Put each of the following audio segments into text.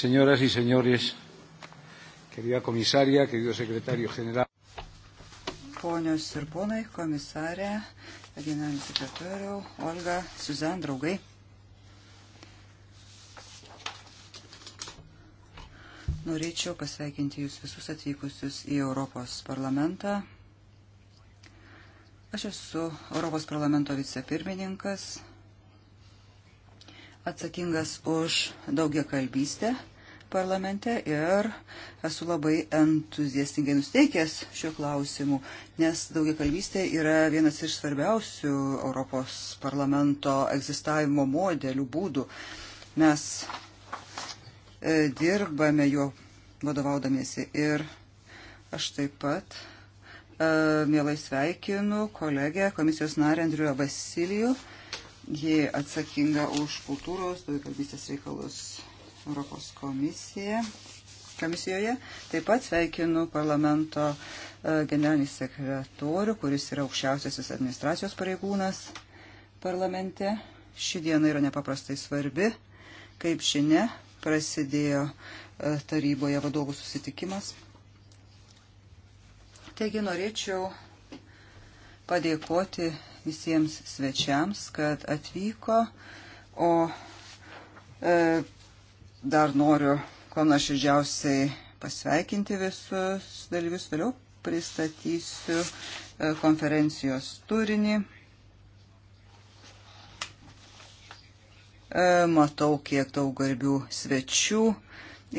Señoras y señores, querida komisarija, querido secretario general. Ponios ir ponai, komisarė, generalinis sekretoriau, Olga, Suzan, draugai. Norėčiau pasveikinti jūs visus atvykusius į Europos parlamentą. Aš esu Europos parlamento vicepirmininkas, atsakingas už daugia kalbystę parlamente ir esu labai entuziastingai nusteikęs šiuo klausimu, nes daugiakalbystė yra vienas iš svarbiausių Europos parlamento egzistavimo modelių būdų. Mes e, dirbame jo vadovaudamiesi ir aš taip pat e, mielai sveikinu kolegę komisijos narę Andriują Vasilijų. Ji atsakinga už kultūros, daugiakalbystės reikalus Europos komisija, komisijoje. Taip pat sveikinu parlamento e, generalinį sekretorių, kuris yra aukščiausiasis administracijos pareigūnas parlamente. Ši diena yra nepaprastai svarbi. Kaip žinia, prasidėjo e, taryboje vadovų susitikimas. Taigi norėčiau padėkoti visiems svečiams, kad atvyko, o e, Dar noriu kuo nuoširdžiausiai pasveikinti visus dalyvius. Vėliau pristatysiu e, konferencijos turinį. E, matau, kiek daug garbių svečių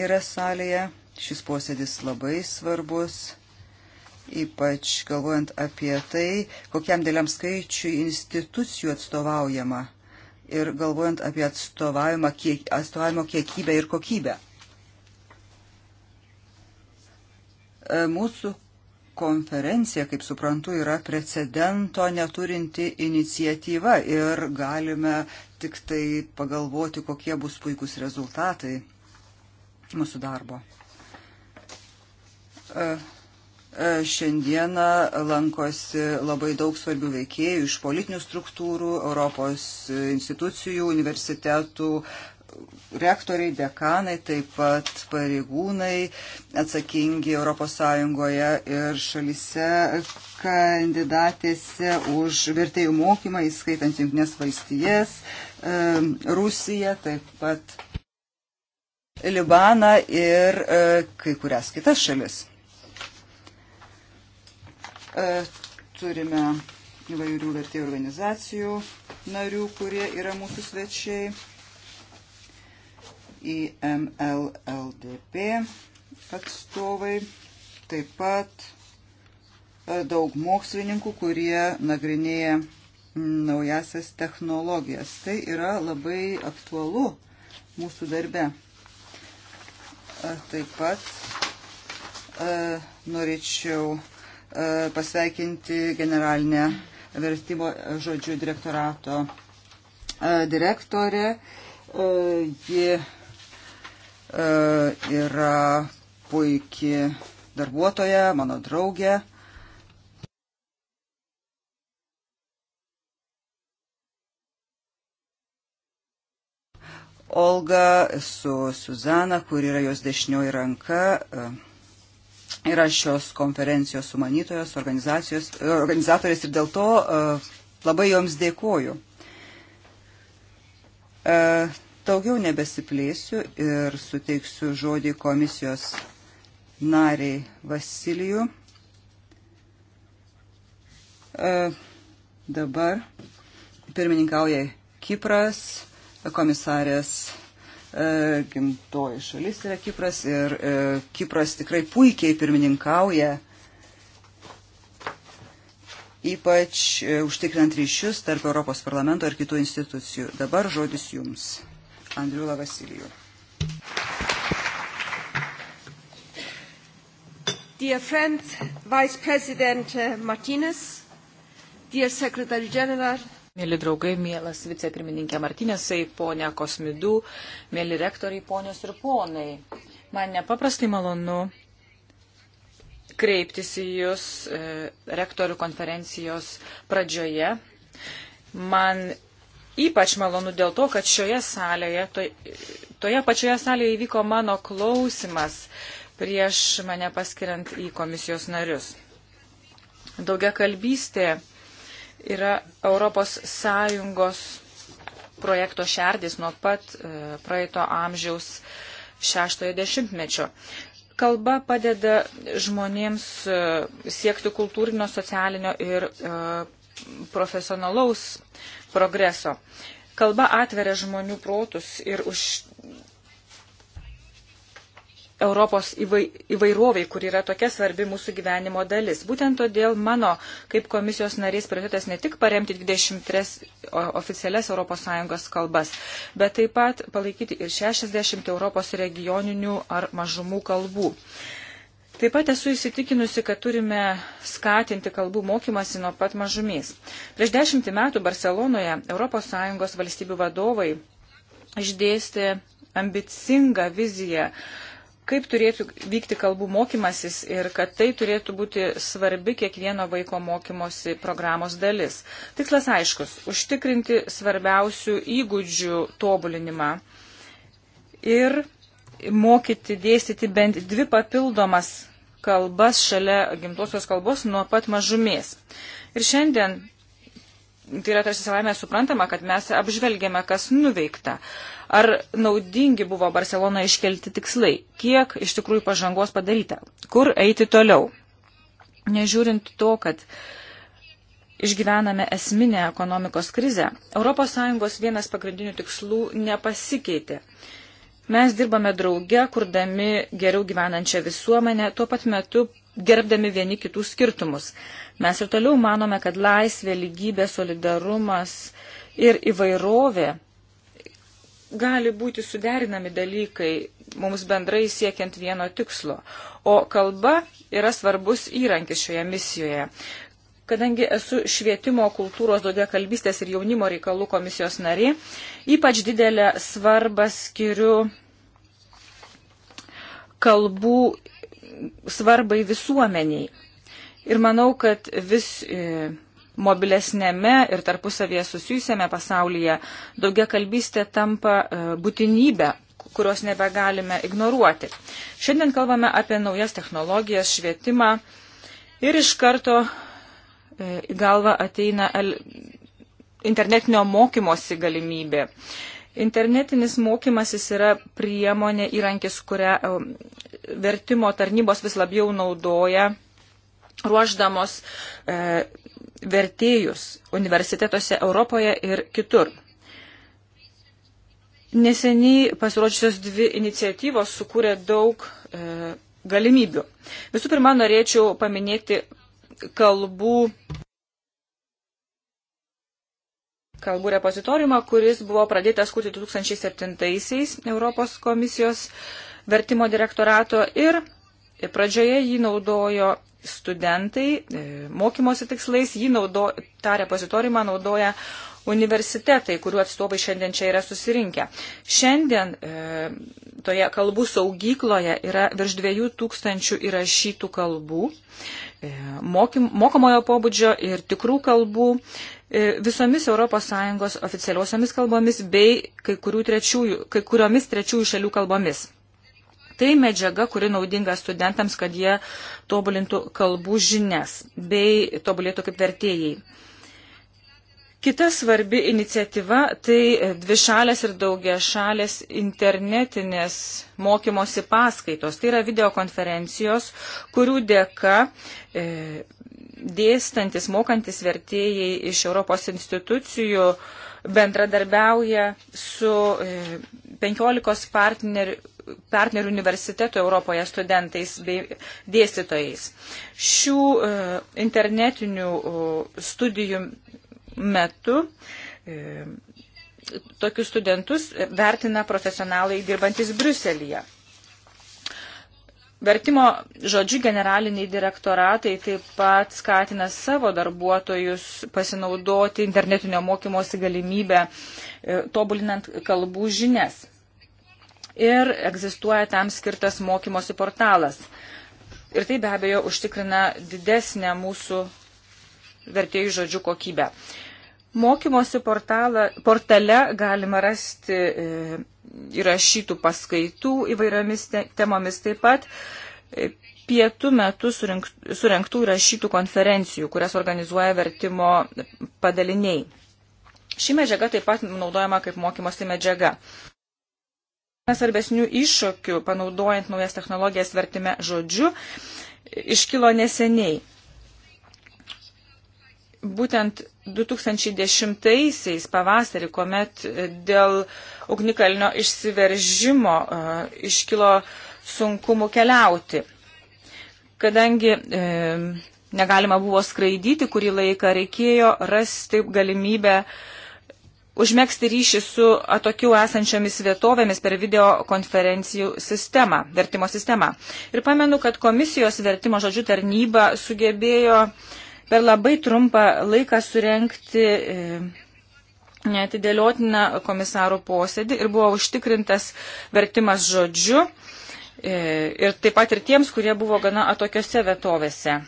yra salėje. Šis posėdis labai svarbus, ypač galvojant apie tai, kokiam dėliam skaičiui institucijų atstovaujama ir galvojant apie atstovavimo, kiek, atstovavimo kiekybę ir kokybę. E, mūsų konferencija, kaip suprantu, yra precedento neturinti iniciatyva ir galime tik tai pagalvoti, kokie bus puikūs rezultatai mūsų darbo. Uh E, šiandieną lankosi labai daug svarbių veikėjų iš politinių struktūrų, Europos institucijų, universitetų, rektoriai, dekanai, taip pat pareigūnai atsakingi ES ir šalise kandidatėse už vertėjų mokymą, įskaitant Junktinės valstijas, e, Rusiją, taip pat Libaną ir e, kai kurias kitas šalis. E, turime įvairių vertėjų organizacijų narių, kurie yra mūsų svečiai. IMLLDP atstovai, taip pat e, daug mokslininkų, kurie nagrinėja naujasias technologijas. Tai yra labai aktualu mūsų darbe. E, taip pat norėčiau E, pasveikinti generalinę vertimo žodžių direktorato e, direktorė. E, ji yra puikiai darbuotoja, mano draugė. Olga su Suzana, kur yra jos dešinioji ranka, yra šios konferencijos sumanytojos, organizatorės ir dėl to e, labai joms dėkoju. E, daugiau nebesiplėsiu ir suteiksiu žodį komisijos nariai Vasilijų. E, dabar pirmininkauja Kipras, komisarės E, gimtoji šalis yra Kipras ir e, Kipras tikrai puikiai pirmininkauja, ypač e, užtikrint ryšius tarp Europos parlamento ir kitų institucijų. Dabar žodis jums, Andriula Vasilijų. Dear friends, Vice President uh, Martinez, dear Secretary General, Mėly draugai, mielas vicepirmininkė Martinėsai, ponia Kosmidų, mėly rektoriai, ponios ir ponai. Man nepaprastai malonu kreiptis į Jūs e, rektorių konferencijos pradžioje. Man ypač malonu dėl to, kad šioje salėje, to, toje pačioje salėje įvyko mano klausimas prieš mane paskiriant į komisijos narius. Daugia kalbystė yra ES projekto šerdis nuo pat e, praeito amžiaus šeštojo dešimtmečio. Kalba padeda žmonėms e, siekti kultūrinio, socialinio ir e, profesionalaus progreso. Kalba atveria žmonių protus ir už, Europos įvairoviai, kur yra tokia svarbi mūsų gyvenimo dalis. Būtent todėl mano, kaip komisijos narės, prioritetas ne tik paremti 23 oficialias ES kalbas, bet taip pat palaikyti ir 60 Europos regioninių ar mažumų kalbų. Taip pat esu įsitikinusi, kad turime skatinti kalbų mokymasi nuo pat mažumės. Prieš dešimtį metų Barcelonoje ES valstybių vadovai išdėstė ambicingą viziją kaip turėtų vykti kalbų mokymasis ir kad tai turėtų būti svarbi kiekvieno vaiko mokymosi programos dalis. Tikslas aiškus - užtikrinti svarbiausių įgūdžių tobulinimą ir mokyti dėstyti bent dvi papildomas kalbas šalia gimtosios kalbos nuo pat mažumės. Ir šiandien tai yra tarsi savame suprantama, kad mes apžvelgėme, kas nuveikta. Ar naudingi buvo Barcelona iškelti tikslai? Kiek iš tikrųjų pažangos padaryta? Kur eiti toliau? Nežiūrint to, kad išgyvename esminę ekonomikos krizę, ES vienas pagrindinių tikslų nepasikeitė. Mes dirbame drauge, kurdami geriau gyvenančią visuomenę, tuo pat metu gerbdami vieni kitų skirtumus. Mes ir toliau manome, kad laisvė, lygybė, solidarumas ir įvairovė gali būti suderinami dalykai mums bendrai siekiant vieno tikslo. O kalba yra svarbus įrankis šioje misijoje. Kadangi esu švietimo, kultūros, daugia kalbystės ir jaunimo reikalų komisijos nari, ypač didelę svarbą skiriu kalbų svarbai visuomeniai. Ir manau, kad vis. E, mobilesnėme ir tarpusavėje susijusiame pasaulyje daugia kalbystė tampa e, būtinybė, kurios nebegalime ignoruoti. Šiandien kalbame apie naujas technologijas, švietimą ir iš karto e, į galvą ateina internetinio mokymosi galimybė. Internetinis mokymasis yra priemonė, įrankis, kurią e, vertimo tarnybos vis labiau naudoja ruoždamos e, vertėjus universitetuose Europoje ir kitur. Neseniai pasirodžiusios dvi iniciatyvos sukūrė daug e, galimybių. Visų pirma, norėčiau paminėti kalbų, kalbų repozitoriumą, kuris buvo pradėtas kurti 2007-aisiais Europos komisijos vertimo direktorato ir Pradžioje jį naudojo studentai e, mokymosi tikslais, jį naudo, tą repozitoriumą naudoja universitetai, kurių atstovai šiandien čia yra susirinkę. Šiandien e, toje kalbų saugykloje yra virš 2000 įrašytų kalbų, e, mokym, mokomojo pobūdžio ir tikrų kalbų e, visomis ES oficialiosiomis kalbomis bei kai, trečiųjų, kai kuriomis trečiųjų šalių kalbomis. Tai medžiaga, kuri naudinga studentams, kad jie tobulintų kalbų žinias bei tobulėtų kaip vertėjai. Kita svarbi iniciatyva tai dvišalės ir daugia šalės internetinės mokymosi paskaitos. Tai yra videokonferencijos, kurių dėka e, dėstantis, mokantis vertėjai iš Europos institucijų bendradarbiauja su 15 e, partnerių partnerių universitetų Europoje studentais bei dėstytojais. Šių e, internetinių studijų metu e, tokius studentus vertina profesionalai dirbantis Briuselyje. Vertimo žodžių generaliniai direktoratai taip pat skatina savo darbuotojus pasinaudoti internetinio mokymosi galimybę, e, tobulinant kalbų žinias ir egzistuoja tam skirtas mokymosi portalas. Ir tai be abejo užtikrina didesnę mūsų vertėjų žodžių kokybę. Mokymosi portalą, portale galima rasti e, įrašytų paskaitų įvairiomis te, temomis taip pat e, pietų metu surink, surinktų įrašytų konferencijų, kurias organizuoja vertimo padaliniai. Ši medžiaga taip pat naudojama kaip mokymosi medžiaga svarbesnių iššūkių, panaudojant naujas technologijas vertime žodžiu, iškilo neseniai. Būtent 2010-aisiais pavasarį, kuomet dėl ugnikalnio išsiveržimo e, iškilo sunkumų keliauti. Kadangi e, negalima buvo skraidyti kurį laiką, reikėjo rasti galimybę e, užmėgsti ryšį su atokiau esančiomis vietovėmis per videokonferencijų sistemą, vertimo sistemą. Ir pamenu, kad komisijos vertimo žodžių tarnyba sugebėjo per labai trumpą laiką surenkti e, netidėliotiną komisarų posėdį ir buvo užtikrintas vertimas žodžiu e, ir taip pat ir tiems, kurie buvo gana atokiose vietovėse.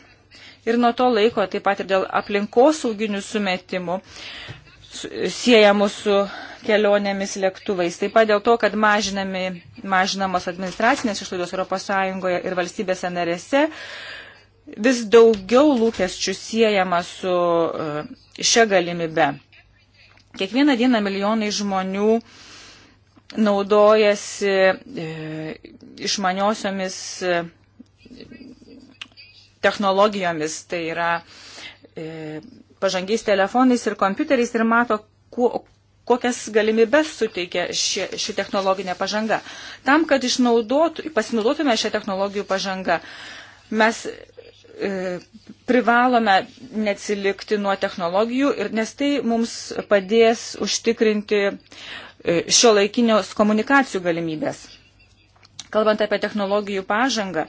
Ir nuo to laiko, taip pat ir dėl aplinkosauginių sumetimų, siejamų su kelionėmis lėktuvais. Taip pat dėl to, kad mažinami, mažinamos administracinės išlaidos ES ir valstybėse narėse, vis daugiau lūkesčių siejama su e, šia galimybe. Kiekvieną dieną milijonai žmonių naudojasi e, išmaniosiomis e, technologijomis, tai yra e, pažangiais telefonais ir kompiuteriais ir mato, kuo, kokias galimybes suteikia ši, ši technologinė pažanga. Tam, kad pasinaudotume šią technologijų pažangą, mes e, privalome neatsilikti nuo technologijų, ir, nes tai mums padės užtikrinti e, šio laikinios komunikacijų galimybės. Kalbant apie technologijų pažangą,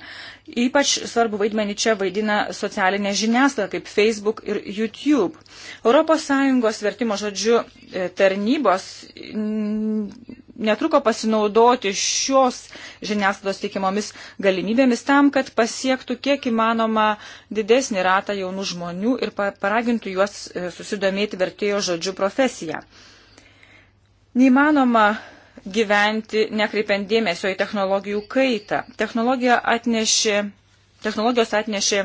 ypač svarbu vaidmenį čia vaidina socialinė žiniasklaida kaip Facebook ir YouTube. ES vertimo žodžiu e, tarnybos netruko pasinaudoti šios žiniasklaidos teikiamomis galimybėmis tam, kad pasiektų kiek įmanoma didesnį ratą jaunų žmonių ir paragintų juos e, susidomėti vertėjo žodžiu profesiją. Neįmanoma gyventi nekreipiant dėmesio į technologijų kaitą. Technologija atnešė, technologijos atnešė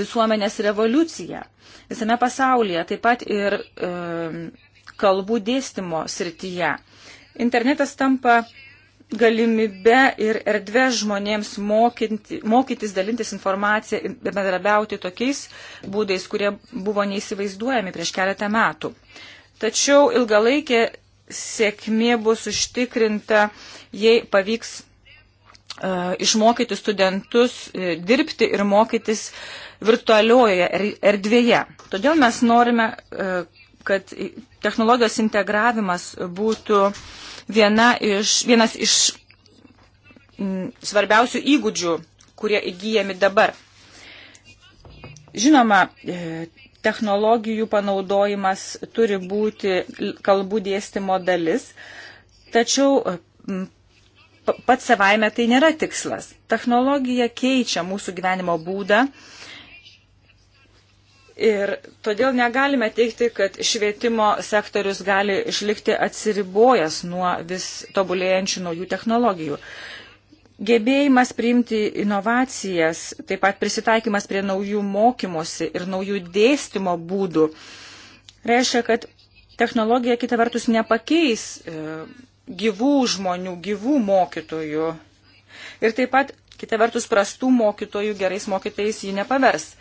visuomenės revoliuciją visame pasaulyje, taip pat ir e, kalbų dėstymo srityje. Internetas tampa galimybe ir erdvė žmonėms mokinti, mokytis, dalintis informaciją ir bendrabiauti tokiais būdais, kurie buvo neįsivaizduojami prieš keletą metų. Tačiau ilgalaikė sėkmė bus užtikrinta, jei pavyks e, išmokyti studentus e, dirbti ir mokytis virtualioje er-, erdvėje. Todėl mes norime, e, kad technologijos integravimas būtų viena iš, vienas iš svarbiausių įgūdžių, kurie įgyjami dabar. Žinoma, technologijų panaudojimas turi būti kalbų dėstymo dalis, tačiau pats savaime tai nėra tikslas. Technologija keičia mūsų gyvenimo būdą. Ir todėl negalime teikti, kad švietimo sektorius gali išlikti atsiribojęs nuo vis tobulėjančių naujų technologijų. Gebėjimas priimti inovacijas, taip pat prisitaikymas prie naujų mokymosi ir naujų dėstymo būdų reiškia, kad technologija kita vertus nepakeis e, gyvų žmonių, gyvų mokytojų. Ir taip pat kita vertus prastų mokytojų gerais mokytojais ji nepavers.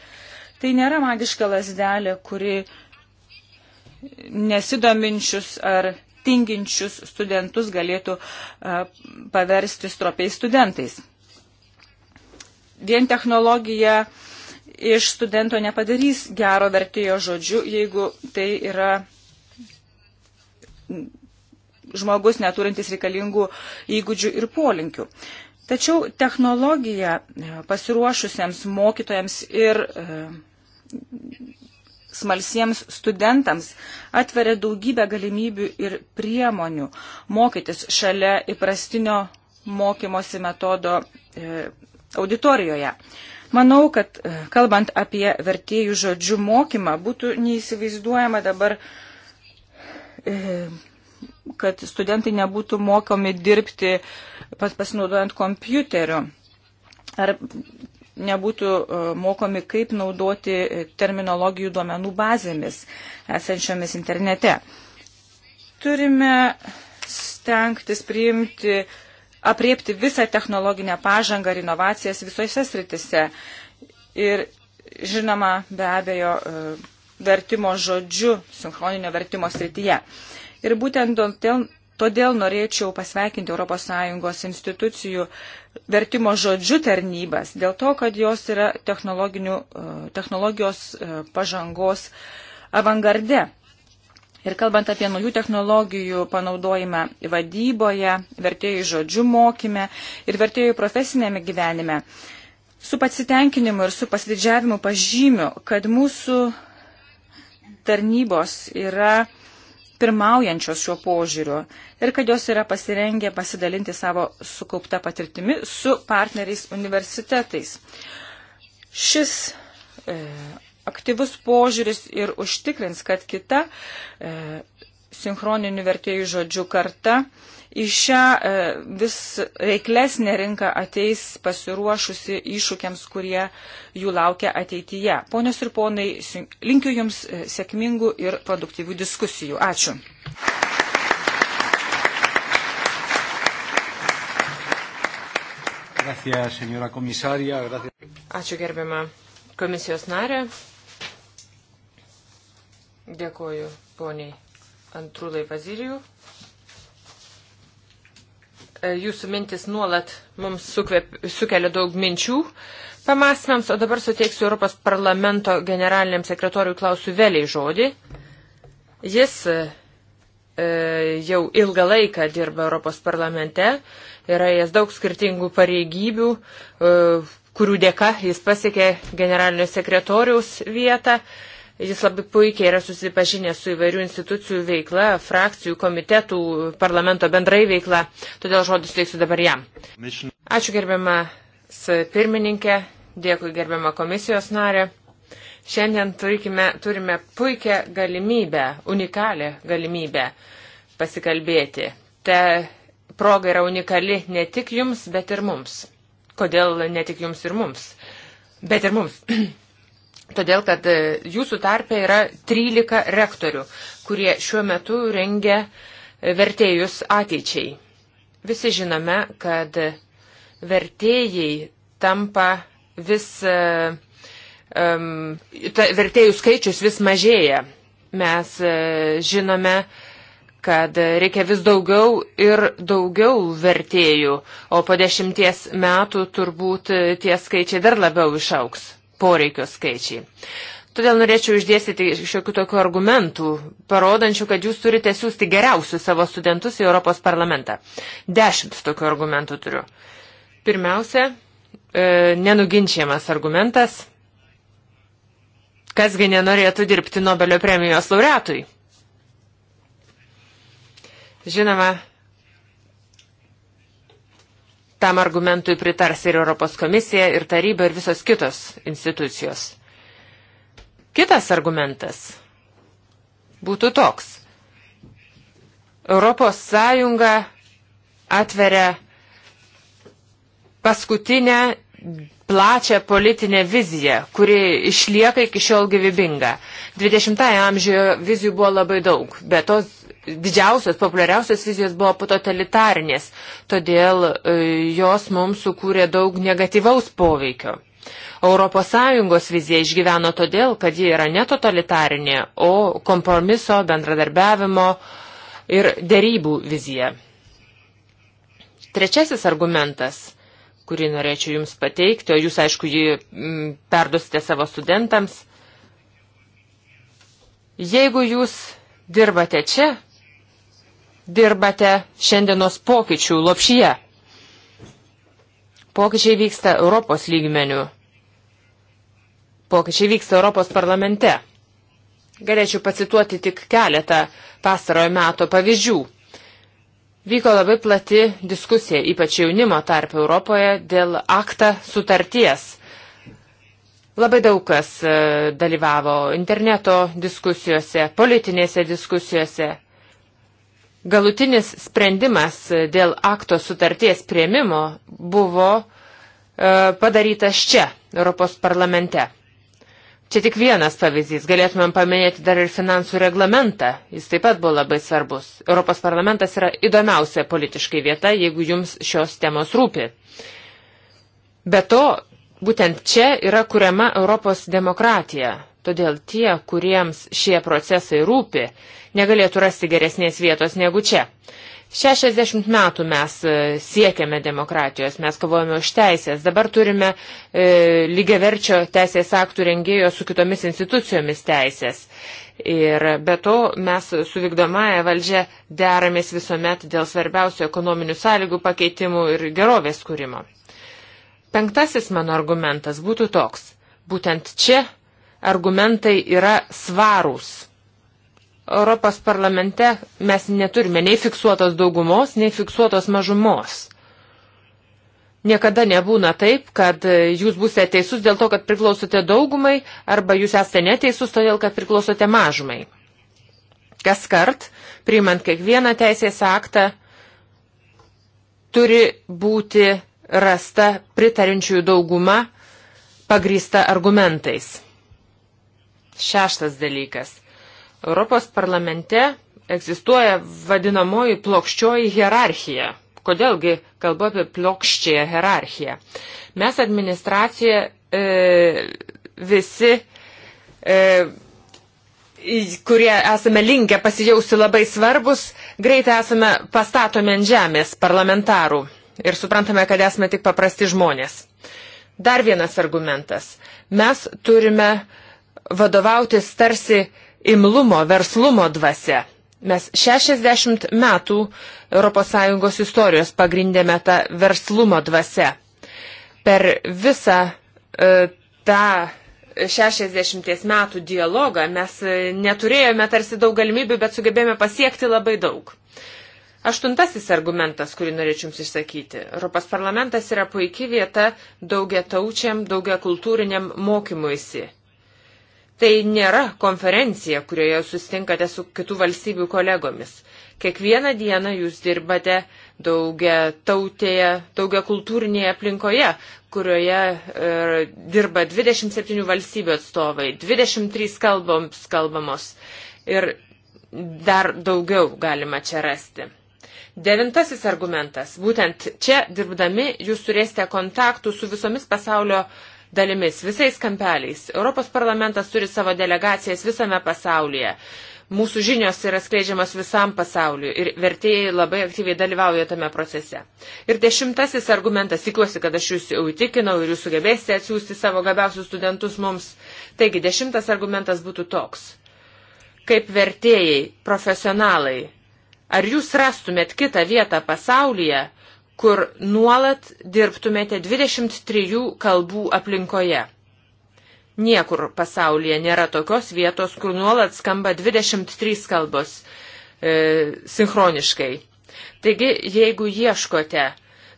Tai nėra magiška lasdelė, kuri nesidominčius ar tinginčius studentus galėtų e, paversti stropiais studentais. Vien technologija iš studento nepadarys gero vertėjo žodžių, jeigu tai yra žmogus neturintis reikalingų įgūdžių ir polinkių. Tačiau technologija e, pasiruošusiems mokytojams ir e, smalsiems studentams atveria daugybę galimybių ir priemonių mokytis šalia įprastinio mokymosi metodo e, auditorijoje. Manau, kad e, kalbant apie vertėjų žodžių mokymą, būtų neįsivaizduojama dabar, e, kad studentai nebūtų mokomi dirbti pas, pasinaudojant kompiuteriu. Ar nebūtų e, mokomi, kaip naudoti e, terminologijų duomenų bazėmis esančiomis internete. Turime stengtis priimti, apriepti visą technologinę pažangą ir inovacijas visose sritise. Ir žinoma, be abejo, e, vertimo žodžiu, sinchroninio vertimo srityje. Ir būtent dėl Todėl norėčiau pasveikinti ES institucijų vertimo žodžių tarnybas dėl to, kad jos yra e, technologijos e, pažangos avangarde. Ir kalbant apie naujų technologijų panaudojimą vadyboje, vertėjų žodžių mokyme ir vertėjų profesinėme gyvenime, su pasitenkinimu ir su pasididžiavimu pažymiu, kad mūsų tarnybos yra pirmaujančios šiuo požiūriu ir kad jos yra pasirengę pasidalinti savo sukauptą patirtimi su partneriais universitetais. Šis e, aktyvus požiūris ir užtikrins, kad kita e, sinchroninių vertėjų žodžių karta e, į šią e, vis reiklesnę rinką ateis pasiruošusi iššūkiams, kurie jų laukia ateityje. Ponios ir ponai, linkiu Jums e, sėkmingų ir produktyvių diskusijų. Ačiū. Gracias, señora komisarija. Ačiū gerbiamą komisijos narę. Dėkoju poniai Antrulai Vazilijų. E, jūsų mintis nuolat mums sukvėp, sukelia daug minčių pamastymams, o dabar suteiksiu Europos parlamento generaliniam sekretoriui Klausui Veliai žodį. Jis e, e jau ilgą laiką dirba Europos parlamente, yra jas daug skirtingų pareigybių, e, kurių dėka jis pasiekė generalinio sekretoriaus vietą. E, Jis labai puikiai yra susipažinęs su įvairių institucijų veikla, frakcijų, komitetų, parlamento bendrai veikla, todėl žodis teiksiu dabar jam. Ačiū gerbiamas pirmininkė, dėkui gerbiamą komisijos narę. Šiandien turime, turime puikią galimybę, unikalią galimybę pasikalbėti. Ta proga yra unikali ne tik jums, bet ir mums. Kodėl ne tik jums ir mums? Bet ir mums. Todėl, kad e, jūsų tarpe yra 13 rektorių, kurie šiuo metu rengia e, vertėjus ateičiai. Visi žinome, kad vertėjai tampa vis, um, ta, vertėjų skaičius vis mažėja. Mes uh, žinome, kad reikia vis daugiau ir daugiau vertėjų, o po dešimties metų turbūt tie skaičiai dar labiau išauks poreikio skaičiai. Todėl norėčiau išdėstyti šiokių tokių argumentų, parodančių, kad jūs turite siūsti geriausius savo studentus į Europos parlamentą. Dešimt tokių argumentų turiu. Pirmiausia, e, nenuginčiamas argumentas, kasgi nenorėtų dirbti Nobelio premijos laureatui. Žinoma, Tam argumentui pritars ir Europos komisija, ir taryba, ir visos kitos institucijos. Kitas argumentas būtų toks. Europos Sąjunga atveria paskutinę plačią politinę viziją, kuri išlieka iki šiol gyvybinga. 20-ąją amžiuje vizijų buvo labai daug, bet tos didžiausios, populiariausios vizijos buvo totalitarinės, todėl e, jos mums sukūrė daug negatyvaus poveikio. ES vizija išgyveno todėl, kad ji yra ne totalitarinė, o kompromiso, bendradarbiavimo ir dėrybų vizija. Trečiasis argumentas, kurį norėčiau Jums pateikti, o Jūs, aišku, jį mm, perdusite savo studentams. Jeigu Jūs dirbate čia, dirbate šiandienos pokyčių lopšyje? Pokyčiai vyksta Europos lygmenių. Pokyčiai vyksta Europos parlamente. Galėčiau pacituoti tik keletą pastarojo meto pavyzdžių. Vyko labai plati diskusija, ypač jaunimo tarp Europoje, dėl aktą sutarties. Labai daug kas e, dalyvavo interneto diskusijose, politinėse diskusijose. Galutinis sprendimas dėl akto sutarties prieimimo buvo e, padarytas čia, Europos parlamente. Čia tik vienas pavyzdys. Galėtumėm paminėti dar ir finansų reglamentą. Jis taip pat buvo labai svarbus. Europos parlamentas yra įdomiausia politiškai vieta, jeigu jums šios temos rūpi. Be to, būtent čia yra kuriama Europos demokratija. Todėl tie, kuriems šie procesai rūpi, negalėtų rasti geresnės vietos negu čia. 60 metų mes e, siekiame demokratijos, mes kovojame už teisės, dabar turime e, lygiaverčio teisės aktų rengėjo su kitomis institucijomis teisės. Ir be to mes su vykdomąją valdžią deramės visuomet dėl svarbiausių ekonominių sąlygų pakeitimų ir gerovės kūrimo. Penktasis mano argumentas būtų toks. Būtent čia argumentai yra svarūs Europos parlamente mes neturime nei fiksuotos daugumos, nei fiksuotos mažumos. Niekada nebūna taip, kad e, jūs būsite teisus dėl to, kad priklausote daugumai, arba jūs esate neteisus todėl, kad priklausote mažumai. Kas kart, priimant kiekvieną teisės aktą, turi būti rasta pritarinčiųjų dauguma pagrįsta argumentais. Šeštas dalykas Europos parlamente egzistuoja vadinamoji plokščioji hierarchija. Kodėlgi kalbu apie plokščiąją hierarchiją? Mes administraciją e, visi, e, kurie esame linkę pasijausti labai svarbus, greitai esame pastatomi ant žemės parlamentarų ir suprantame, kad esame tik paprasti žmonės. Dar vienas argumentas. Mes turime vadovautis tarsi imlumo, verslumo dvasia. Mes 60 metų ES istorijos pagrindėme tą verslumo dvasia. Per visą e, tą 60 metų dialogą mes e, neturėjome tarsi daug galimybių, bet sugebėjome pasiekti labai daug. Aštuntasis argumentas, kurį norėčiau Jums išsakyti. Europos parlamentas yra puikia vieta daugia taučiam, daugia kultūriniam mokymuisi. Tai nėra konferencija, kurioje susitinkate su kitų valstybių kolegomis. Kiekvieną dieną jūs dirbate daugia tautėje, daugia kultūrinėje aplinkoje, kurioje e, dirba 27 valstybių atstovai, 23 kalboms kalbamos ir dar daugiau galima čia rasti. Devintasis argumentas. Būtent čia dirbdami jūs turėsite kontaktų su visomis pasaulio dalimis, visais kampeliais. Europos parlamentas turi savo delegacijas visame pasaulyje. Mūsų žinios yra skleidžiamas visam pasauliu ir vertėjai labai aktyviai dalyvauja tame procese. Ir dešimtasis argumentas, tikiuosi, kad aš jūs jau įtikinau ir jūs sugebėsite atsiųsti savo gabiausius studentus mums. Taigi, dešimtas argumentas būtų toks. Kaip vertėjai, profesionalai, ar jūs rastumėt kitą vietą pasaulyje, kur nuolat dirbtumėte 23 kalbų aplinkoje. Niekur pasaulyje nėra tokios vietos, kur nuolat skamba 23 kalbos e, sinchroniškai. Taigi, jeigu ieškote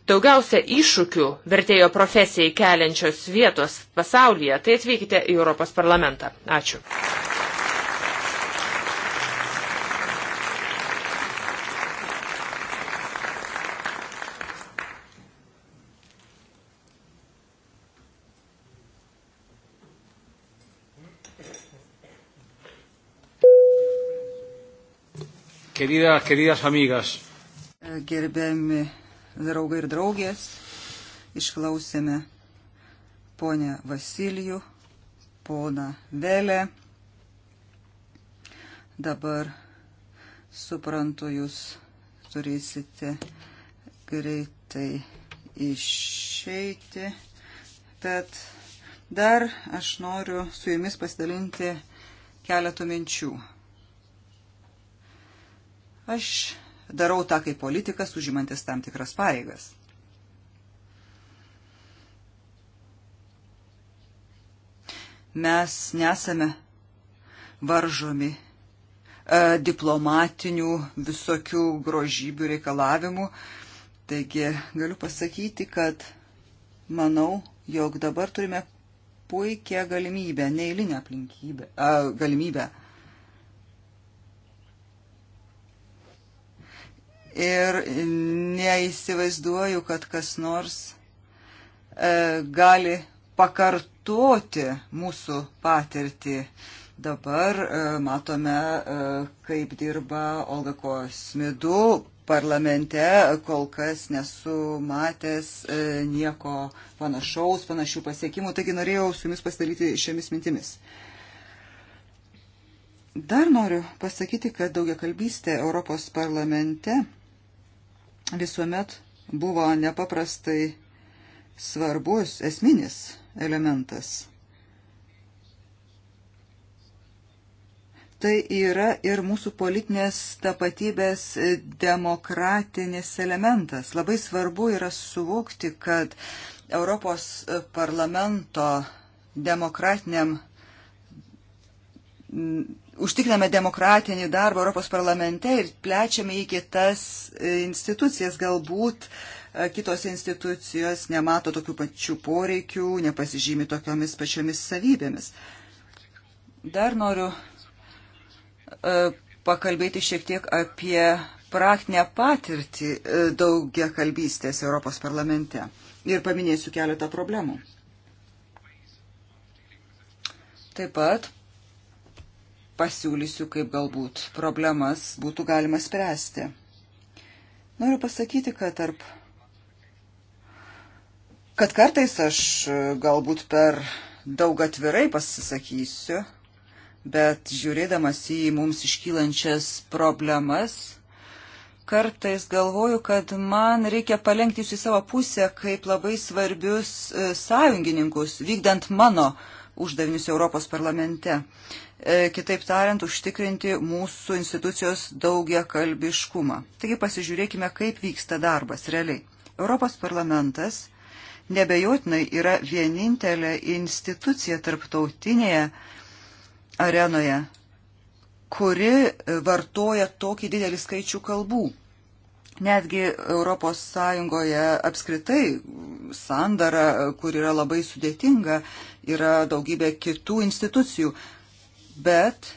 daugiausia iššūkių vertėjo profesijai keliančios vietos pasaulyje, tai atvykite į Europos parlamentą. Ačiū. Querida, queridas amigas. Gerbiami draugai ir draugės, išklausėme ponę Vasilijų, poną Velę. Dabar suprantu, jūs turėsite greitai išeiti. Tad dar aš noriu su jumis pasidalinti keletų minčių. Aš darau tą kaip politikas, užimantis tam tikras pareigas. Mes nesame varžomi e, diplomatinių visokių grožybių reikalavimų. Taigi galiu pasakyti, kad manau, jog dabar turime puikią galimybę, neįlinę aplinkybę, a, e, galimybę ir neįsivaizduoju, kad kas nors e, gali pakartoti mūsų patirtį. Dabar e, matome, e, kaip dirba Olga Kosmidu parlamente, kol kas nesu matęs e, nieko panašaus, panašių pasiekimų, taigi norėjau su jumis pasidalyti šiomis mintimis. Dar noriu pasakyti, kad daugia kalbystė Europos parlamente visuomet buvo nepaprastai svarbus esminis elementas. tai yra ir mūsų politinės tapatybės demokratinis elementas. Labai svarbu yra suvokti, kad Europos parlamento demokratiniam užtikriname demokratinį darbą Europos parlamente ir plečiame į kitas e, institucijas. Galbūt e, kitos institucijos nemato tokių pačių poreikių, nepasižymi tokiomis pačiomis savybėmis. Dar noriu e, pakalbėti šiek tiek apie praktinę patirtį daugia kalbystės Europos parlamente. Ir paminėsiu keletą problemų. Taip pat pasiūlysiu, kaip galbūt problemas būtų galima spręsti. Noriu pasakyti, kad tarp kad kartais aš e, galbūt per daug atvirai pasisakysiu, bet žiūrėdamas į mums iškylančias problemas, kartais galvoju, kad man reikia palengti jūs į savo pusę kaip labai svarbius e, sąjungininkus, vykdant mano uždavinius Europos parlamente. E, kitaip tariant, užtikrinti mūsų institucijos daugia kalbiškumą. Taigi pasižiūrėkime, kaip vyksta darbas realiai. Europos parlamentas nebejotinai yra vienintelė institucija tarptautinėje arenoje, kuri vartoja tokį didelį skaičių kalbų. Netgi Europos Sąjungoje apskritai sandara, kur yra labai sudėtinga, yra daugybė kitų institucijų bet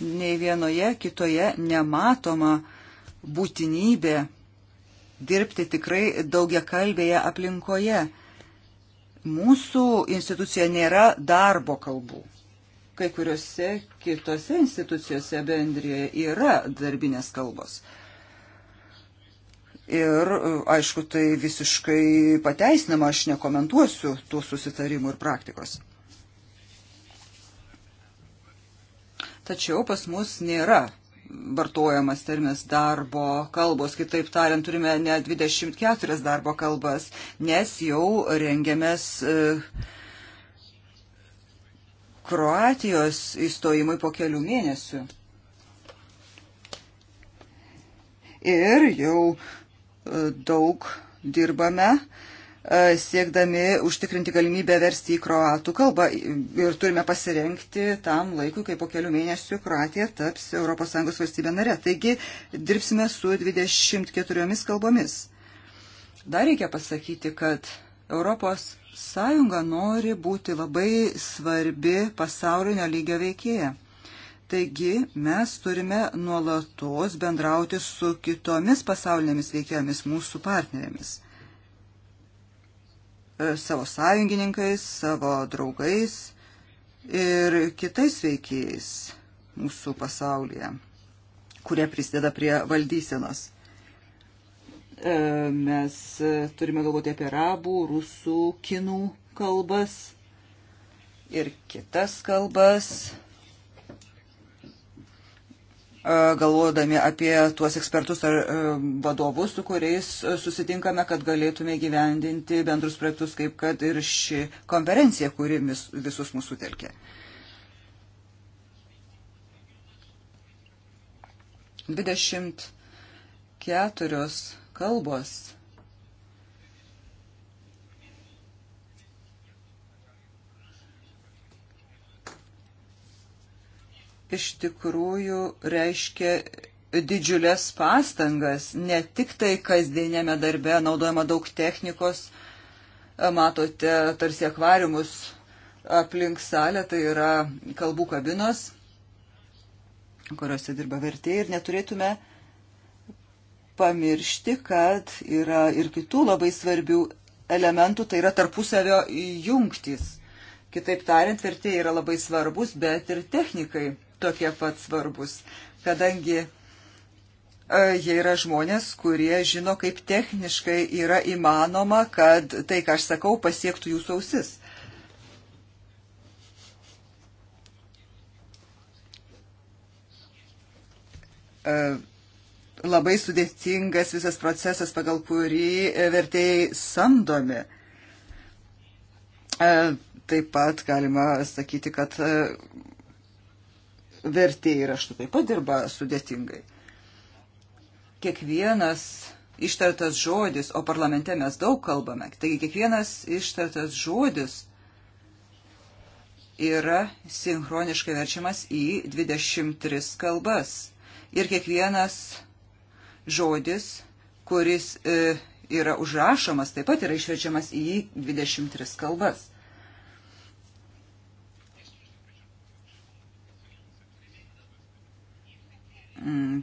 nei vienoje kitoje nematoma būtinybė dirbti tikrai daugiakalbėje aplinkoje. Mūsų institucija nėra darbo kalbų. Kai kuriuose kitose institucijose bendrijoje yra darbinės kalbos. Ir, aišku, tai visiškai pateisinama, aš nekomentuosiu tų susitarimų ir praktikos. tačiau pas mus nėra vartojamas terminas darbo kalbos, kitaip tariant, turime ne 24 darbo kalbas, nes jau rengiamės e, Kroatijos įstojimui po kelių mėnesių. Ir jau e, daug dirbame E, siekdami užtikrinti galimybę versti į kroatų kalbą ir turime pasirengti tam laikui, kai po kelių mėnesių Kroatija taps ES valstybė nare. Taigi dirbsime su 24 kalbomis. Dar reikia pasakyti, kad Europos Sąjunga nori būti labai svarbi pasaulinio lygio veikėja. Taigi mes turime nuolatos bendrauti su kitomis pasaulinėmis veikėjomis, mūsų partnerėmis. E, savo sąjungininkais, savo draugais ir kitais veikėjais mūsų pasaulyje, kurie prisideda prie valdysenos. E, mes e, turime galvoti apie arabų, rusų, kinų kalbas ir kitas kalbas E, galvodami apie tuos ekspertus ar e, vadovus, su kuriais e, susitinkame, kad galėtume gyvendinti bendrus projektus, kaip kad ir ši konferencija, kuri visus mūsų telkė. Dvidešimt keturios kalbos iš tikrųjų reiškia didžiulės pastangas, ne tik tai kasdienėme darbe naudojama daug technikos, matote tarsi akvariumus aplink salę, tai yra kalbų kabinos, kuriuose dirba vertėjai ir neturėtume pamiršti, kad yra ir kitų labai svarbių elementų, tai yra tarpusavio jungtis. Kitaip tariant, vertėjai yra labai svarbus, bet ir technikai tokie pat svarbus, kadangi e, jie yra žmonės, kurie žino, kaip techniškai yra įmanoma, kad tai, ką aš sakau, pasiektų jūsų ausis. E, labai sudėtingas visas procesas, pagal kurį e, vertėjai samdomi. Taip pat galima sakyti, kad vertėjai raštu taip pat dirba sudėtingai. Kiekvienas ištartas žodis, o parlamente mes daug kalbame, taigi kiekvienas ištartas žodis yra sinchroniškai verčiamas į 23 kalbas. Ir kiekvienas žodis, kuris e, yra užrašomas, taip pat yra išverčiamas į 23 kalbas. mm,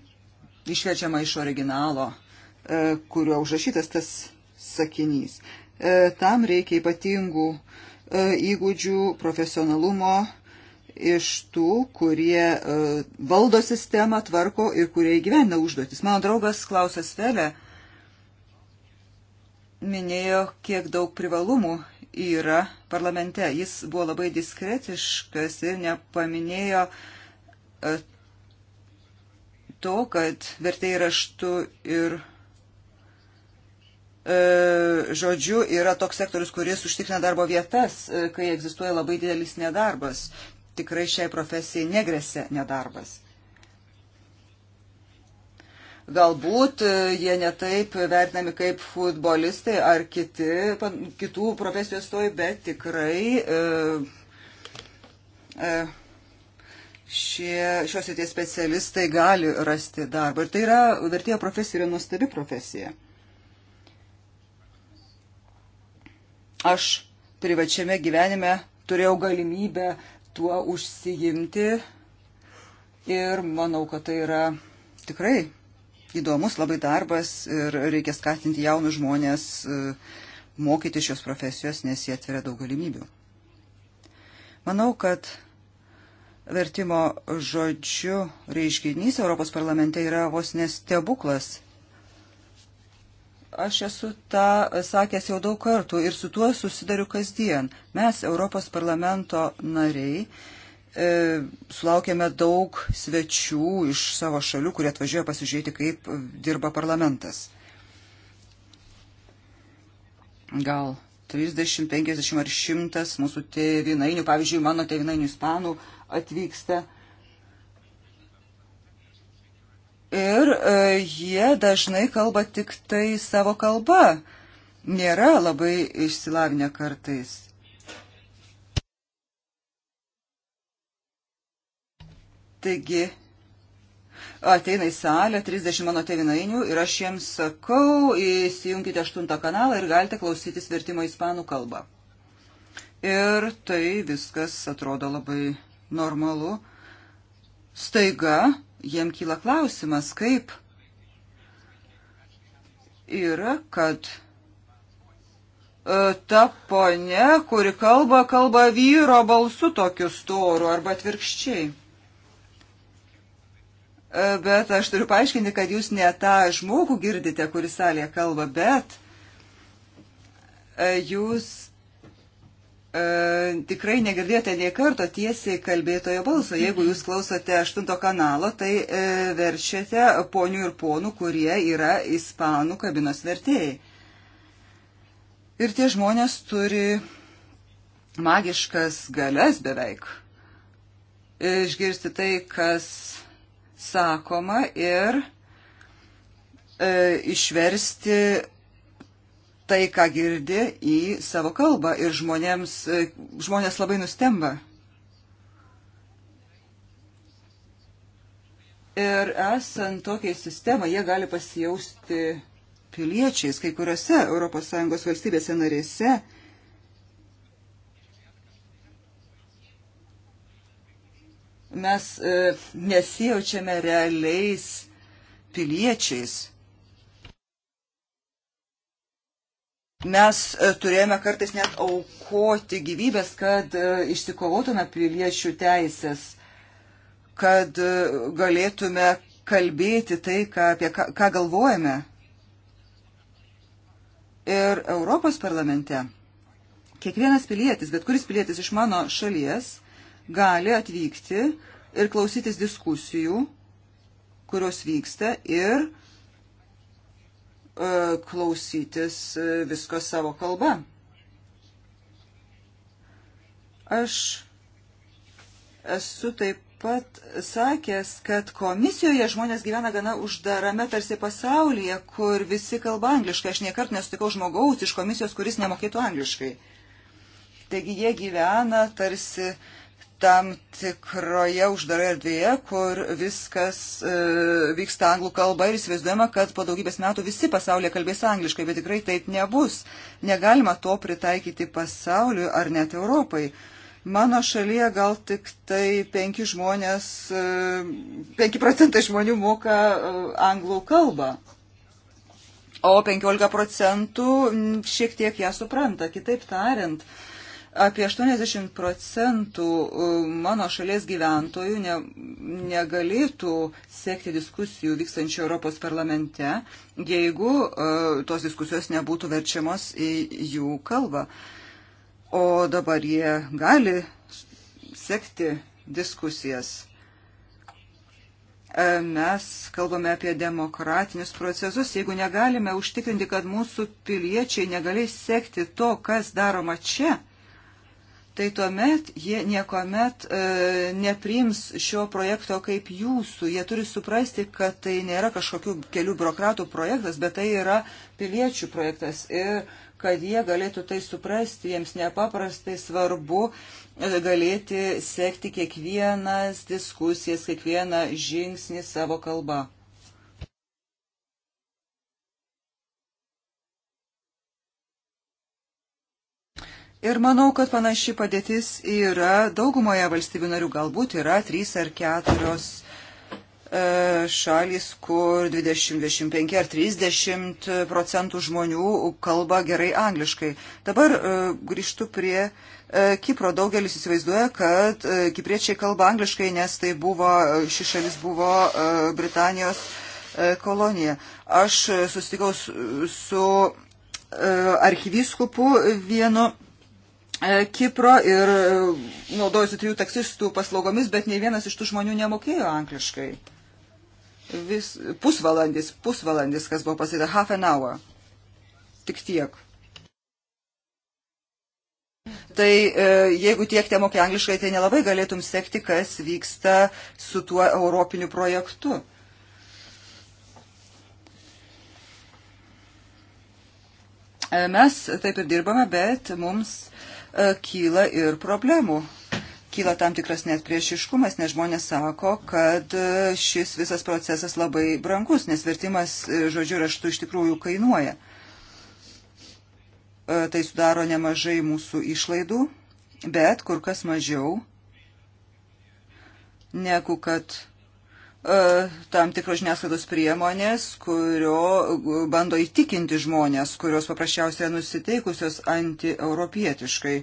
išverčiama iš originalo, e, kurio užrašytas tas sakinys. E, tam reikia ypatingų e, įgūdžių, profesionalumo iš tų, kurie e, valdo sistemą, tvarko ir kurie įgyvena užduotis. Mano draugas Klausas Velė minėjo, kiek daug privalumų yra parlamente. Jis buvo labai diskretiškas ir nepaminėjo e, to, kad vertėjai raštu ir e, žodžiu yra toks sektorius, kuris užtikrina darbo vietas, e, kai egzistuoja labai didelis nedarbas. Tikrai šiai profesijai negresia nedarbas. Galbūt e, jie netaip vertinami kaip futbolistai ar kiti, kitų profesijų stojai, bet tikrai e, e, šie, šios įties specialistai gali rasti darbą. Ir tai yra, vertėjo profesija yra nuostabi profesija. Aš privačiame gyvenime turėjau galimybę tuo užsijimti ir manau, kad tai yra tikrai įdomus labai darbas ir reikia skatinti jaunus žmonės e, mokyti šios profesijos, nes jie atveria daug galimybių. Manau, kad vertimo žodžiu reiškinys Europos parlamente yra vos nestebuklas. Aš esu tą sakęs jau daug kartų ir su tuo susidariu kasdien. Mes, Europos parlamento nariai, e, sulaukėme daug svečių iš savo šalių, kurie atvažiuoja pasižiūrėti, kaip dirba parlamentas. Gal 30, 50 ar 100 mūsų tėvinainių, pavyzdžiui, mano tėvinainių ispanų atvyksta. Ir e, jie dažnai kalba tik tai savo kalba. Nėra labai išsilavinę kartais. Taigi, ateina į salę 30 mano tevinainių ir aš jiems sakau, įsijunkite aštuntą kanalą ir galite klausytis vertimo į ispanų kalbą. Ir tai viskas atrodo labai normalu, staiga jiem kyla klausimas, kaip yra, kad e, ta ponė, kuri kalba, kalba vyro balsu tokiu storu arba atvirkščiai. E, bet aš turiu paaiškinti, kad jūs ne tą žmogų girdite, kuris salėje kalba, bet e, jūs e, tikrai negirdėjote nei karto tiesiai kalbėtojo balso. Jeigu jūs klausote aštunto kanalo, tai e, verčiate ponių ir ponų, kurie yra ispanų kabinos vertėjai. Ir tie žmonės turi magiškas galias beveik. E, išgirsti tai, kas sakoma ir e, išversti tai, ką girdi, į savo kalbą ir žmonėms, e, žmonės labai nustemba. Ir esant tokiai sistemai, jie gali pasijausti piliečiais kai kuriuose ES valstybėse narėse. Mes e, nesijaučiame realiais piliečiais Mes e, turėjome kartais net aukoti gyvybės, kad e, išsikovotume piliečių teisės, kad e, galėtume kalbėti tai, ką, apie ką, ką galvojame. Ir Europos parlamente kiekvienas pilietis, bet kuris pilietis iš mano šalies, gali atvykti ir klausytis diskusijų, kurios vyksta ir E, klausytis e, visko savo kalba. Aš esu taip pat sakęs, kad komisijoje žmonės gyvena gana uždarame tarsi pasaulyje, kur visi kalba angliškai. Aš niekart nesutikau žmogaus iš komisijos, kuris nemokėtų angliškai. Taigi jie gyvena tarsi uh, tam tikroje uždaroje erdvėje, kur viskas e, vyksta anglų kalba ir įsivaizduojama, kad po daugybės metų visi pasaulyje kalbės angliškai, bet tikrai taip nebus. Negalima to pritaikyti pasauliu ar net Europai. Mano šalyje gal tik tai 5 žmonės, 5 e, procentai žmonių moka e, anglų kalbą, o 15 procentų šiek tiek ją supranta. Kitaip tariant, Apie 80 procentų e, mano šalies gyventojų ne, negalėtų sekti diskusijų vykstančių Europos parlamente, jeigu uh, tos diskusijos nebūtų verčiamos į jų kalbą. O dabar jie gali sekti diskusijas. E, mes kalbame apie demokratinius procesus. Jeigu negalime užtikrinti, kad mūsų piliečiai negalės sekti to, kas daroma čia, tai tuomet jie niekuomet e, nepriims šio projekto kaip jūsų. Jie turi suprasti, kad tai nėra kažkokių kelių biurokratų projektas, bet tai yra piliečių projektas. Ir kad jie galėtų tai suprasti, jiems nepaprastai svarbu e, galėti sekti kiekvienas diskusijas, kiekvieną žingsnį savo kalbą. Ir manau, kad panaši padėtis yra daugumoje valstybių narių, galbūt yra trys ar keturios e, šalis, kur 20, 25 ar 30 procentų žmonių kalba gerai angliškai. Dabar e, grįžtu prie e, Kipro. Daugelis įsivaizduoja, kad e, kipriečiai kalba angliškai, nes tai buvo, ši šalis buvo e, Britanijos e, kolonija. Aš susitikau su, su e, archyviskupu vienu E, Kipro ir e, naudojusi trijų taksistų paslaugomis, bet nei vienas iš tų žmonių nemokėjo angliškai. Vis, pusvalandis, pusvalandis, kas buvo pasakyta, half an hour. Tik tiek. Tai e, jeigu tiek te mokė angliškai, tai nelabai galėtum sekti, kas vyksta su tuo europiniu projektu. Mes taip ir dirbame, bet mums uh, E, kyla ir problemų. Kyla tam tikras net priešiškumas, nes žmonės sako, kad e, šis visas procesas labai brangus, nes vertimas e, žodžiu raštu iš tikrųjų kainuoja. Tai sudaro nemažai mūsų išlaidų, bet kur kas mažiau negu kad E, tam tikros žiniasklaidos priemonės, kurio e, bando įtikinti žmonės, kurios paprasčiausiai nusiteikusios antieuropietiškai.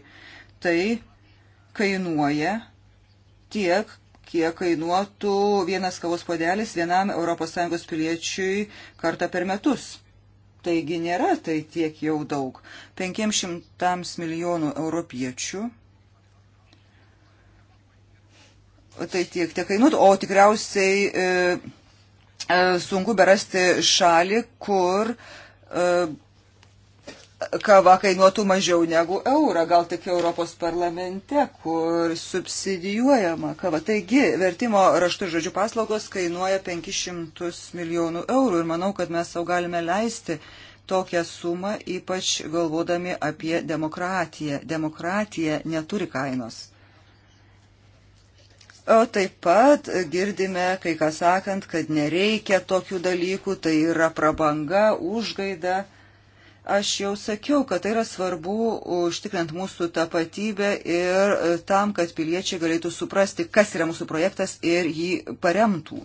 Tai kainuoja tiek, kiek kainuotų vienas kavos podelis vienam ES piliečiui kartą per metus. Taigi nėra tai tiek jau daug. 500 milijonų europiečių tai tiek te kainuotų, o tikriausiai e, e, sunku berasti šalį, kur e, kava kainuotų mažiau negu eurą, gal tik Europos parlamente, kur subsidijuojama kava. Taigi, vertimo raštų žodžių paslaugos kainuoja 500 milijonų eurų ir manau, kad mes savo galime leisti tokią sumą, ypač galvodami apie demokratiją. Demokratija neturi kainos. O taip pat girdime, kai ką sakant, kad nereikia tokių dalykų, tai yra prabanga, užgaida. Aš jau sakiau, kad tai yra svarbu užtikrint mūsų tapatybę ir tam, kad piliečiai galėtų suprasti, kas yra mūsų projektas ir jį paremtų.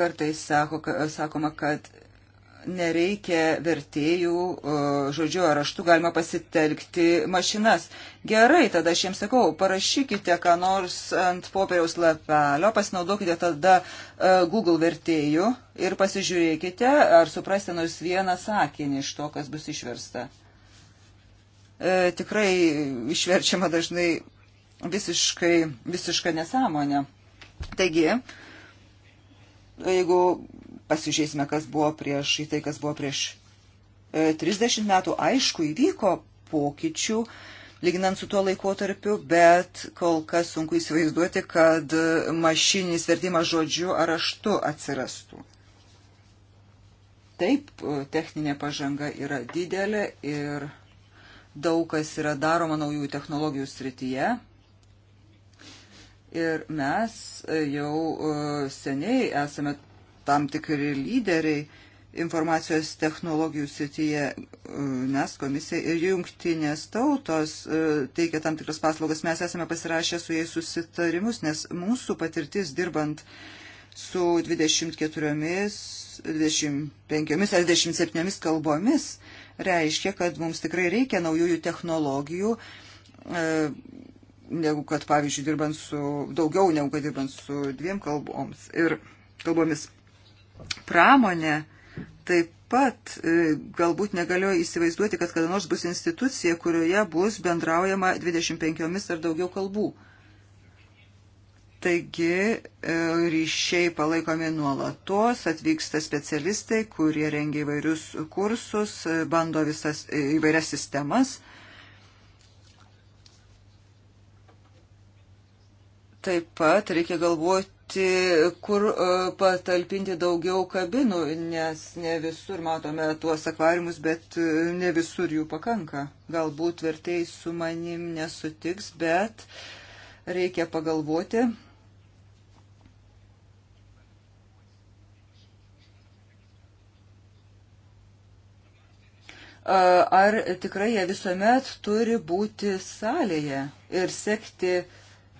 Kartais sako, sakoma, kad nereikia vertėjų, žodžiu, ar raštų galima pasitelkti mašinas. Gerai, tada aš jiems sakau, parašykite ką nors ant popieriaus lapelio, pasinaudokite tada e, Google vertėjų ir pasižiūrėkite, ar suprasti nors vieną sakinį iš to, kas bus išversta. E, tikrai išverčiama dažnai visiškai, visiška nesąmonė. Taigi, jeigu pasižiūrėsime, kas buvo prieš, į tai, kas buvo prieš 30 e, metų, aišku, įvyko pokyčių, lyginant su tuo laikotarpiu, bet kol kas sunku įsivaizduoti, kad mašininis vertimas žodžiu ar raštu atsirastų. Taip, techninė pažanga yra didelė ir daug kas yra daroma naujų technologijų srityje. Ir mes jau e, seniai esame tam tikri lyderiai informacijos technologijų srityje, e, nes komisija ir jungtinės tautos e, teikia tam tikras paslaugas. Mes esame pasirašę su jais susitarimus, nes mūsų patirtis dirbant su 24, 25 ar 27 kalbomis reiškia, kad mums tikrai reikia naujųjų technologijų e, negu kad, pavyzdžiui, dirbant su, daugiau negu kad dirbant su dviem kalboms ir kalbomis pramonė taip pat e, galbūt negaliu įsivaizduoti, kad kada nors bus institucija, kurioje bus bendraujama 25 ar daugiau kalbų. Taigi e, ryšiai palaikomi nuolatos, atvyksta specialistai, kurie rengia įvairius kursus, e, bando visas įvairias sistemas. Taip pat reikia galvoti ieškoti, kur e, patalpinti daugiau kabinų, nes ne visur matome tuos akvariumus, bet e, ne visur jų pakanka. Galbūt vertėjai su manim nesutiks, bet reikia pagalvoti. E, ar tikrai jie visuomet turi būti salėje ir sekti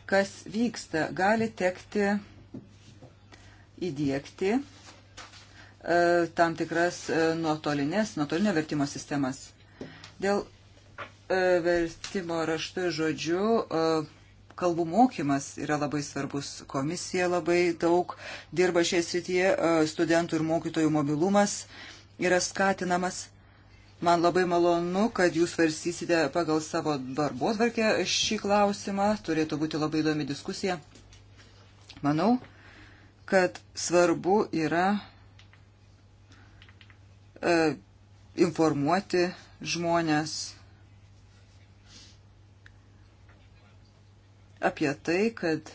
kas vyksta, gali tekti įdėkti e, tam tikras e, nuotolinės, nuotolinio vertimo sistemas. Dėl e, vertimo raštų žodžių kalbų mokymas yra labai svarbus. Komisija labai daug dirba šioje srityje, studentų ir mokytojų mobilumas yra skatinamas. Man labai malonu, kad jūs varsysite pagal savo darbo tvarkę šį klausimą. Turėtų būti labai įdomi diskusija. Manau, kad svarbu yra e, informuoti žmonės apie tai, kad e,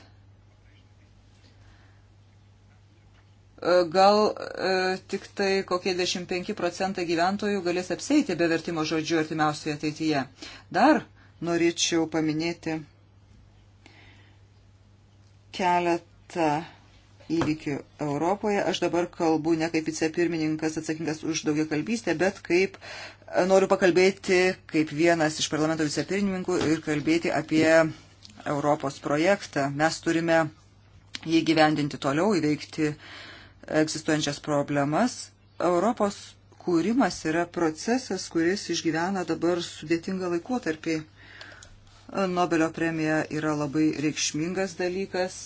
gal e, tik tai kokie 25 procentai gyventojų galės apseiti be vertimo žodžių artimiausioje ateityje. Dar norėčiau paminėti keletą įvykių Europoje. Aš dabar kalbu ne kaip vicepirmininkas atsakingas už daugia kalbystę, bet kaip noriu pakalbėti kaip vienas iš parlamento vicepirmininkų ir kalbėti apie Europos projektą. Mes turime jį gyvendinti toliau, įveikti egzistuojančias problemas. Europos kūrimas yra procesas, kuris išgyvena dabar sudėtingą laikotarpį. Nobelio premija yra labai reikšmingas dalykas.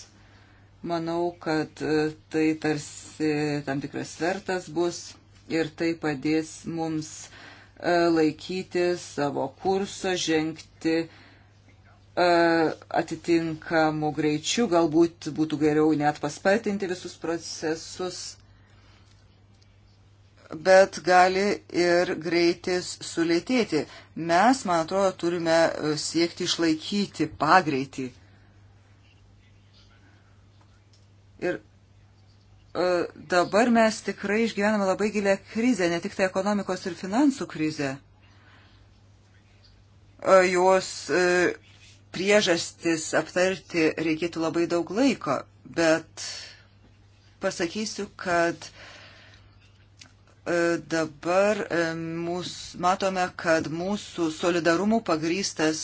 Manau, kad e, tai tarsi tam tikras svertas bus ir tai padės mums e, laikyti savo kurso, žengti e, atitinkamų greičių, galbūt būtų geriau net paspartinti visus procesus bet gali ir greitis sulėtėti. Mes, man atrodo, turime siekti išlaikyti pagreitį. Ir e, dabar mes tikrai išgyvename labai gilę krizę, ne tik tai ekonomikos ir finansų krizę. E, jos e, priežastis aptarti reikėtų labai daug laiko, bet pasakysiu, kad dabar mūs, matome, kad mūsų solidarumų pagrystas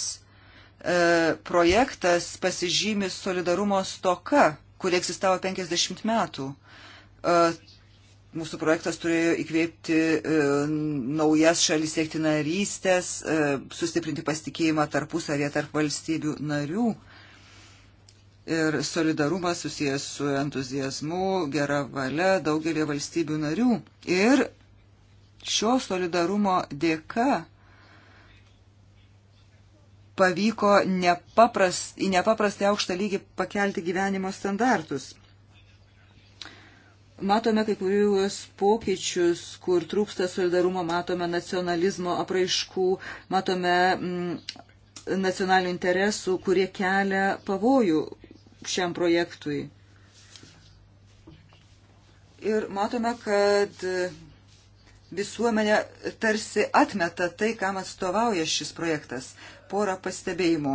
projektas pasižymi solidarumo stoka kuri egzistavo 50 metų. E, mūsų projektas turėjo įkvėpti e, naujas šalis siekti narystės, e, sustiprinti pasitikėjimą tarpusavėje tarp valstybių narių. Ir solidarumas susijęs su entuzijazmu, gera valia daugelį valstybių narių. Ir šio solidarumo dėka pavyko nepapras, į nepaprastai aukštą lygį pakelti gyvenimo standartus. Matome kai kuriuos pokyčius, kur trūksta solidarumo, matome nacionalizmo apraiškų, matome mm, nacionalinių interesų, kurie kelia pavojų šiam projektui. Ir matome, kad visuomenė tarsi atmeta tai, kam atstovauja šis projektas porą pastebėjimų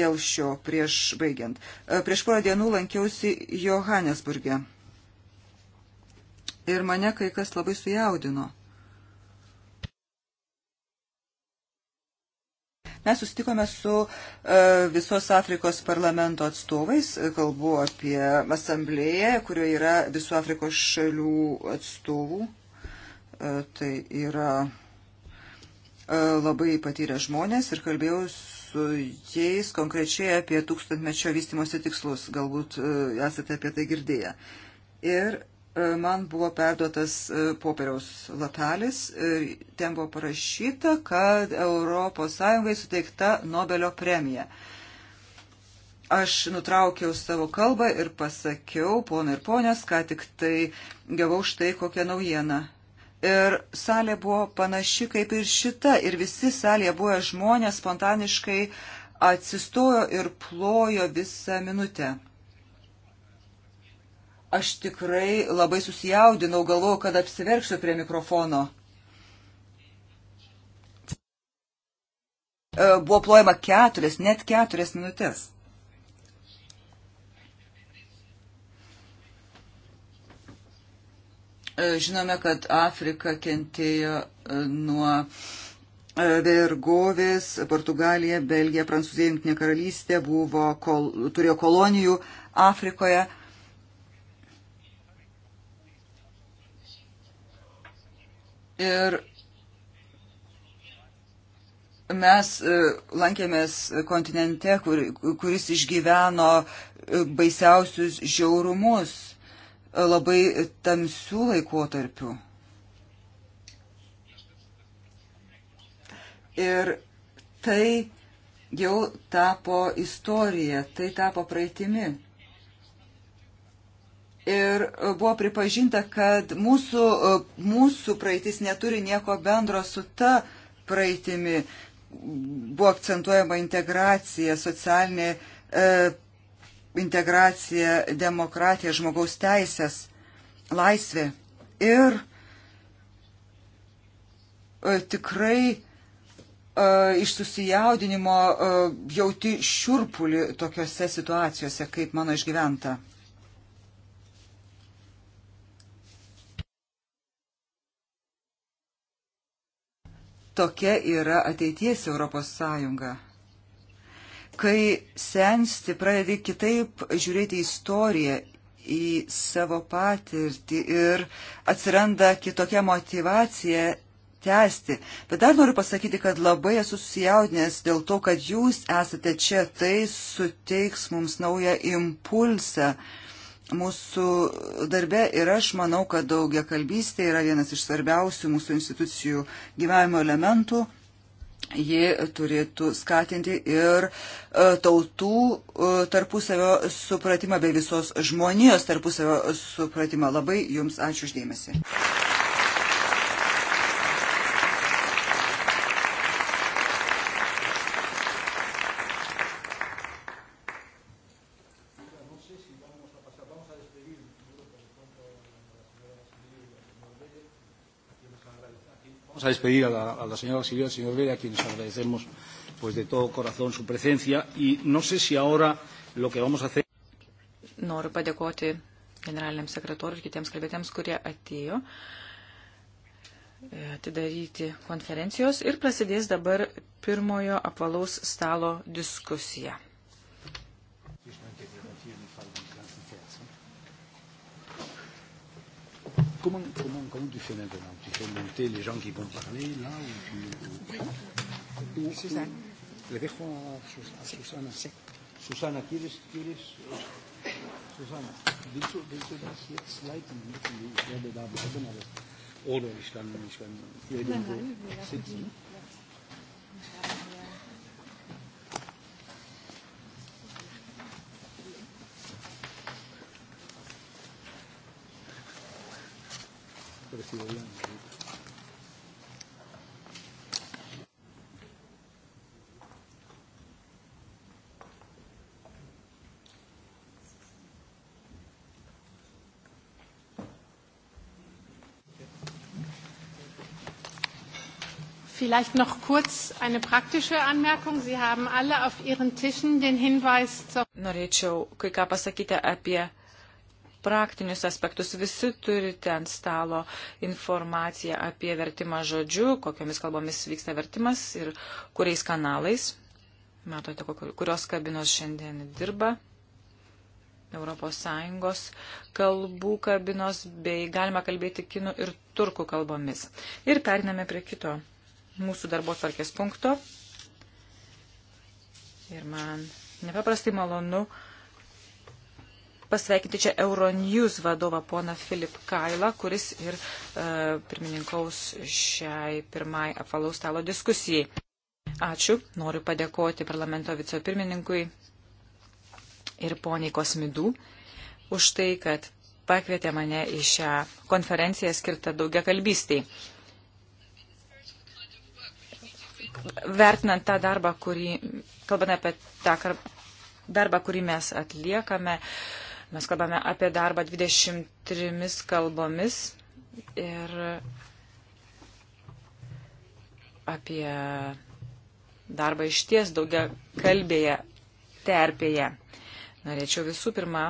dėl šio prieš baigiant. E, prieš porą dienų lankiausi Johannesburgė. Ir mane kai kas labai sujaudino. Mes sustikome su e, visos Afrikos parlamento atstovais, e, kalbu apie asamblėją, kurioje yra visų Afrikos šalių atstovų. Tai yra E, labai patyrę žmonės ir kalbėjau su jais konkrečiai apie tūkstantmečio vystimosi tikslus, galbūt e, esate apie tai girdėję. Ir e, man buvo perduotas popieriaus lapelis ir ten buvo parašyta, kad ES suteikta Nobelio premija. Aš nutraukiau savo kalbą ir pasakiau, ponai ir ponės, ką tik tai gavau štai kokią naujieną. Ir salė buvo panaši kaip ir šita. Ir visi salėje buvo žmonės spontaniškai atsistojo ir plojo visą minutę. Aš tikrai labai susijaudinau, galvojau, kad apsiverksiu prie mikrofono. E, buvo plojama keturias, net keturias minutės. E, žinome, kad Afrika kentėjo e, nuo e, vergovės, Portugalija, Belgija, Prancūzija, Junktinė karalystė buvo, kol, turėjo kolonijų Afrikoje. Ir mes lankėmės kontinente, kur, kuris išgyveno baisiausius žiaurumus labai tamsių laikotarpių. Ir tai jau tapo istorija, tai tapo praeitimi. Ir buvo pripažinta, kad mūsų, mūsų praeitis neturi nieko bendro su ta praeitimi. Buvo akcentuojama integracija, socialinė e, integracija, demokratija, žmogaus teisės, laisvė. Ir e, tikrai e, iš susijaudinimo e, jauti šiurpulį tokiuose situacijose, kaip mano išgyventa. Tokia yra ateities Europos Sąjunga. Kai sensti, pradedi kitaip žiūrėti į istoriją, į savo patirtį ir atsiranda kitokia motivacija tęsti. Bet dar noriu pasakyti, kad labai esu susijaudinęs dėl to, kad jūs esate čia, tai suteiks mums naują impulsą mūsų darbe ir aš manau, kad daugia kalbystė yra vienas iš svarbiausių mūsų institucijų gyvenimo elementų ji turėtų skatinti ir e, tautų e, tarpusavio supratimą bei visos žmonijos tarpusavio supratimą. Labai Jums ačiū uždėmesi. a despedir a la, a la señora auxiliar, al señor Vera, a quienes agradecemos pues, de todo corazón su presencia. Y no sé si ahora lo que vamos a hacer. Noriu padėkoti generaliniam sekretoriui ir kitiems kalbėtėms, kurie atėjo e, atidaryti konferencijos ir prasidės dabar pirmojo apvalaus stalo diskusija. Comment, comment, comment tu fais maintenant Tu fais monter les gens qui vont parler là ou tu, ou, ou, Susana. Le dejo a, Sus a sí. Susana. Sí. Susana, ¿quieres, quieres Susana, willst du, willst du das jetzt leiten? Ich werde da bleiben, aber oder ich kann, ich kann irgendwo nein, nein, sitzen. Nicht. Vielleicht noch kurz eine praktische Anmerkung. Sie haben alle auf Ihren Tischen den Hinweis zur. Norėčiau kai ką pasakyti apie praktinius aspektus. Visi turite ant stalo informaciją apie vertimą žodžiu, kokiomis kalbomis vyksta vertimas ir kuriais kanalais. Matote, kurios kabinos šiandien dirba. ES kalbų kabinos bei galima kalbėti kinų ir turkų kalbomis. Ir periname prie kito mūsų darbo tvarkės punkto. Ir man nepaprastai malonu uh, pasveikinti čia Euronews vadovą poną Filip Kailą, kuris ir e, pirmininkaus šiai pirmai apvalaus stalo diskusijai. Ačiū, noriu padėkoti parlamento vicepirmininkui ir poniai Kosmidų už tai, kad pakvietė mane į šią konferenciją skirtą daugia kalbystiai. Vertinant tą darbą, kurį, kalbant apie tą darbą, kurį mes atliekame, uh, Mes kalbame apie darbą 23 kalbomis ir apie darbą išties daugia kalbėje terpėje. Norėčiau visų pirma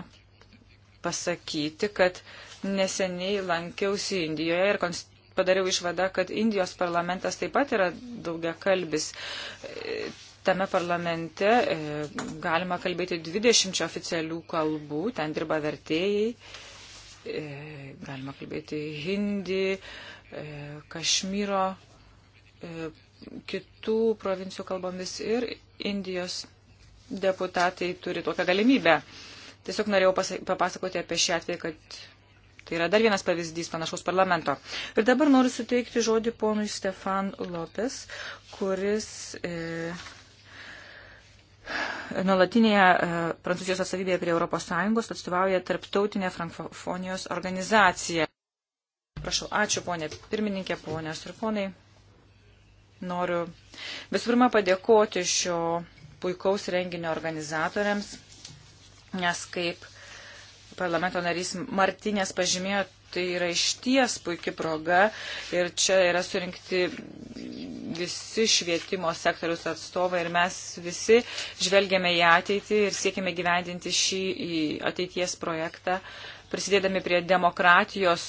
pasakyti, kad neseniai lankiausi Indijoje ir padariau išvadą, kad Indijos parlamentas taip pat yra daugia kalbis tame parlamente e, galima kalbėti 20 oficialių kalbų, ten dirba vertėjai, e, galima kalbėti hindi, e, Kašmyro, kitų provincijų kalbomis ir Indijos deputatai turi tokią galimybę. Tiesiog norėjau papasakoti apie šį atvejį, kad Tai yra dar vienas pavyzdys panašaus parlamento. Ir dabar noriu suteikti žodį ponui Stefan Lopes, kuris e, nuolatinėje e, Prancūzijos atstovybėje prie ES atstovauja tarptautinė frankofonijos organizacija. Prašau, ačiū ponė pirmininkė, ponės ir ponai. Noriu visų pirma padėkoti šio puikaus renginio organizatoriams, nes kaip parlamento narys Martinės pažymėjo, tai yra išties puikia proga ir čia yra surinkti visi švietimo sektoriaus atstovai ir mes visi žvelgiame į ateitį ir siekime gyvendinti šį ateities projektą, prisidėdami prie demokratijos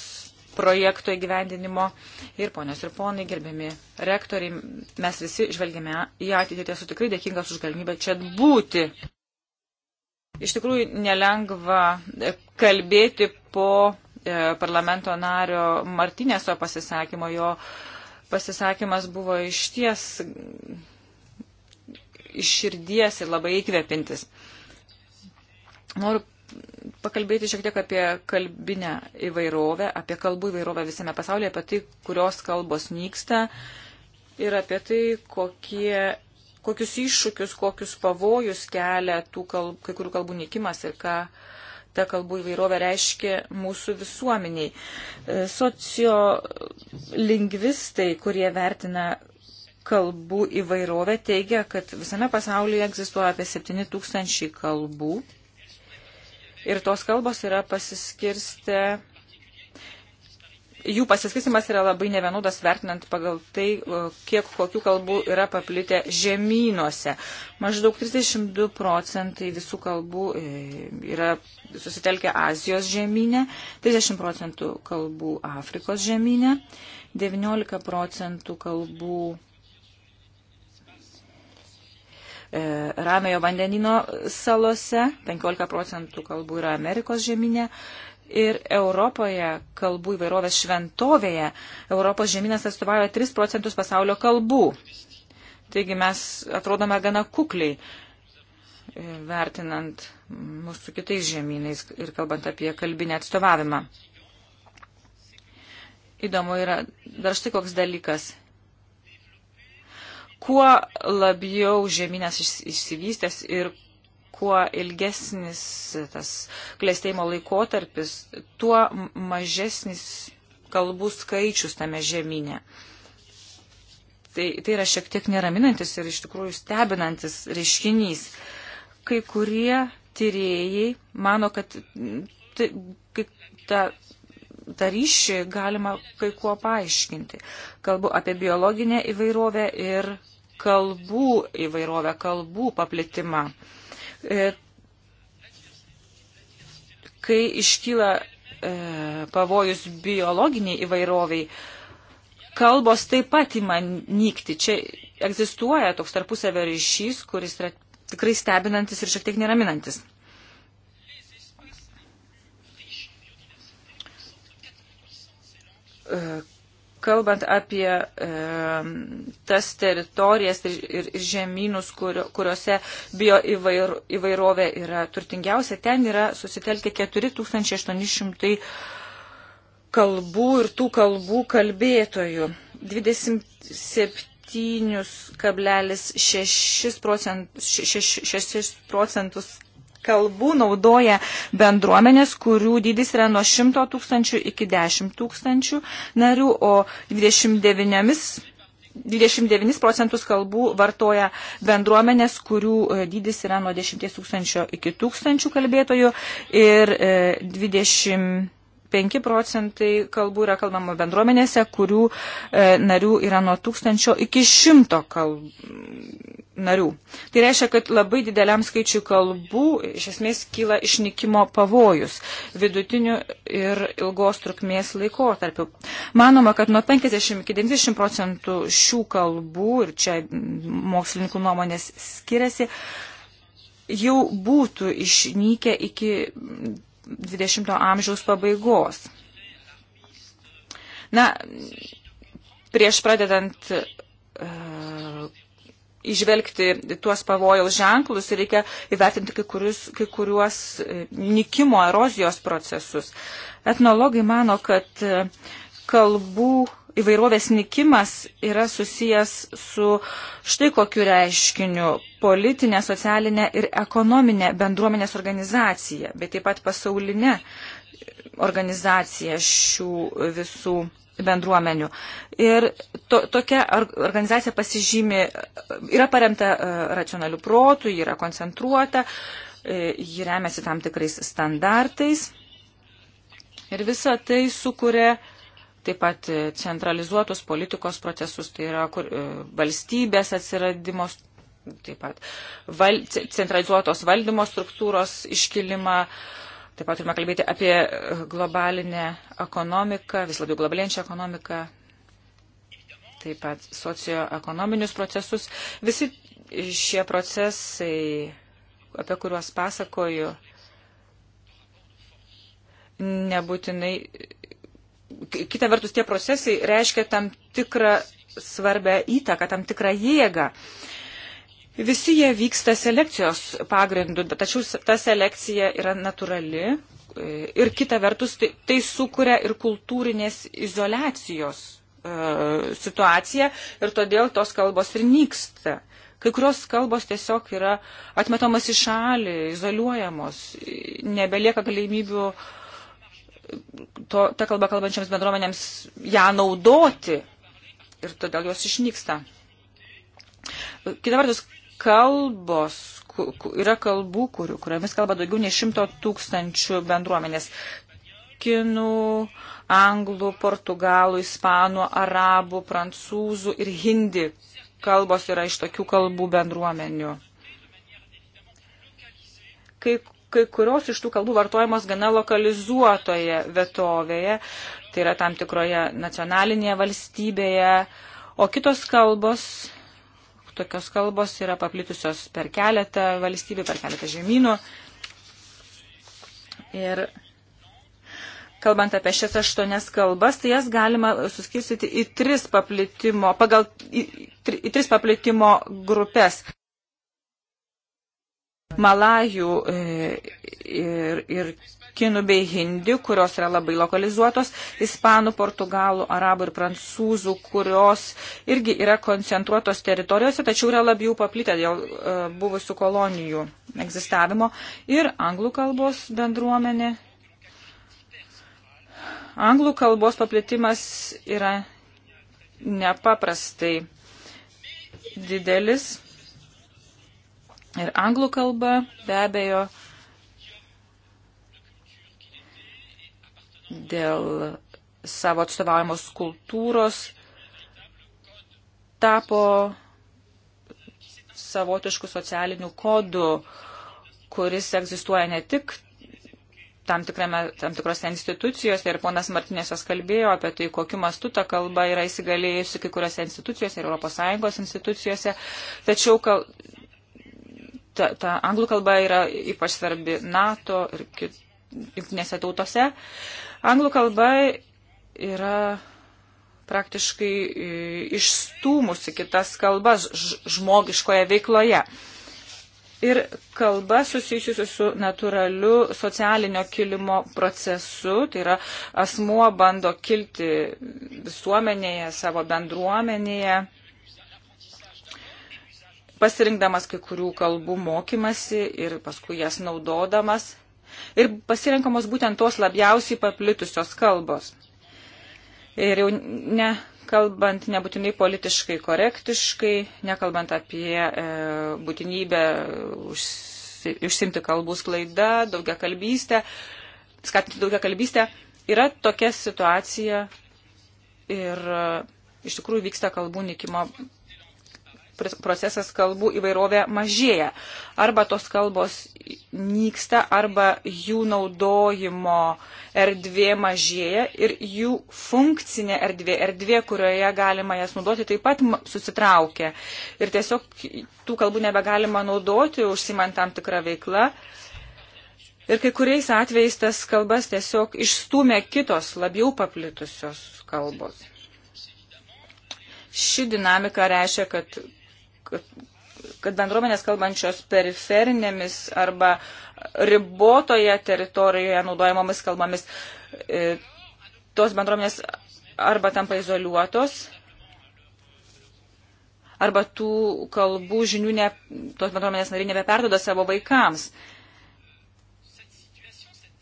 projekto įgyvendinimo. Ir ponios ir ponai, gerbiami rektoriai, mes visi žvelgiame į ateitį ir tai esu tikrai dėkingas už galimybę čia būti. Iš tikrųjų nelengva kalbėti po e, parlamento nario Martinėso pasisakymo, jo uh, pasisakymas buvo išties iš širdies ir labai įkvepintis. Noriu pakalbėti šiek tiek apie kalbinę įvairovę, apie kalbų įvairovę visame pasaulyje, apie tai, kurios kalbos nyksta ir apie tai, kokie, kokius iššūkius, kokius pavojus kelia tų kalb, kai kurių kalbų nykimas ir ką, uh, ta kalbų įvairovė reiškia mūsų visuomeniai. E, sociolingvistai, kurie vertina kalbų įvairovę, teigia, kad visame pasaulyje egzistuoja apie 7 tūkstančiai kalbų. Ir tos kalbos yra pasiskirsti jų pasiskirstimas yra labai nevienodas vertinant pagal tai, e, kiek kokių kalbų yra paplitę žemynuose. Maždaug 32 procentai visų kalbų e, yra susitelkę Azijos žemynė, 30 procentų kalbų Afrikos žemynė, 19 procentų kalbų e, Ramiojo vandenino salose, 15 procentų kalbų yra Amerikos žemynė, ir Europoje, kalbų įvairovės šventovėje, Europos žemynas atstovauja 3 procentus pasaulio kalbų. Taigi mes atrodome gana kukliai, e, vertinant mūsų kitais žemynais ir kalbant apie kalbinę atstovavimą. Įdomu yra dar štai koks dalykas. Kuo labiau žemynas išsivystęs ir kuo ilgesnis tas klėstėjimo laikotarpis, tuo mažesnis kalbų skaičius tame žemynė. Tai, tai yra šiek tiek neraminantis ir iš tikrųjų stebinantis reiškinys. Kai kurie tyrėjai mano, kad tai, ta, tą ryšį galima kai kuo paaiškinti. Kalbu apie biologinę įvairovę ir kalbų įvairovę, kalbų paplitimą. E, kai iškyla e, pavojus biologiniai įvairoviai, kalbos taip pat ima nykti. Čia egzistuoja toks tarpusavio ryšys, kuris yra tikrai stebinantis ir šiek tiek neraminantis. E, kalbant apie e, tas teritorijas ir, ir, ir žemynus, kur, kuriuose bio įvair, įvairovė yra turtingiausia, ten yra susitelkę 4800 kalbų ir tų kalbų kalbėtojų. 27,6 procentus, procentus kalbų naudoja bendruomenės, kurių dydis yra nuo 100 tūkstančių iki 10 tūkstančių narių, o 29, 29 procentus kalbų vartoja bendruomenės, kurių e, dydis yra nuo 10 tūkstančio iki 1000 kalbėtojų ir 20 e, 5 procentai kalbų yra kalbama bendruomenėse, kurių e, narių yra nuo 1000 iki 100 kalb... narių. Tai reiškia, kad labai dideliam skaičiu kalbų iš esmės kyla išnykimo pavojus vidutiniu ir ilgos trukmės laikotarpiu. Manoma, kad nuo 50 iki 90 procentų šių kalbų, ir čia mokslininkų nuomonės skiriasi, jau būtų išnykę iki 20 amžiaus pabaigos. Na, prieš pradedant uh, e, išvelgti tuos pavojaus ženklus, reikia įvertinti kai, kurius, kai kuriuos e, nikimo erozijos procesus. Etnologai mano, kad e, kalbų uh, įvairovės nikimas yra susijęs su štai kokiu reiškiniu - politinė, socialinė ir ekonominė bendruomenės organizacija, bet taip pat pasaulinė organizacija šių visų bendruomenių. Ir to, tokia organizacija pasižymi, yra paremta e, racionalių protų, yra koncentruota, e, ji remiasi tam tikrais standartais. Ir visa tai sukuria taip pat e, centralizuotus politikos procesus, tai yra kur, e, valstybės atsiradimos, taip pat val, centralizuotos valdymo struktūros iškilimą. Taip pat turime kalbėti apie e, globalinę ekonomiką, vis labiau globalėjančią ekonomiką, taip pat socioekonominius procesus. Visi šie procesai, apie kuriuos pasakoju, nebūtinai kita vertus tie procesai reiškia tam tikrą svarbę įtaką, tam tikrą jėgą. Visi jie vyksta selekcijos pagrindu, tačiau ta selekcija yra natūrali e, ir kita vertus tai, tai sukuria ir kultūrinės izolacijos e, situaciją ir todėl tos kalbos ir nyksta. Kai kurios kalbos tiesiog yra atmetomas į šalį, izoliuojamos, nebelieka galimybių uh, to, ta kalba kalbančiams bendruomenėms ją naudoti ir todėl jos išnyksta. Kita vertus, kalbos, yra kalbų, kurių, kuriomis kalba daugiau nei šimto tūkstančių bendruomenės. Kinų, anglų, portugalų, ispanų, arabų, prancūzų ir hindi kalbos yra iš tokių kalbų bendruomenių. Kai kai kurios iš tų kalbų vartojamos gana lokalizuotoje vietovėje, tai yra tam tikroje nacionalinėje valstybėje, o kitos kalbos tokios kalbos yra paplitusios per keletą valstybių, per keletą žemynų. Ir kalbant apie šias aštuonias kalbas, tai jas galima suskirstyti į tris paplitimo, pagal, į, į tris paplitimo grupės malajų e, ir, ir kinų bei hindi, kurios yra labai lokalizuotos, ispanų, portugalų, arabų ir prancūzų, kurios irgi yra koncentruotos teritorijose, tačiau yra labiau paplitę dėl e, buvusių kolonijų egzistavimo, ir anglų kalbos bendruomenė. Anglų kalbos paplitimas yra nepaprastai didelis ir anglų kalba, be abejo, dėl savo atstovaujamos kultūros tapo savotiškų socialinių kodų, kuris egzistuoja ne tik tam, tikrame, tam tikrose institucijose ir ponas Martinėsas kalbėjo apie tai, kokiu mastu ta kalba yra įsigalėjusi kai kuriuose institucijose ir ES institucijose. Tačiau kal, ta, ta anglų kalba yra ypač svarbi NATO ir kit, jungtinėse tautose. Anglų kalba yra praktiškai e, išstūmusi kitas kalbas žmogiškoje veikloje. Ir kalba susijusiusi su natūraliu socialinio kilimo procesu, tai yra asmuo bando kilti visuomenėje, savo bendruomenėje pasirinkdamas kai kurių kalbų mokymasi ir paskui jas naudodamas. Ir pasirinkamos būtent tos labiausiai paplitusios kalbos. Ir jau ne, kalbant nebūtinai politiškai korektiškai, nekalbant apie e, būtinybę užsi, užsimti kalbų sklaidą, daugia kalbystę, skatinti daugia kalbystę, yra tokia situacija ir e, iš tikrųjų vyksta kalbų nikimo procesas kalbų įvairovė mažėja. Arba tos kalbos nyksta, arba jų naudojimo erdvė mažėja ir jų funkcinė erdvė, erdvė, kurioje galima jas naudoti, taip pat susitraukia. Ir tiesiog tų kalbų nebegalima naudoti, užsimant tam tikrą veiklą. Ir kai kuriais atvejais tas kalbas tiesiog išstumė kitos labiau paplitusios kalbos. Ši dinamika reiškia, kad kad bendruomenės kalbančios periferinėmis arba ribotoje teritorijoje naudojamomis kalbomis, e, tos bendruomenės arba tampa izoliuotos, arba tų kalbų žinių ne, tos bendruomenės nariai nebeperduoda savo vaikams.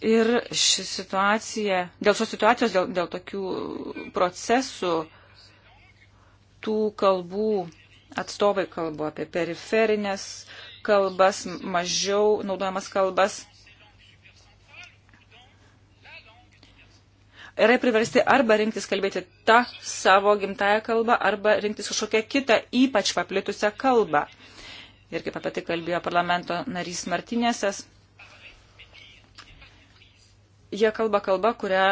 Ir ši situacija, dėl šios situacijos, dėl, dėl tokių procesų, tų kalbų atstovai kalbu apie periferinės kalbas, mažiau naudojamas kalbas. Yra priversti arba rinktis kalbėti tą savo gimtają kalbą, arba rinktis kažkokią kitą ypač paplitusią kalbą. Ir kaip apie tai kalbėjo parlamento narys Martinėsas, jie kalba kalba, kurią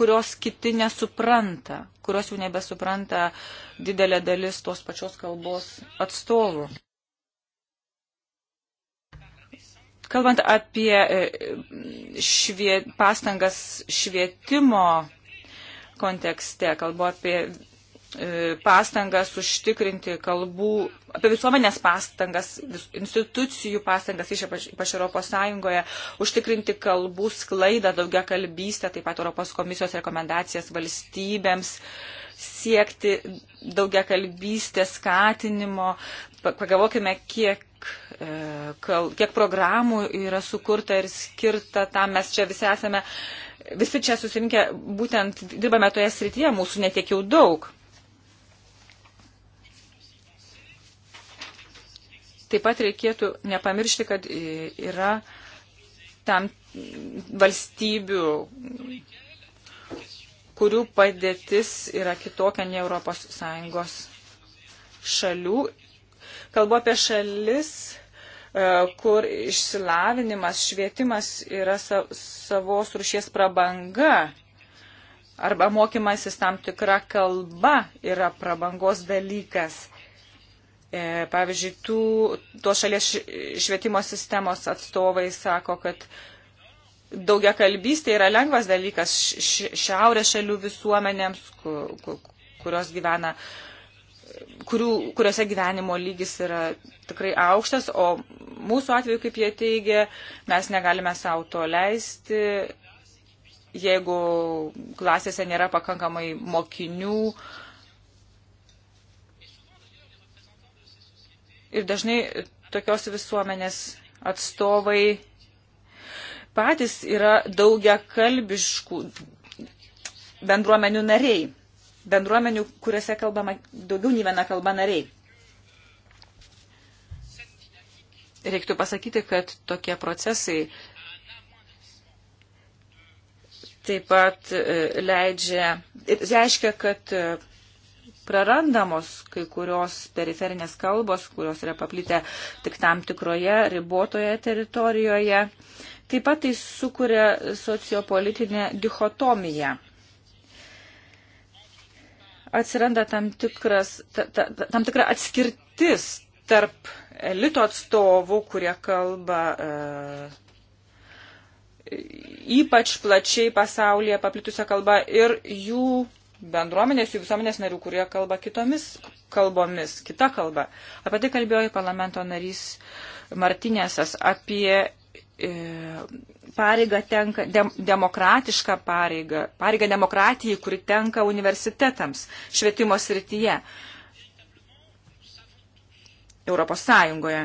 kurios kiti nesupranta, kurios jau nebesupranta didelė dalis tos pačios kalbos atstovų. Kalbant apie e, švie, pastangas švietimo kontekste, kalbu apie E, pastangas užtikrinti kalbų, apie visuomenės pastangas, institucijų pastangas iš ypač Europos Sąjungoje, užtikrinti kalbų sklaidą, daugia kalbystę, taip pat Europos komisijos rekomendacijas valstybėms, siekti daugia kalbystės skatinimo. Pagavokime, kiek e, kal, kiek programų yra sukurta ir skirta tam, mes čia visi esame, visi čia susirinkę, būtent dirbame toje srityje, mūsų netiek jau daug. Taip pat reikėtų nepamiršti, kad yra tam valstybių, kurių padėtis yra kitokia nei Europos Sąjungos šalių. Kalbu apie šalis, e, kur išsilavinimas, švietimas yra savos rušies prabanga arba mokymasis tam tikra kalba yra prabangos dalykas. E, pavyzdžiui, tų, tuo šalies švietimo sistemos atstovai sako, kad daugia kalbystė yra lengvas dalykas šiaurės šalių visuomenėms, kurios gyvena, kurių, kuriuose gyvenimo lygis yra tikrai aukštas, o mūsų atveju, kaip jie teigia, mes negalime savo to leisti, jeigu klasėse nėra pakankamai mokinių, uh, Ir dažnai tokios visuomenės atstovai patys yra daugia kalbiškų bendruomenių nariai. Bendruomenių, kuriuose kalbama daugiau nei viena kalba nariai. Reiktų pasakyti, kad tokie procesai taip pat e, leidžia, reiškia, kad e, prarandamos kai kurios periferinės kalbos, kurios yra paplitę tik tam tikroje ribotoje teritorijoje. Taip pat tai sukuria sociopolitinę dichotomiją. Atsiranda tam, tikras, ta, ta, tam tikra atskirtis tarp elito atstovų, kurie kalba e, ypač plačiai pasaulyje paplitusią kalbą ir jų bendruomenės, jų visuomenės narių, kurie kalba kitomis kalbomis, kita kalba. Apie tai kalbėjo į parlamento narys Martinėsas apie e, pareiga tenka, de, demokratišką pareigą, pareigą demokratijai, kuri tenka universitetams švietimo srityje Europos Sąjungoje.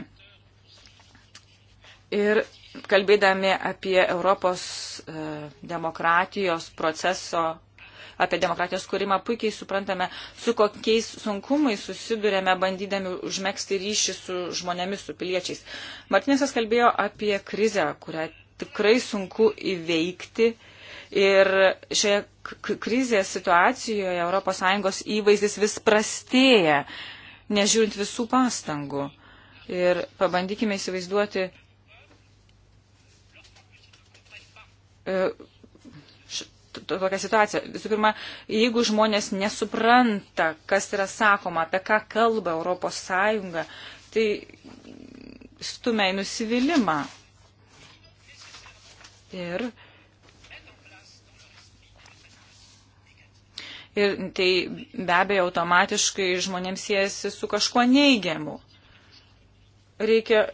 Ir kalbėdami apie Europos e, demokratijos proceso apie demokratijos kūrimą, puikiai suprantame, su kokiais sunkumais susidurėme, bandydami užmėgsti ryšį su žmonėmis, su piliečiais. Martinėsas kalbėjo apie krizę, kurią tikrai sunku įveikti. Ir šioje krizės situacijoje ES įvaizdis vis prastėja, nežiūrint visų pastangų. Ir pabandykime įsivaizduoti e, tokią situaciją. Visų pirma, jeigu žmonės nesupranta, kas yra sakoma, apie ką kalba Europos Sąjunga, tai stumia į nusivylimą. Ir, ir tai be abejo automatiškai žmonėms siejasi su kažkuo neigiamu. Reikia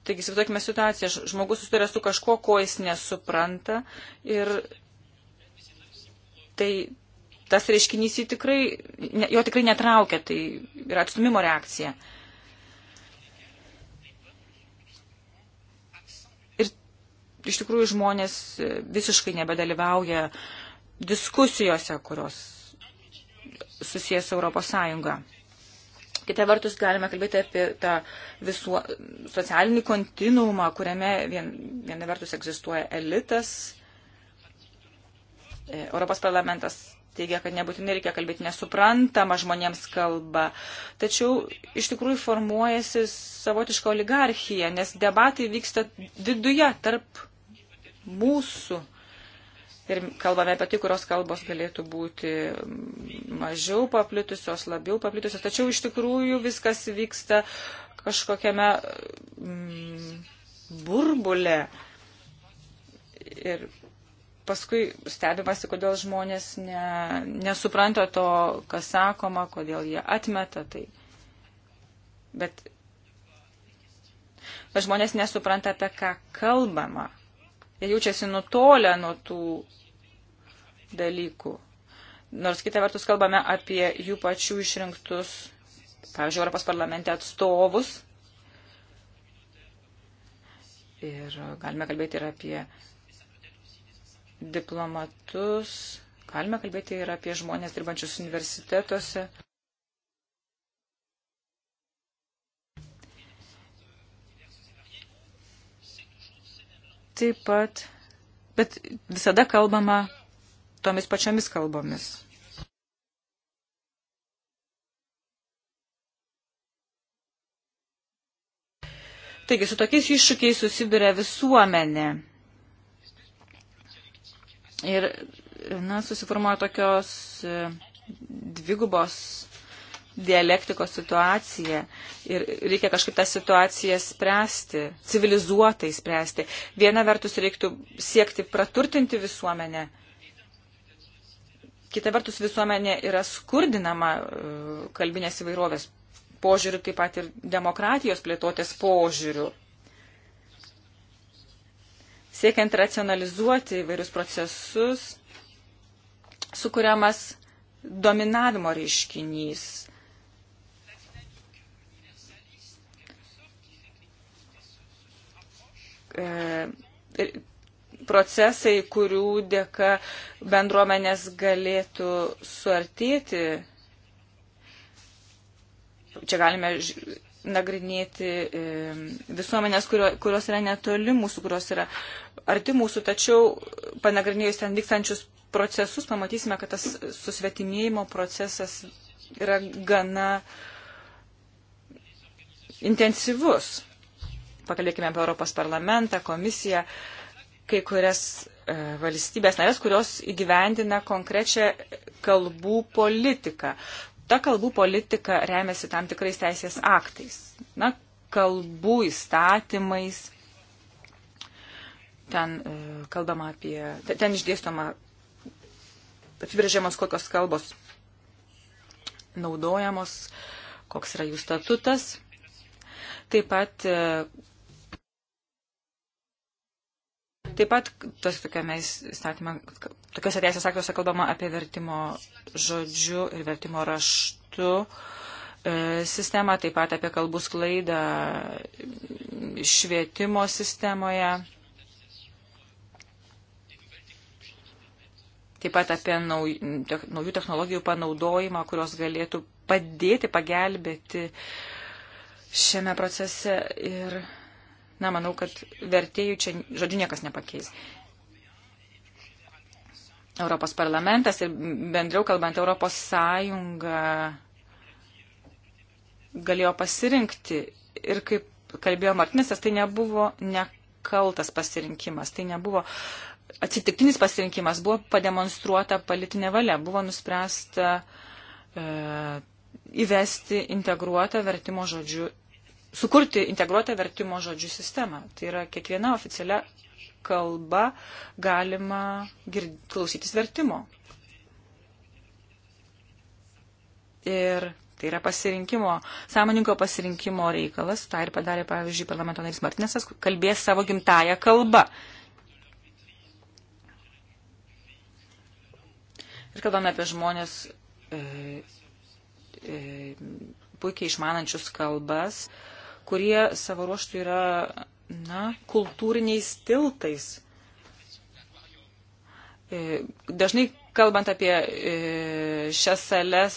Taigi, įsivaizduokime situaciją, žmogus susiduria su kažkuo, ko jis nesupranta ir tai tas reiškinys jį tikrai, jo tikrai netraukia, tai yra atstumimo reakcija. Ir iš tikrųjų žmonės visiškai nebedalyvauja diskusijose, kurios susijęs Europos Sąjunga. Kita vertus, galime kalbėti apie tą visuo, socialinį kontinumą, kuriame vien, viena vertus egzistuoja elitas, E, Europos parlamentas teigia, kad nebūtinai reikia kalbėti nesuprantama žmonėms kalba. Tačiau iš tikrųjų formuojasi savotiška oligarchija, nes debatai vyksta viduje tarp mūsų. Ir kalbame apie tai, kurios kalbos galėtų būti mažiau paplitusios, labiau paplitusios. Tačiau iš tikrųjų viskas vyksta kažkokiame mm, burbule. Ir paskui stebimasi, kodėl žmonės ne, nesupranta to, kas sakoma, kodėl jie atmeta tai. Bet, bet žmonės nesupranta, apie ką kalbama. Jie jaučiasi nutolę nuo tų dalykų. Nors kitą vertus kalbame apie jų pačių išrinktus, pavyzdžiui, Europos parlamente atstovus. Ir galime kalbėti ir apie diplomatus, galime kalbėti ir apie žmonės dirbančius universitetuose. Taip pat, bet visada kalbama tomis pačiomis kalbomis. Taigi, su tokiais iššūkiais susiduria visuomenė. Ir na, susiformuoja tokios e, dvigubos dialektikos situacija ir reikia kažkaip tą situaciją spręsti, civilizuotai spręsti. Viena vertus reiktų siekti praturtinti visuomenę, kita vertus visuomenė yra skurdinama e, kalbinės įvairovės požiūriu, taip pat ir demokratijos plėtotės požiūriu siekiant racionalizuoti įvairius procesus, sukūriamas dominavimo reiškinys. E, procesai, kurių dėka bendruomenės galėtų suartėti. Čia galime nagrinėti visuomenės, kurios yra netoli mūsų, kurios yra arti mūsų, tačiau panagrinėjus ten vykstančius procesus, pamatysime, kad tas susvetimėjimo procesas yra gana intensyvus. Pakalbėkime apie Europos parlamentą, komisiją, kai kurias e, valstybės narės, kurios įgyvendina konkrečią kalbų politiką ta kalbų politika remiasi tam tikrais teisės aktais, na, kalbų įstatymais. Ten e, kalbama apie, ten išdėstoma, apibrėžiamos kokios kalbos naudojamos, koks yra jų statutas. Taip pat e, Taip pat tos tokiuose teisės aktuose kalbama apie vertimo žodžiu ir vertimo raštu e, sistemą, taip pat apie kalbų sklaidą švietimo sistemoje. Taip pat apie naujų technologijų panaudojimą, kurios galėtų padėti, pagelbėti šiame procese. Ir Na, manau, kad vertėjų čia žodžiu niekas nepakeis. Europos parlamentas ir bendriau kalbant Europos sąjunga galėjo pasirinkti ir kaip kalbėjo Martinisas, tai nebuvo nekaltas pasirinkimas, tai nebuvo atsitiktinis pasirinkimas, buvo pademonstruota politinė valia, buvo nuspręsta e, įvesti integruotą vertimo žodžių sukurti integruotą vertimo žodžių sistemą. Tai yra kiekviena oficialia kalba galima gird, klausytis vertimo. Ir tai yra pasirinkimo, sąmoninko pasirinkimo reikalas. Ta ir padarė, pavyzdžiui, parlamento narys Martinesas, kalbės savo gimtają kalbą. Ir kalbame apie žmonės e, e, puikiai išmanančius kalbas. E, kurie savo ruoštų yra na, kultūriniais tiltais. E, dažnai kalbant apie e, šias sales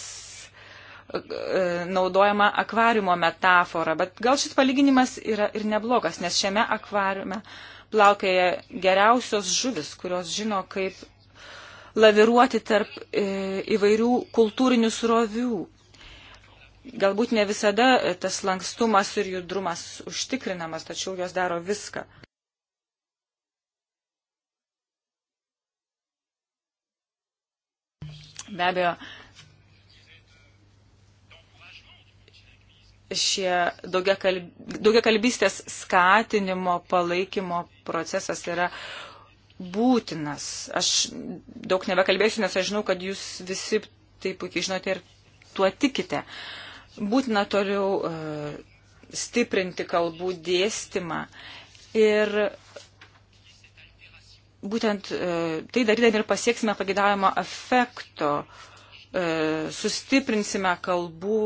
e, naudojama akvariumo metafora, bet gal šis palyginimas yra ir neblogas, nes šiame akvariume plaukėja geriausios žuvis, kurios žino, kaip laviruoti tarp įvairių kultūrinių srovių galbūt ne visada e, tas lankstumas ir judrumas užtikrinamas, tačiau jos daro viską. Be abejo, šie daugiakalbystės skatinimo, palaikymo procesas yra būtinas. Aš daug nebekalbėsiu, nes aš žinau, kad jūs visi tai puikiai žinote ir tuo tikite. Uh, Būtina toliau e, stiprinti kalbų dėstymą. Ir būtent e, tai darydami ir pasieksime pagidavimo efekto, e, sustiprinsime kalbų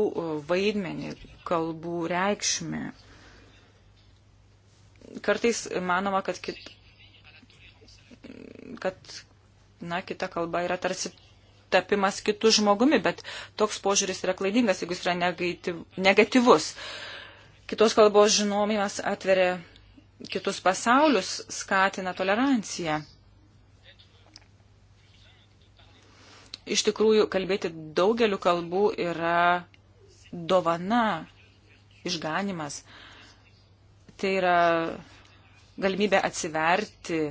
vaidmenį, kalbų reikšmę. Kartais manoma, kad, kit, kad na, kita kalba yra tarsi tapimas kitų žmogumi, bet toks požiūris yra klaidingas, jeigu jis yra negatyvus. Kitos kalbos žinomimas atveria kitus pasaulius, skatina toleranciją. Iš tikrųjų, kalbėti daugeliu kalbų yra dovana, išganimas. Tai yra galimybė atsiverti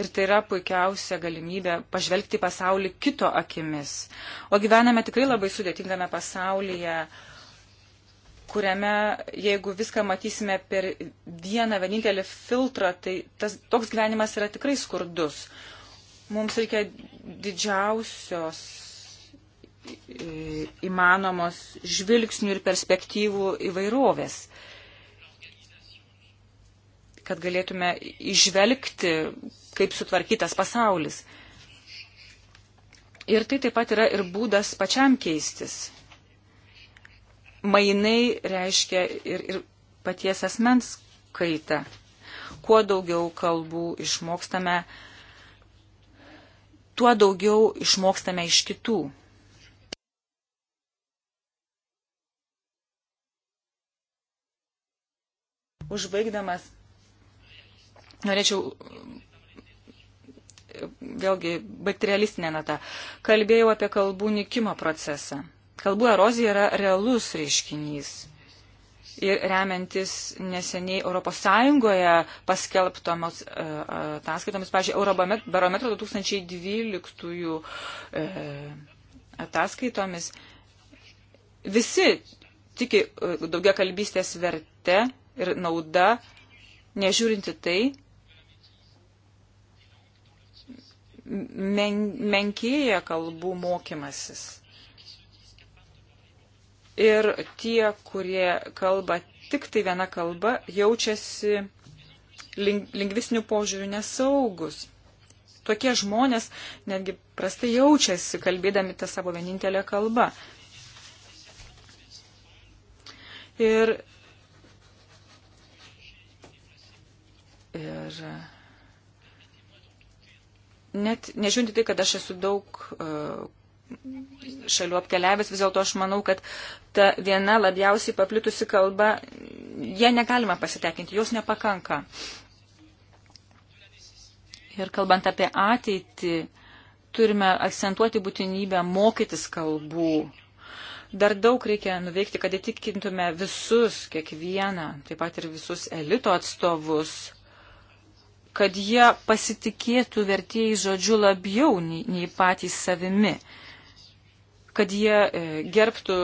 Ir tai yra puikiausia galimybė pažvelgti pasaulį kito akimis. O gyvename tikrai labai sudėtingame pasaulyje, kuriame, jeigu viską matysime per vieną vienintelį filtrą, tai tas, toks gyvenimas yra tikrai skurdus. Mums reikia didžiausios įmanomos žvilgsnių ir perspektyvų įvairovės kad galėtume išvelgti, kaip sutvarkytas pasaulis. Ir tai taip pat yra ir būdas pačiam keistis. Mainai reiškia ir, ir paties asmens kaitą. Kuo daugiau kalbų išmokstame, tuo daugiau išmokstame iš kitų. Užbaigdamas norėčiau vėlgi baigti realistinę natą. Kalbėjau apie kalbų nikimo procesą. Kalbų erozija yra realus reiškinys. Ir remiantis neseniai ES paskelbtomis e, e, ataskaitomis, pažiūrėjau, Eurobarometro 2012 ataskaitomis, visi tiki e, daugia kalbystės verte ir nauda, nežiūrinti tai, men, menkėja kalbų mokymasis. Ir tie, kurie kalba tik tai viena kalba, jaučiasi ling, lingvisnių požiūrių nesaugus. Tokie žmonės netgi prastai jaučiasi, kalbėdami tą savo vienintelę kalbą. Ir, ir Net nežiūrinti tai, kad aš esu daug e, šalių apkeliavęs, vis dėlto aš manau, kad ta viena labiausiai paplitusi kalba, jie negalima pasitekinti, jos nepakanka. Ir kalbant apie ateitį, turime akcentuoti būtinybę mokytis kalbų. Dar daug reikia nuveikti, kad įtikintume visus, kiekvieną, taip pat ir visus elito atstovus, kad jie pasitikėtų vertėjai žodžiu labiau nei, nei patys savimi, kad jie e, gerbtų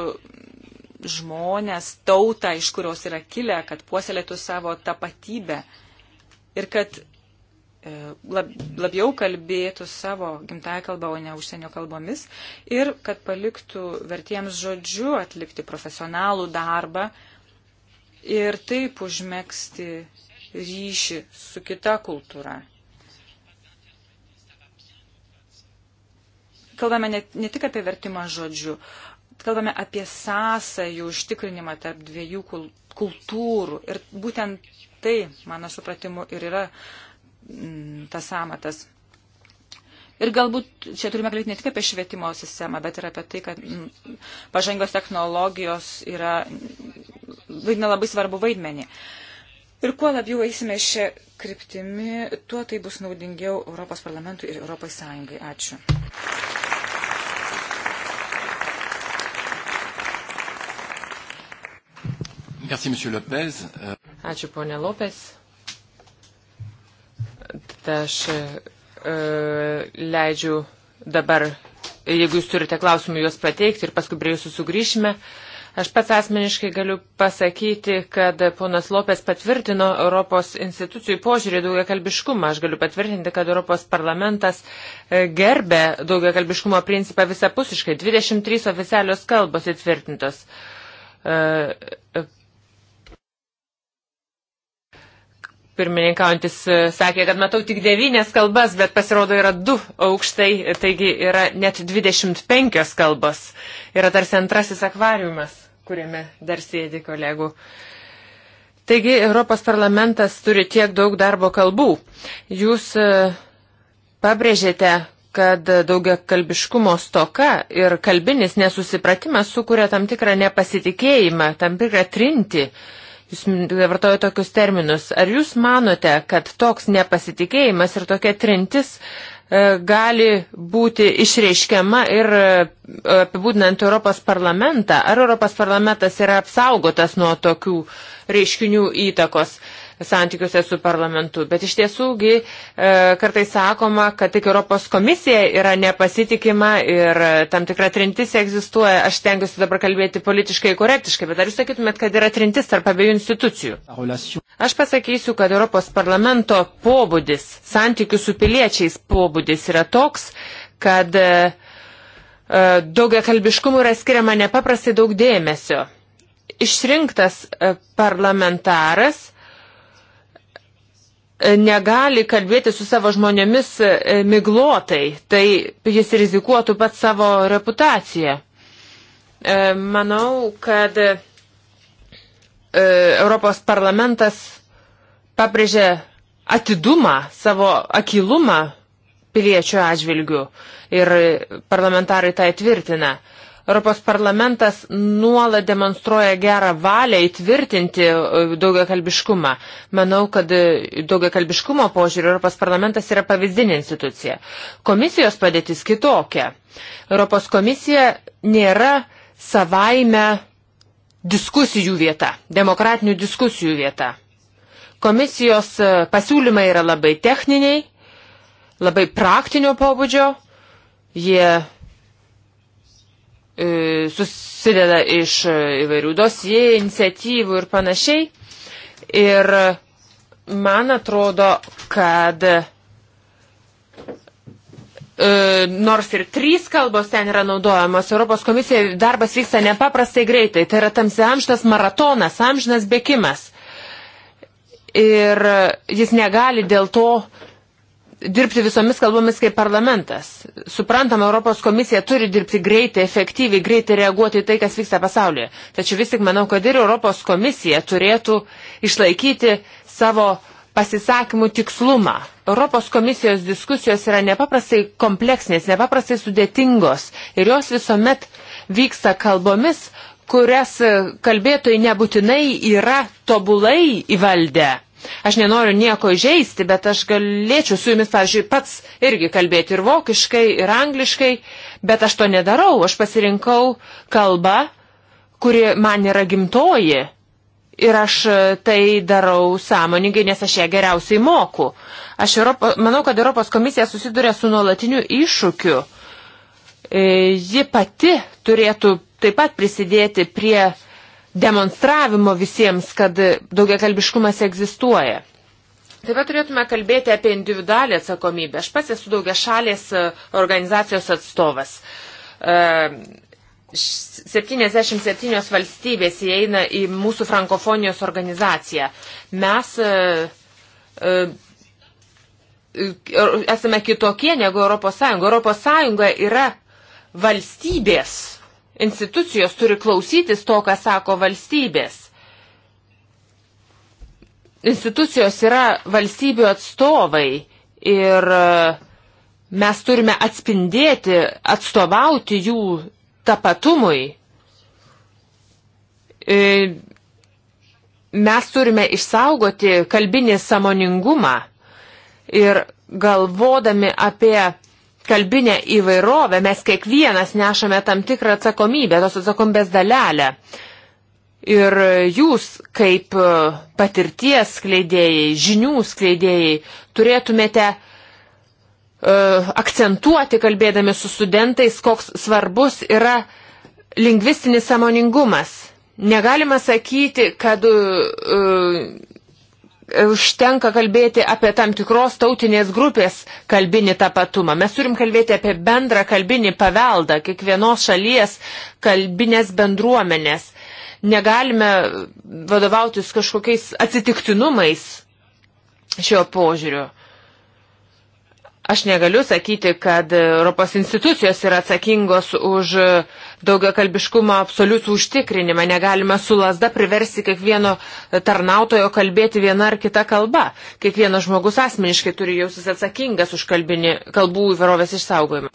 žmonės, tautą, iš kurios yra kilę, kad puoselėtų savo tapatybę ir kad e, lab, labiau kalbėtų savo gimtąją kalbą, o ne užsienio kalbomis ir kad paliktų vertiems žodžiu atlikti profesionalų darbą ir taip užmėgsti ryšį su kita kultūra. Kalbame ne, ne tik apie vertimą žodžių, kalbame apie sąsąjų užtikrinimą tarp dviejų kultūrų. Ir būtent tai, mano supratimu, ir yra mm, tas amatas. Ir galbūt čia turime kalbėti ne tik apie švietimo sistemą, bet ir apie tai, kad mm, pažangios technologijos yra, vaidina labai svarbu vaidmenį. Uh, Ir kuo labiau eisime šią kryptimį, tuo tai bus naudingiau Europos parlamentui ir Europos Sąjungai. Ačiū. Merci, monsieur Lopez. Ačiū, ponė Lopez. Tad aš e, e, leidžiu dabar, jeigu jūs turite klausimų, juos pateikti ir paskui prie jūsų sugrįšime. E, Aš pats asmeniškai galiu pasakyti, kad ponas Lopės patvirtino Europos institucijų požiūrį daugia kalbiškumą. Aš galiu patvirtinti, kad Europos parlamentas e, gerbė daugia kalbiškumo principą visapusiškai. 23 oficialios kalbos įtvirtintos e, pirmininkaujantis e, sakė, kad matau tik devynės kalbas, bet pasirodo yra du aukštai, taigi yra net 25 kalbas. Yra tarsi antrasis akvariumas, kuriame dar sėdi kolegų. Taigi Europos parlamentas turi tiek daug darbo kalbų. Jūs e, pabrėžėte, kad daugia kalbiškumo stoka ir kalbinis nesusipratimas sukuria tam tikrą nepasitikėjimą, tam tikrą trinti. Uh, Jūs vartojate tokius terminus. Ar jūs manote, kad toks nepasitikėjimas ir tokia trintis e, gali būti išreiškiama ir e, apibūdinant Europos parlamentą. Ar Europos parlamentas yra apsaugotas nuo tokių reiškinių įtakos? santykiuose su parlamentu. Bet iš tiesųgi e, kartais sakoma, kad tik Europos komisija yra nepasitikima ir tam tikra trintis egzistuoja. Aš tengiuosi dabar kalbėti politiškai korektiškai, bet ar jūs sakytumėt, kad yra trintis tarp abiejų institucijų? Aš pasakysiu, kad Europos parlamento pobūdis, santykių su piliečiais pobūdis yra toks, kad e, e daugia kalbiškumų yra skiriama nepaprastai daug dėmesio. Išrinktas e, parlamentaras negali kalbėti su savo žmonėmis e, miglotai, tai jis rizikuotų pat savo reputaciją. E, manau, kad e, Europos parlamentas pabrėžė atidumą, savo akilumą piliečių atžvilgių ir parlamentarai tai tvirtina. Europos parlamentas nuolat demonstruoja gerą valią įtvirtinti e, daugiakalbiškumą. Manau, kad e, daugiakalbiškumo požiūrį Europos parlamentas yra pavyzdinė institucija. Komisijos padėtis kitokia. Europos komisija nėra savaime diskusijų vieta, demokratinių diskusijų vieta. Komisijos e, pasiūlymai yra labai techniniai, labai praktinio pobūdžio, jie E, susideda iš įvairių dosijų, iniciatyvų ir panašiai. Ir man atrodo, kad e, nors ir trys kalbos ten yra naudojamos, Europos komisija darbas vyksta nepaprastai greitai. Tai yra tamsi amžnas maratonas, amžnas bėgimas. Ir jis negali dėl to dirbti visomis kalbomis kaip parlamentas. Suprantam, Europos komisija turi dirbti greitai, efektyviai, greitai reaguoti į tai, kas vyksta pasaulyje. Tačiau vis tik manau, kad ir Europos komisija turėtų išlaikyti savo pasisakymų tikslumą. Europos komisijos diskusijos yra nepaprastai kompleksinės, nepaprastai sudėtingos ir jos visuomet vyksta kalbomis, kurias kalbėtojai nebūtinai yra tobulai įvaldę. Aš nenoriu nieko įžeisti, bet aš galėčiau su jumis, pavyzdžiui, pats irgi kalbėti ir vokiškai, ir angliškai, bet aš to nedarau. Aš pasirinkau kalbą, kuri man yra gimtoji. Ir aš e, tai darau sąmoningai, nes aš ją geriausiai moku. Aš Europo, manau, kad Europos komisija susiduria su nuolatiniu iššūkiu. E, ji pati turėtų taip pat prisidėti prie demonstravimo visiems, kad daugiakalbiškumas egzistuoja. Taip pat turėtume kalbėti apie individualią atsakomybę. Aš pats esu daugia šalės e, organizacijos atstovas. 77 e, valstybės įeina į mūsų frankofonijos organizaciją. Mes e, esame kitokie negu ES. ES yra valstybės institucijos turi klausytis to, ką sako valstybės. Institucijos yra valstybių atstovai ir e, mes turime atspindėti, atstovauti jų tapatumui. E, mes turime išsaugoti kalbinį samoningumą ir galvodami apie kalbinę įvairovę mes kiekvienas nešame tam tikrą atsakomybę, tos atsakomybės dalelę. Ir jūs, kaip e, patirties skleidėjai, žinių skleidėjai, turėtumėte uh, akcentuoti, kalbėdami su studentais, koks svarbus yra lingvistinis samoningumas. Negalima sakyti, kad uh, užtenka kalbėti apie tam tikros tautinės grupės kalbinį tapatumą. Mes turim kalbėti apie bendrą kalbinį paveldą kiekvienos šalies kalbinės bendruomenės. Negalime vadovautis kažkokiais atsitiktinumais šio požiūriu. Aš negaliu sakyti, kad Europos institucijos yra atsakingos už daugia kalbiškumo absoliutų užtikrinimą. Negalime su lasda priversti kiekvieno tarnautojo kalbėti viena ar kita kalba. Kiekvienas žmogus asmeniškai turi jausis atsakingas už kalbinį, kalbų įvairovės išsaugojimą.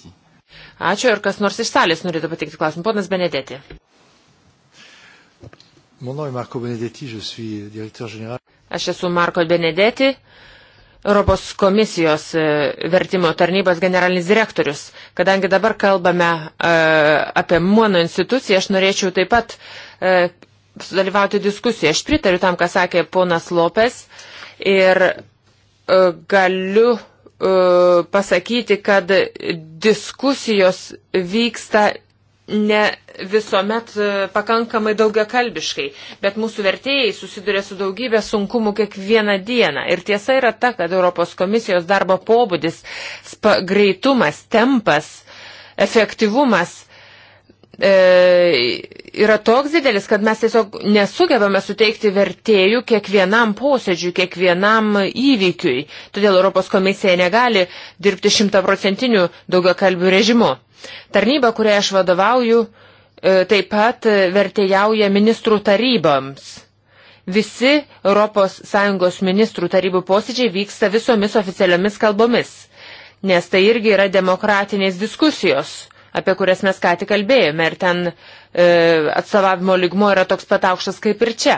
Ačiū ir kas nors iš salės norėtų patikti klausimą. Ponas Benedeti. Aš esu Marko Benedeti Europos komisijos e, vertimo tarnybos generalinis direktorius. Kadangi dabar kalbame e, apie mano instituciją, aš norėčiau taip pat e, sudalyvauti diskusiją. Aš pritariu tam, ką sakė ponas Lopes ir galiu pasakyti, kad diskusijos vyksta ne visuomet e, pakankamai daugiakalbiškai, bet mūsų vertėjai susiduria su daugybė sunkumų kiekvieną dieną. Ir tiesa yra ta, kad Europos komisijos darbo pobūdis, spa, greitumas, tempas, efektyvumas e, yra toks didelis, kad mes tiesiog nesugebame suteikti vertėjų kiekvienam posėdžiui, kiekvienam įvykiui. Todėl Europos komisija negali dirbti šimtaprocentiniu daugiakalbių režimu. Tarnyba, kuriai aš vadovauju, e, taip pat e, vertėjauja ministrų taryboms. Visi ES ministrų tarybų posėdžiai vyksta visomis oficialiomis kalbomis, nes tai irgi yra demokratinės diskusijos, apie kurias mes ką tik kalbėjome, ir ten e, atstovavimo lygmo yra toks pat aukštas kaip ir čia.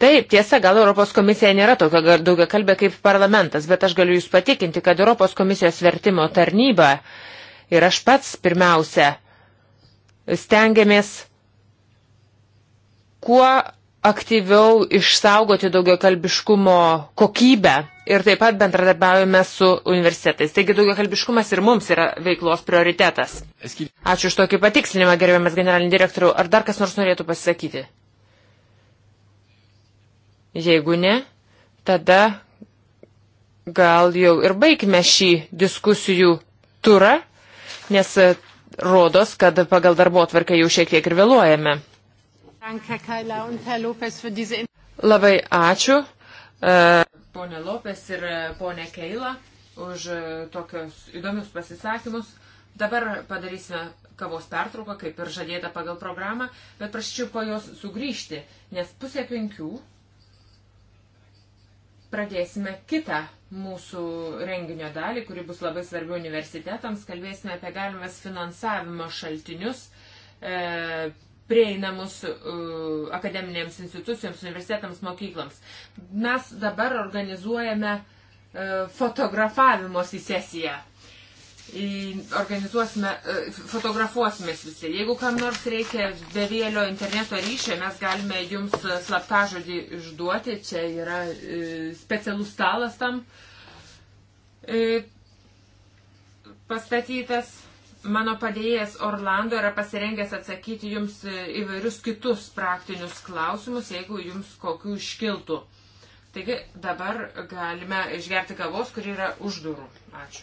Taip, tiesa, gal Europos komisija nėra tokia daugia kalbė kaip parlamentas, bet aš galiu Jūs patikinti, kad Europos komisijos vertimo tarnyba e, ir aš pats pirmiausia stengiamės kuo aktyviau išsaugoti daugia kalbiškumo kokybę ir taip pat bendradarbiaujame su universitetais. Taigi daugia kalbiškumas ir mums yra veiklos prioritetas. Ačiū už tokį patikslinimą, gerbiamas generalinį direktorių. Ar dar kas nors norėtų pasisakyti? Jeigu ne, tada gal jau ir baigime šį diskusijų turą nes e, rodos, kad pagal darbo atvarkę jau šiek tiek ir vėluojame. Labai ačiū. E, Pone Lopes ir e, ponė Keila už tokius įdomius pasisakymus. Dabar padarysime kavos pertrauką, kaip ir žadėta pagal programą, bet prašyčiau po jos sugrįžti, nes pusė penkių pradėsime kitą mūsų renginio dalį, kuri bus labai svarbi universitetams. Kalbėsime apie galimas finansavimo šaltinius, e, prieinamus e, akademinėms institucijoms, universitetams, mokykloms. Mes dabar organizuojame e, fotografavimosi sesiją organizuosime, e, fotografuosimės visi. Jeigu kam nors reikia bevėlio interneto ryšio, mes galime jums slaptažodį išduoti. Čia yra e, specialus stalas tam e, pastatytas. Mano padėjėjas Orlando yra pasirengęs atsakyti jums įvairius kitus praktinius klausimus, jeigu jums kokių iškiltų. Taigi dabar galime išgerti kavos, kuri yra už durų. Ačiū.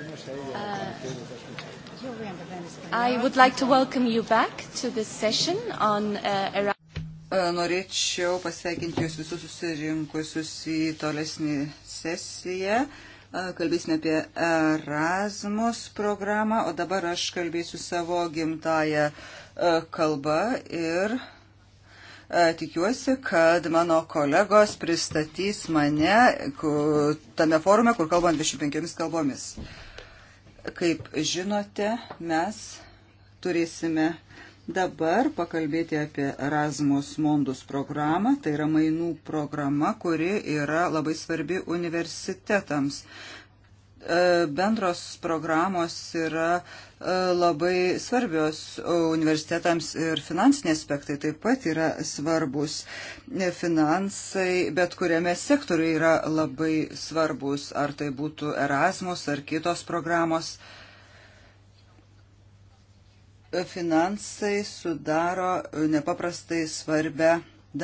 Uh, like on, uh, e, Norėčiau pasveikinti jūs visus susirinkusius į tolesnį sesiją. E, kalbėsime apie Erasmus programą, o dabar aš kalbėsiu savo gimtają e, kalbą ir tikiuosi, kad mano kolegos pristatys mane tame forume, kur kalbant 25 kalbomis. Kaip žinote, mes turėsime dabar pakalbėti apie Erasmus Mondus programą. Tai yra mainų programa, kuri yra labai svarbi universitetams. E, bendros programos yra e, labai svarbios universitetams ir finansiniai aspektai taip pat yra svarbus. E, finansai bet kuriame sektoriuje yra labai svarbus, ar tai būtų Erasmus ar kitos programos finansai sudaro nepaprastai svarbę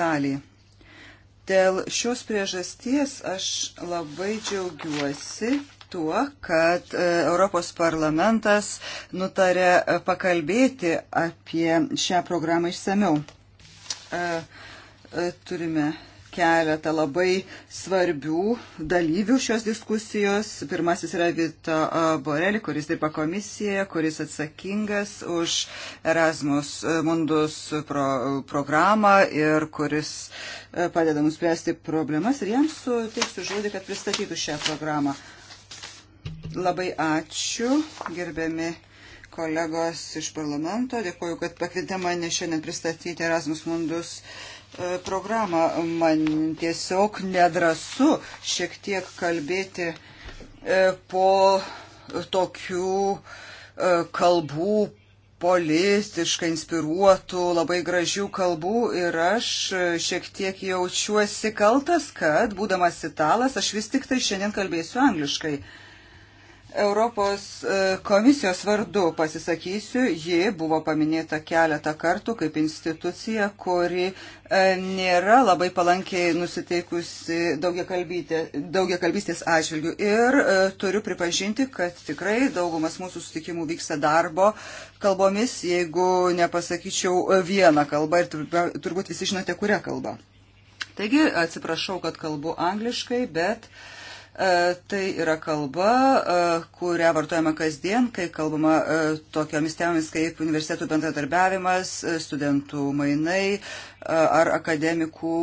dalį. Dėl šios priežasties aš labai džiaugiuosi, tuo, kad e, Europos parlamentas nutarė e, pakalbėti apie šią programą išsameu. E, turime keletą labai svarbių dalyvių šios diskusijos. Pirmasis yra Vito Borelį, kuris dirba komisijoje, kuris atsakingas už Erasmus Mundus pro, programą ir kuris padeda mums spręsti problemas. Ir jam suteiksiu žodį, kad pristatytų šią programą. Uh, Labai ačiū, gerbiami kolegos iš parlamento. Dėkuoju, kad pakvietė mane šiandien pristatyti Erasmus Mundus e, programą. Man tiesiog nedrasu šiek tiek kalbėti e, po tokių e, kalbų politiškai inspiruotų, labai gražių kalbų ir aš šiek tiek jaučiuosi kaltas, kad, būdamas italas, aš vis tik tai šiandien kalbėsiu angliškai. Uh, Europos e, komisijos vardu pasisakysiu. Ji buvo paminėta keletą kartų kaip institucija, kuri e, nėra labai palankiai nusiteikusi daugiakalbystės atžvilgių. Ir e, turiu pripažinti, kad tikrai daugumas mūsų sutikimų vyksta darbo kalbomis, jeigu nepasakyčiau vieną kalbą ir turbūt visi žinote, kurią kalbą. Taigi atsiprašau, kad kalbu angliškai, bet uh, E, tai yra kalba, e, kurią vartojama kasdien, kai kalbama e, tokiomis temomis kaip universitetų bendradarbiavimas, studentų mainai ar akademikų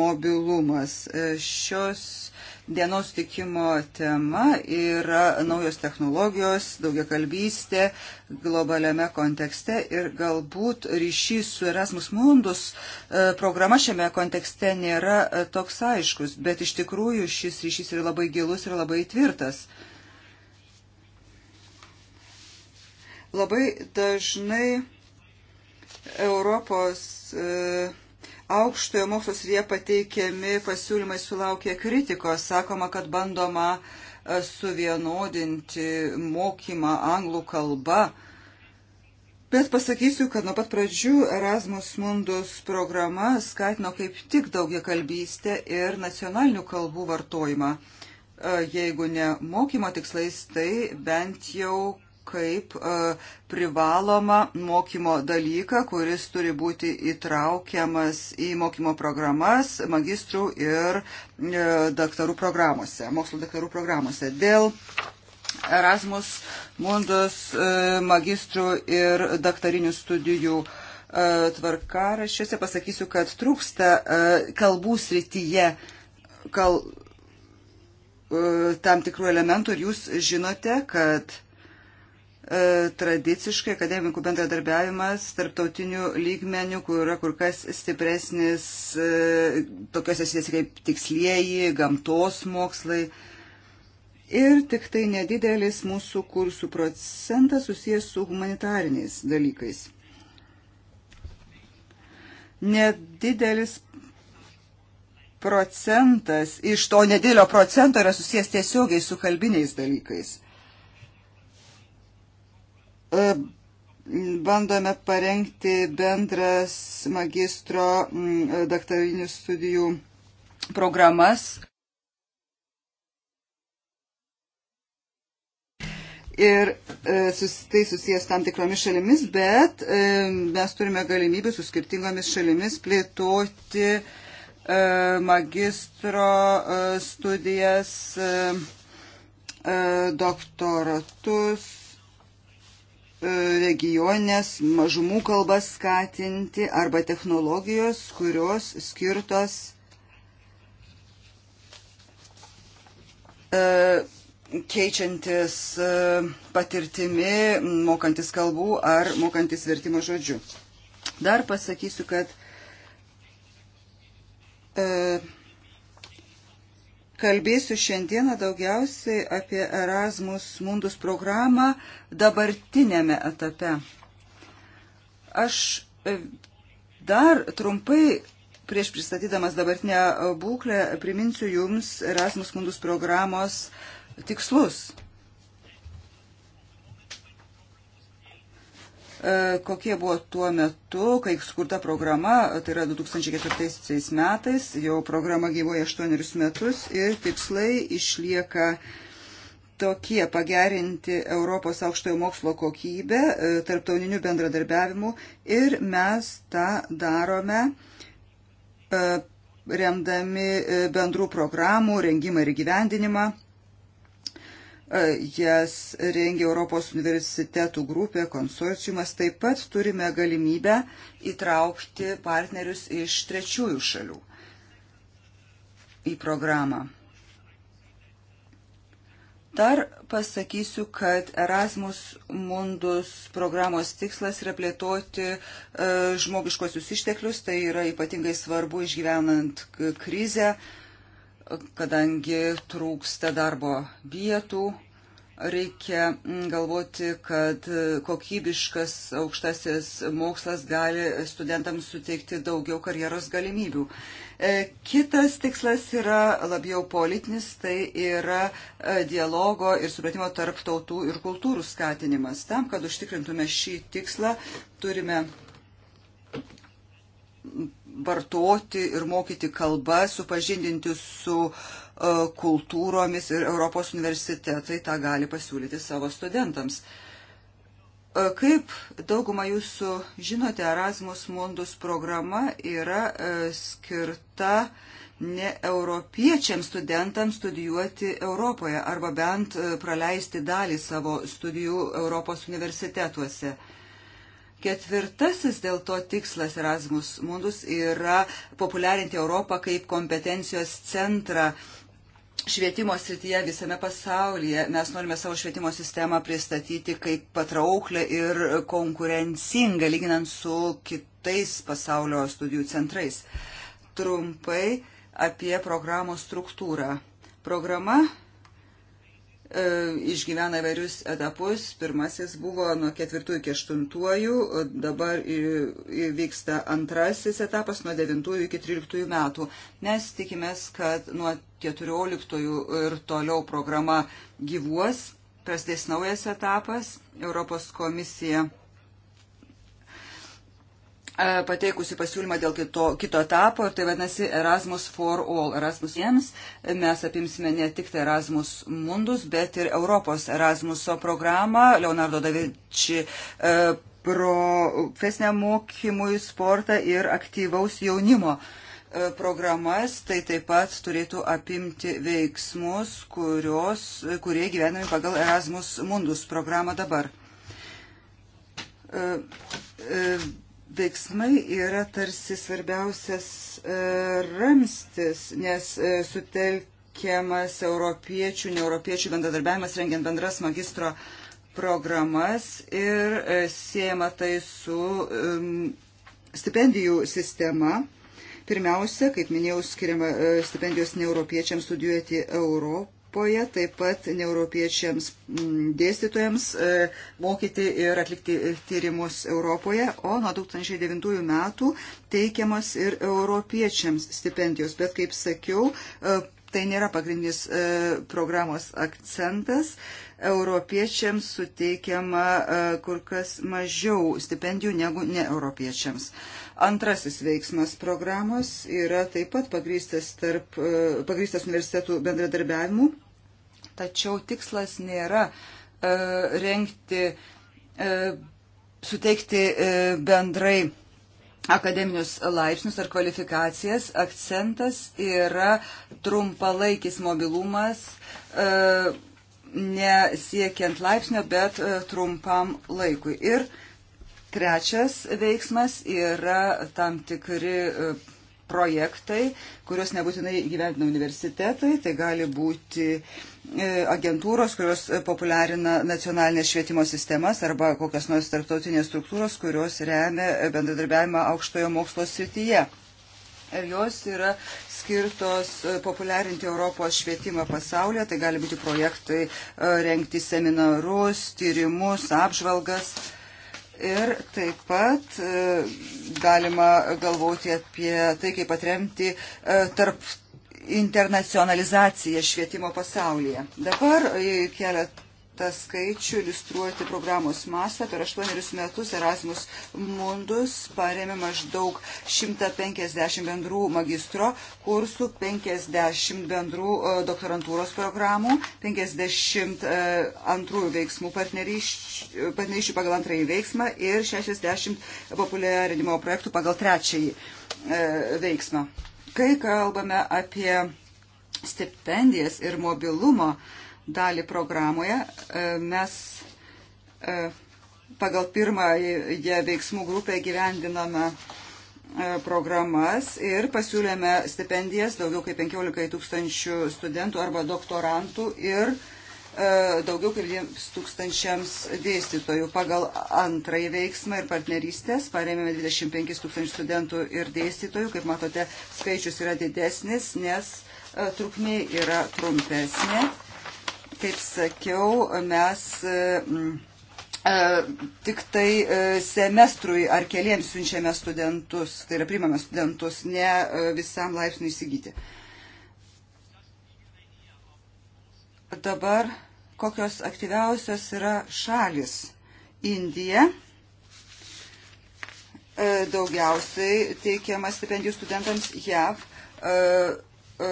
mobilumas. Šios Dienos tikimo tema yra naujos technologijos, daugiakalbystė globaliame kontekste ir galbūt ryšys su Erasmus Mundus e, programa šiame kontekste nėra e, toks aiškus, bet iš tikrųjų šis ryšys yra labai gilus ir labai tvirtas. Labai dažnai Europos e, Aukštojo mokslo srityje pateikiami pasiūlymai sulaukė kritikos. Sakoma, kad bandoma e, suvienodinti mokymą anglų kalba. Bet pasakysiu, kad nuo pat pradžių Erasmus Mundus programa skatino kaip tik daugia kalbystę ir nacionalinių kalbų vartojimą. E, jeigu ne mokymo tikslais, tai bent jau kaip e, privaloma mokymo dalyką, kuris turi būti įtraukiamas į mokymo programas magistrų ir e, daktarų programuose, mokslo daktarų programuose. Dėl Erasmus Mundus e, magistrų ir daktarinių studijų tvarkaraščiuose pasakysiu, kad trūksta kalbų srityje kal, tam tikrų elementų ir jūs žinote, kad E, tradiciškai akademikų bendradarbiavimas tarptautinių lygmenių, kur yra kur kas stipresnis e, tokiuose srityse kaip tikslieji, gamtos mokslai. Ir tik tai nedidelis mūsų kursų procentas susijęs su humanitariniais dalykais. Nedidelis procentas iš to nedidelio procento yra susijęs tiesiogiai su kalbiniais dalykais. E, bandome parengti bendras magistro e, daktarinių studijų programas. Ir e, tai susijęs tam tikromis šalimis, bet mes turime galimybę su skirtingomis šalimis plėtoti magistro studijas, doktoratus, E, regionės mažumų kalbas skatinti arba technologijos, kurios skirtos e, keičiantis e, patirtimi, mokantis kalbų ar mokantis vertimo žodžiu. Dar pasakysiu, kad kalbėsiu šiandieną daugiausiai apie Erasmus Mundus programą dabartinėme etape. Aš e, dar trumpai prieš pristatydamas dabartinę būklę priminsiu Jums Erasmus Mundus programos tikslus. E, kokie buvo tuo metu, kai skurta programa, tai yra 2004 metais, jau programa gyvoja 8 metus ir tikslai išlieka tokie pagerinti Europos aukštojo mokslo kokybę e, tarptauniniu bendradarbiavimu ir mes tą darome e, remdami bendrų programų rengimą ir gyvendinimą jas rengia Europos universitetų grupė, konsorciumas. Taip pat turime galimybę įtraukti partnerius iš trečiųjų šalių į programą. Dar pasakysiu, kad Erasmus Mundus programos tikslas yra plėtoti e, žmogiškosius išteklius, tai yra ypatingai svarbu išgyvenant krizę, kadangi trūksta darbo vietų, Reikia mm, galvoti, kad e, kokybiškas aukštasis mokslas gali studentams suteikti daugiau karjeros galimybių. E, kitas tikslas yra labiau politinis, tai yra e, dialogo ir supratimo tarp tautų ir kultūrų skatinimas. Tam, kad užtikrintume šį tikslą, turime vartoti ir mokyti kalbą, supažindinti su uh, E, kultūromis ir Europos universitetai tą gali pasiūlyti savo studentams. E, kaip dauguma jūsų žinote, Erasmus Mundus programa yra e, skirta ne europiečiams studentams studijuoti Europoje arba bent praleisti dalį savo studijų Europos universitetuose. Ketvirtasis dėl to tikslas Erasmus Mundus yra populiarinti Europą kaip kompetencijos centrą švietimo srityje visame pasaulyje. Mes norime savo švietimo sistemą pristatyti kaip patrauklę ir konkurencingą, lyginant su kitais pasaulio studijų centrais. Trumpai apie programos struktūrą. Programa E, išgyvena įvairius etapus. Pirmasis buvo nuo ketvirtųjų iki aštuntųjų, dabar vyksta antrasis etapas nuo devintųjų iki tryliktųjų metų. Mes tikimės, kad nuo keturioliktųjų ir toliau programa gyvuos, prasidės naujas etapas, Europos komisija E, pateikusi pasiūlymą dėl kito, kito etapo, tai vadinasi Erasmus for All. Erasmus jiems mes apimsime ne tik tai Erasmus Mundus, bet ir Europos Erasmuso programą, Leonardo Daviči e, profesiniam mokymui, sportą ir aktyvaus jaunimo e, programas, tai taip pat turėtų apimti veiksmus, kurios, kurie gyvenami pagal Erasmus Mundus programą dabar veiksmai yra tarsi svarbiausias e, ramstis, nes e, sutelkiamas europiečių, neeuropiečių bendradarbiavimas rengiant bendras magistro programas ir e, siejama tai su stipendijų sistema. Pirmiausia, kaip minėjau, skiriama stipendijos neeuropiečiams studijuoti Europoje Europoje, taip pat neuropiečiams dėstytojams e, mokyti ir atlikti tyrimus Europoje, o nuo 2009 metų teikiamas ir europiečiams stipendijos. Bet, kaip sakiau, e, tai nėra pagrindinis e, programos akcentas. Europiečiams suteikiama kur kas mažiau stipendijų negu ne europiečiams. Antrasis veiksmas programos yra taip pat pagrystas, tarp, pagrystas universitetų bendradarbiavimu tačiau tikslas nėra e, renkti, e, suteikti e, bendrai akademinius laipsnius ar kvalifikacijas, akcentas yra trumpalaikis mobilumas, e, nesiekiant laipsnio, bet e, trumpam laikui. Ir trečias veiksmas yra tam tikri e, projektai, kurios nebūtinai gyventina universitetai, tai gali būti e, agentūros, kurios populiarina nacionalinės švietimo sistemas arba kokias nors tarptautinės struktūros, kurios remia bendradarbiavimą aukštojo mokslo srityje. Ir jos yra skirtos e, populiarinti Europos švietimą pasaulyje, tai gali būti projektai e, rengti seminarus, tyrimus, apžvalgas Ir taip pat e, galima galvoti apie tai, kaip atremti e, tarp internacionalizaciją švietimo pasaulyje. Dabar e, keletą tą skaičių iliustruoti programos mastą. Per aštuonerius metus Erasmus Mundus paremė maždaug 150 bendrų magistro kursų, 50 bendrų e, doktorantūros programų, 50 e, antrųjų veiksmų partnerysčių pagal antrąjį veiksmą ir 60 populiarinimo projektų pagal trečiąjį e, veiksmą. Kai kalbame apie stipendijas ir mobilumo, uh, dalį programoje. E, mes e, pagal pirmąją veiksmų grupę gyvendiname e, programas ir pasiūlėme stipendijas daugiau kaip 15 tūkstančių studentų arba doktorantų ir daugiau kaip 2 tūkstančiams dėstytojų. Pagal antrąjį veiksmą ir partnerystės paremėme 25 tūkstančių studentų ir dėstytojų. Kaip matote, skaičius yra didesnis, nes trukmė yra trumpesnė. Kaip sakiau, mes mm, e, tik tai e, semestrui ar keliems siunčiame studentus, tai yra primame studentus, ne e, visam laipsniui įsigyti. Dabar kokios aktyviausios yra šalis. Indija daugiausiai teikiama stipendijų studentams JAV E,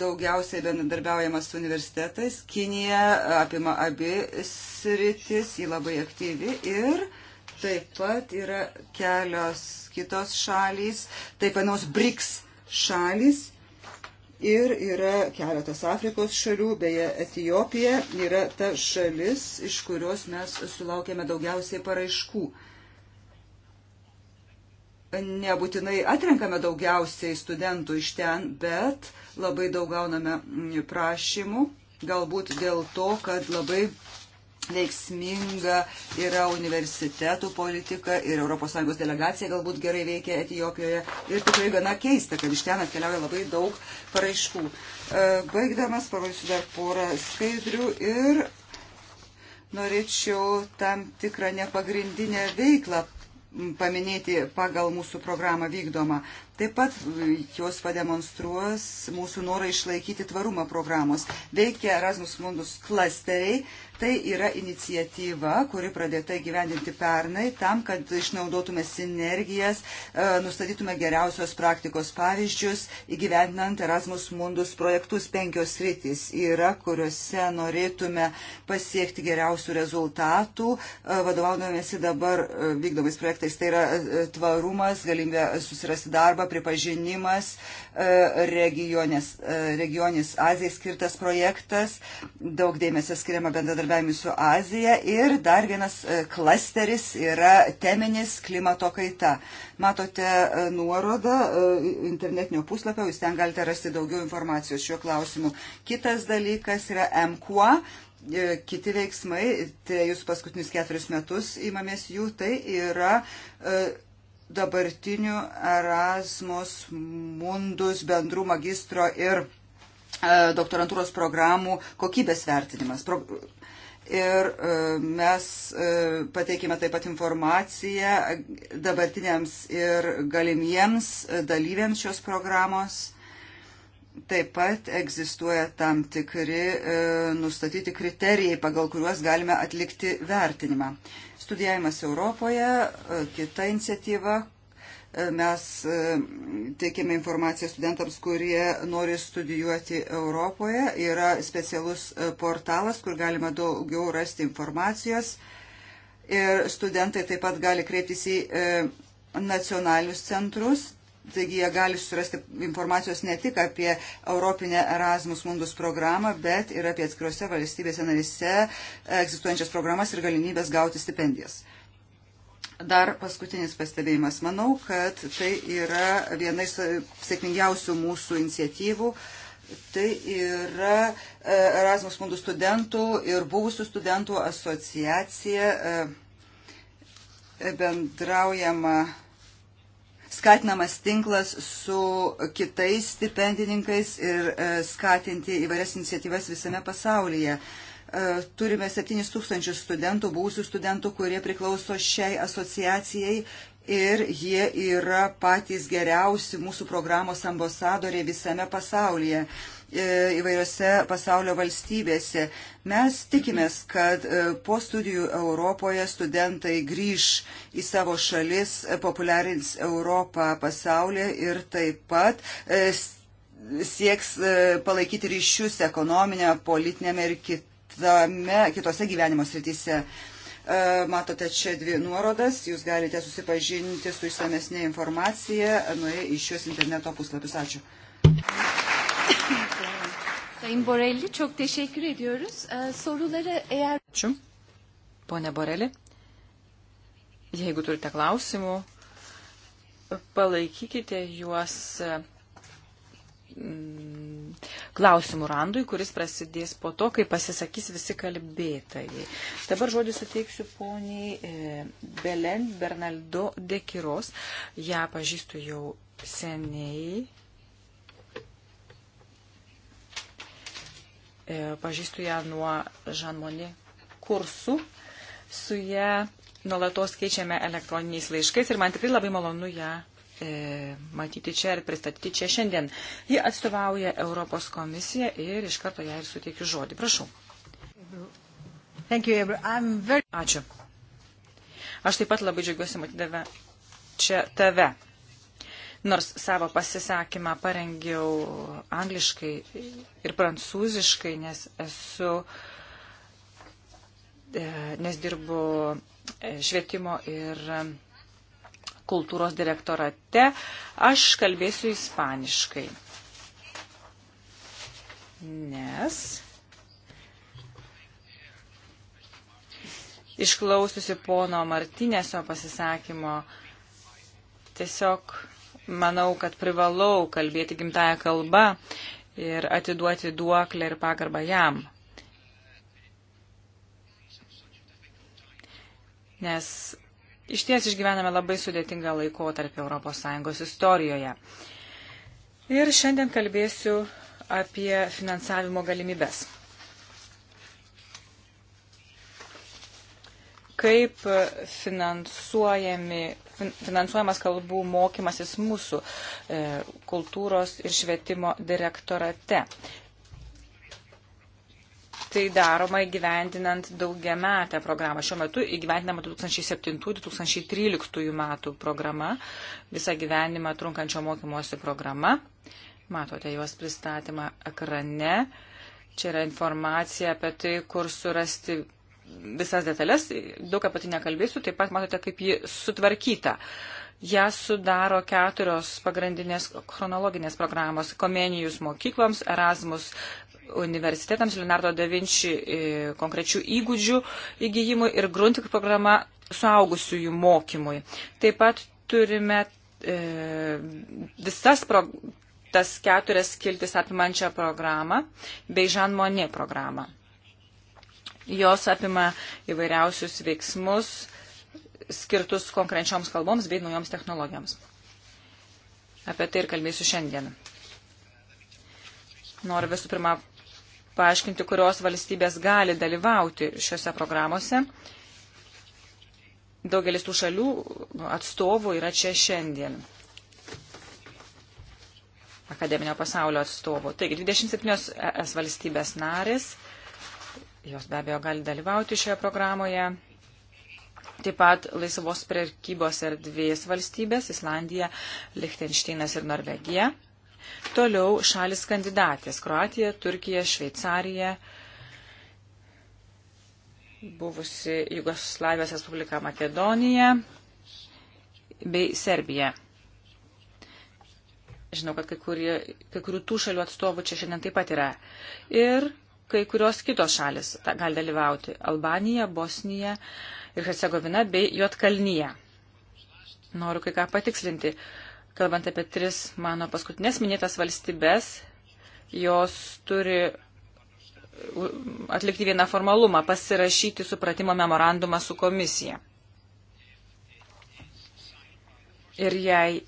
daugiausiai bendradarbiaujama su universitetais. Kinija apima abi sritis, ji labai aktyvi ir taip pat yra kelios kitos šalys, taip panos BRICS šalys ir yra keletas Afrikos šalių, beje, Etijopija yra ta šalis, iš kurios mes sulaukėme daugiausiai paraiškų nebūtinai atrenkame daugiausiai studentų iš ten, bet labai daug gauname mm, prašymų, galbūt dėl to, kad labai veiksminga yra universitetų politika ir ES delegacija galbūt gerai veikia Etijopijoje ir tikrai gana keista, kad iš ten atkeliauja labai daug paraiškų. E, baigdamas parodysiu dar porą skaidrių ir norėčiau tam tikrą nepagrindinę veiklą paminėti pagal mūsų programą vykdomą. Taip pat jos pademonstruos mūsų norą išlaikyti tvarumą programos. Veikia Erasmus Mundus klasteriai, Tai yra inicijatyva, kuri pradėta gyvendinti pernai tam, kad išnaudotume sinergijas, e, nustatytume geriausios praktikos pavyzdžius, įgyvendinant Erasmus Mundus projektus penkios rytis yra, kuriuose norėtume pasiekti geriausių rezultatų, e, vadovaudomėsi dabar e, vykdomais projektais. Tai yra tvarumas, galimybė susirasti darbą, pripažinimas, regionės, regionis Azijai skirtas projektas, daug dėmesio skiriama bendradarbiavimui bendradarbiavimui su Azija ir dar vienas e, klasteris yra teminis klimato kaita. Matote e, nuorodą e, internetinio puslapio, jūs ten galite rasti daugiau informacijos šiuo klausimu. Kitas dalykas yra MQA. Kiti veiksmai, tai jūs paskutinius keturis metus įmamės jų, tai yra dabartinių Erasmus Mundus bendrų magistro ir doktorantūros programų kokybės vertinimas. Pro, ir e, mes e, pateikime taip pat informaciją dabartiniams ir galimiems dalyviams šios programos. Taip pat egzistuoja tam tikri e, nustatyti kriterijai, pagal kuriuos galime atlikti vertinimą. Studijavimas Europoje, kita iniciatyva, Mes e, teikiame informaciją studentams, kurie nori studijuoti Europoje. Yra specialus e, portalas, kur galima daugiau rasti informacijos. Ir studentai taip pat gali kreiptis į e, nacionalinius centrus. Taigi jie gali surasti informacijos ne tik apie Europinę Erasmus Mundus programą, bet ir apie atskiruose valstybėse narise egzistuojančias programas ir galimybės gauti stipendijas. Dar paskutinis pastebėjimas. Manau, kad tai yra viena iš sėkmingiausių mūsų iniciatyvų. Tai yra e, Erasmus Mundų studentų ir buvusių studentų asociacija e, bendraujama, skatinamas tinklas su kitais stipendininkais ir e, skatinti įvairias iniciatyvas visame pasaulyje. E, turime 7 tūkstančius studentų, būsių studentų, kurie priklauso šiai asociacijai ir jie yra patys geriausi mūsų programos ambasadoriai visame pasaulyje e, įvairiose pasaulio valstybėse. Mes tikimės, kad e, po studijų Europoje studentai grįž į savo šalis, populiarins Europą pasaulyje ir taip pat sieks palaikyti ryšius ekonominę, politinėme ir kitą kitame, kitose gyvenimo srityse. E, matote čia dvi nuorodas, jūs galite susipažinti su išsamesnė informacija, nuėję į šios interneto puslapius. Ačiū. Sayın Borelli çok teşekkür ediyoruz. Ee, soruları eğer... Ačiū. Pone Borelli, jeigu turite klausimų, palaikykite juos klausimų randui, kuris prasidės po to, kai pasisakys visi kalbėtojai. Dabar žodį suteiksiu poniai e, Belen Bernaldo Dekiros. Ja pažįstu jau seniai. E, pažįstu ją nuo Žanmoni kursų. Su ją nuolatos keičiame elektroniniais laiškais ir man tikrai labai malonu ją E, matyti čia ir pristatyti čia šiandien. Ji atstovauja Europos komisiją ir iš karto ją ir suteikiu žodį. Prašau. Very... Ačiū. Aš taip pat labai džiaugiuosi matydavę čia tave. Nors savo pasisakymą parengiau angliškai ir prancūziškai, nes esu, e, nes dirbu e, švietimo ir kultūros direktorate. Aš kalbėsiu ispaniškai. Nes. Išklausiusi pono Martinėsio pasisakymo, tiesiog manau, kad privalau kalbėti gimtają kalbą ir atiduoti duoklę ir pagarbą jam. Nes Iš ties išgyvename labai sudėtingą laikotarpį ES istorijoje. Ir šiandien kalbėsiu apie finansavimo galimybės. Kaip finansuojamas kalbų mokymasis mūsų e, kultūros ir švietimo direktorate tai daroma įgyvendinant daugiametę programą. Šiuo metu įgyvendinama 2007-2013 metų programa, visą gyvenimą trunkančio mokymosi programa. Matote jos pristatymą ekrane. Čia yra informacija apie tai, kur surasti visas detalės. Daug apie tai nekalbėsiu. Taip pat matote, kaip ji sutvarkyta. Ja sudaro keturios pagrindinės chronologinės programos - Komenijus mokykloms, Erasmus universitetams Leonardo da Vinci e, konkrečių įgūdžių įgyjimui ir Gruntik programa suaugusiųjų mokymui. Taip pat turime e, visas pro, tas keturias skiltis apimančią programą bei Žan Monė programą. Jos apima įvairiausius veiksmus skirtus konkrečioms kalboms bei naujoms technologijoms. Apie tai ir kalbėsiu šiandien. Noriu visų pirma paaiškinti, kurios valstybės gali dalyvauti šiuose programuose. Daugelis tų šalių atstovų yra čia šiandien. Akademinio pasaulio atstovų. Taigi 27 es valstybės narės, jos be abejo gali dalyvauti šioje programoje. Taip pat laisvos prekybos erdvės valstybės - Islandija, Liechtensteinas ir Norvegija. Toliau šalis kandidatės - Kroatija, Turkija, Šveicarija, buvusi Jugoslavijos Respublika Makedonija bei Serbija. Žinau, kad kai, kurie, kai kurių tų šalių atstovų čia šiandien taip pat yra. Ir kai kurios kitos šalis ta, gali dalyvauti - Albanija, Bosnija ir Hercegovina bei Jotkalnyje. Noriu kai ką patikslinti kalbant apie tris mano paskutinės minėtas valstybės, jos turi atlikti vieną formalumą - pasirašyti supratimo memorandumą su komisija. Ir jei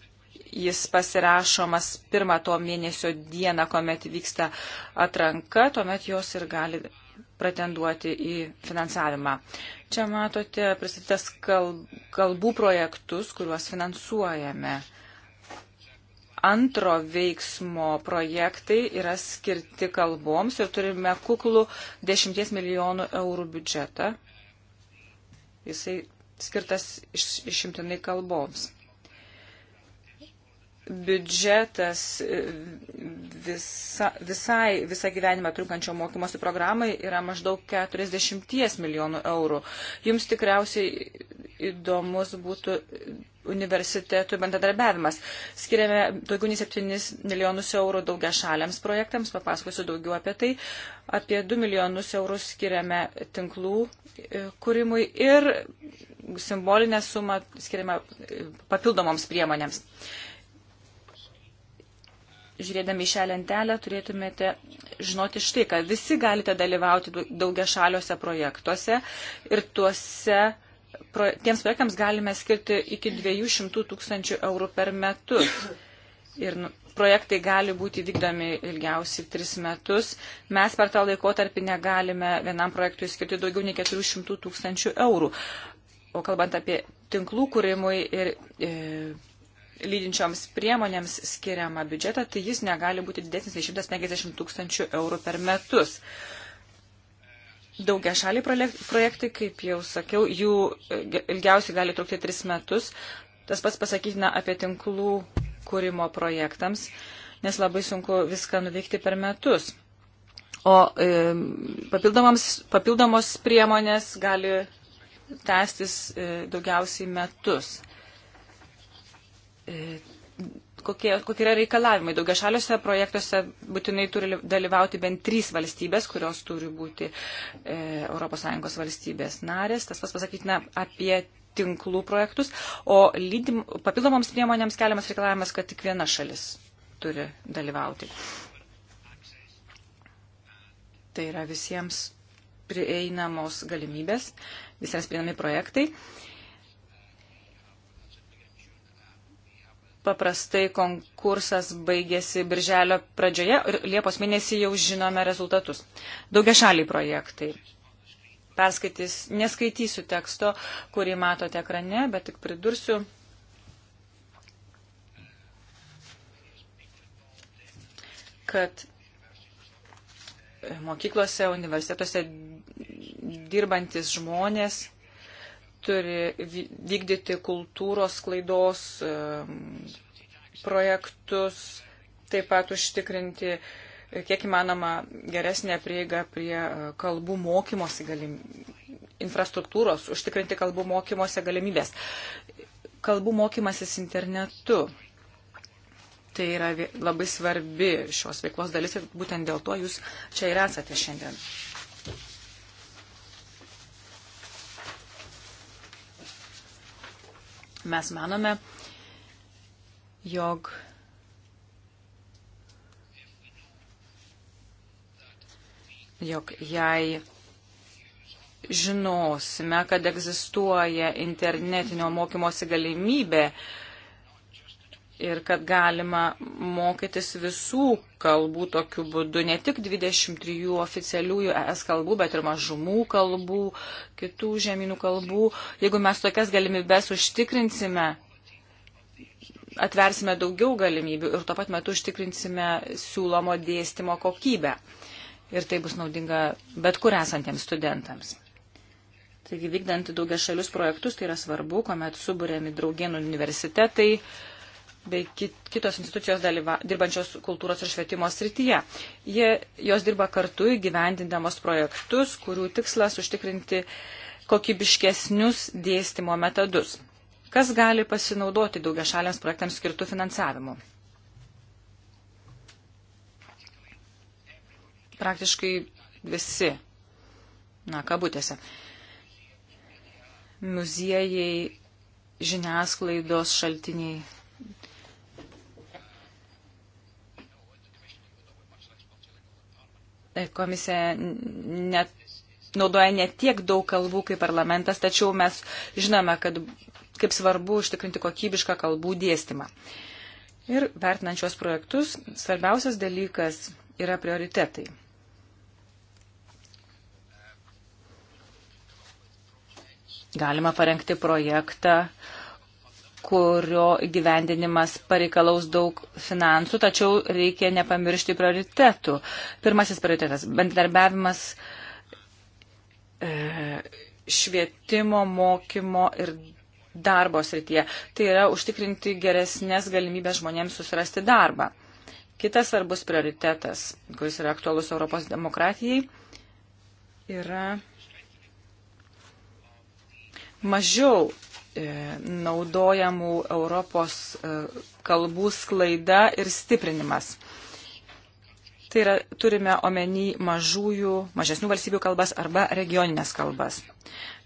jis pasirašomas pirmą to mėnesio dieną, kuomet vyksta atranka, tuomet jos ir gali pretenduoti į finansavimą. Čia matote pristatytas kalbų projektus, kuriuos finansuojame antro veiksmo projektai yra skirti kalboms ir turime kuklų 10 milijonų eurų biudžetą. Jisai skirtas iš, išimtinai kalboms. Biudžetas e, visa, visai, visą gyvenimą trunkančio mokymosi programai yra maždaug 40 milijonų eurų. Jums tikriausiai įdomus būtų universitetų bendradarbiavimas. Skiriame daugiau nei 7 milijonus eurų daugia šaliams projektams, papasakosiu daugiau apie tai. Apie 2 milijonus eurų skiriame tinklų e, kūrimui ir simbolinę sumą skiriame e, papildomoms priemonėms. Žiūrėdami šią lentelę turėtumėte žinoti štai, kad visi galite dalyvauti daugia šaliuose projektuose ir tuose pro, tiems projektams galime skirti iki 200 tūkstančių eurų per metus. Ir nu, projektai gali būti vykdomi ilgiausiai 3 metus. Mes per tą laikotarpį negalime vienam projektui skirti daugiau nei 400 tūkstančių eurų. O kalbant apie tinklų kūrimui ir e, lydinčioms priemonėms skiriamą biudžetą, tai jis negali būti didesnis nei 150 tūkstančių eurų per metus. E, daugia šaliai projektai, kaip jau sakiau, jų e, ilgiausiai gali trukti tris metus. Tas pats pasakytina apie tinklų kūrimo projektams, nes labai sunku viską nuveikti per metus. O e, papildomos priemonės gali tęstis e, daugiausiai metus. E, kokie, kokie yra reikalavimai. Daugiašaliuose projektuose būtinai turi dalyvauti bent trys valstybės, kurios turi būti e, ES valstybės narės. Tas pas pasakytina apie tinklų projektus, o lydim, papildomoms priemonėms keliamas reikalavimas, kad tik viena šalis turi dalyvauti. Tai yra visiems prieinamos galimybės, visiems prieinami projektai. E, Paprastai konkursas baigėsi birželio pradžioje ir Liepos mėnesį jau žinome rezultatus. Daugia šaliai projektai. Perskaitys, neskaitysiu teksto, kurį matote ekrane, bet tik pridursiu. kad mokyklose, universitetuose dirbantis žmonės turi vykdyti kultūros klaidos e, projektus, taip pat užtikrinti e, kiek įmanoma geresnė prieiga prie e, kalbų mokymosi galim, infrastruktūros, užtikrinti kalbų mokymosi galimybės. Kalbų mokymasis internetu. Tai yra labai svarbi šios veiklos dalis ir būtent dėl to jūs čia ir esate šiandien. Mes manome, jog jog jei žinosime, kad egzistuoja internetinio mokymosi galimybė, ir kad galima mokytis visų kalbų tokiu būdu, ne tik 23 oficialiųjų ES kalbų, bet ir mažumų kalbų, kitų žemynų kalbų. Jeigu mes tokias galimybes užtikrinsime, atversime daugiau galimybių ir tuo pat metu užtikrinsime siūlomo dėstymo kokybę. Ir tai bus naudinga bet kur esantiems studentams. Taigi vykdant daugia šalius projektus tai yra svarbu, kuomet subūrėmi draugienų universitetai, uh, bei kitos institucijos dalyva, dirbančios kultūros ir švietimo srityje. Jie, jos dirba kartu įgyvendindamos projektus, kurių tikslas užtikrinti kokybiškesnius dėstymo metodus. Kas gali pasinaudoti daugia šaliams projektams skirtų finansavimu? Praktiškai visi. Na, kabutėse. Muziejai, žiniasklaidos šaltiniai komisija net naudoja ne tiek daug kalbų kaip parlamentas, tačiau mes žinome, kad kaip svarbu užtikrinti kokybišką kalbų dėstymą. Ir vertinant šios projektus, svarbiausias dalykas yra prioritetai. Galima parengti projektą, uh, kurio gyvendinimas pareikalaus daug finansų, tačiau reikia nepamiršti prioritetų. Pirmasis prioritetas - bendarbiavimas e, švietimo, mokymo ir darbo srityje. Tai yra užtikrinti geresnės galimybės žmonėms susirasti darbą. Kitas svarbus prioritetas, kuris yra aktualus Europos demokratijai, yra mažiau E, naudojamų Europos e, kalbų sklaida ir stiprinimas. Tai yra, turime omeny mažųjų, mažesnių valstybių kalbas arba regioninės kalbas.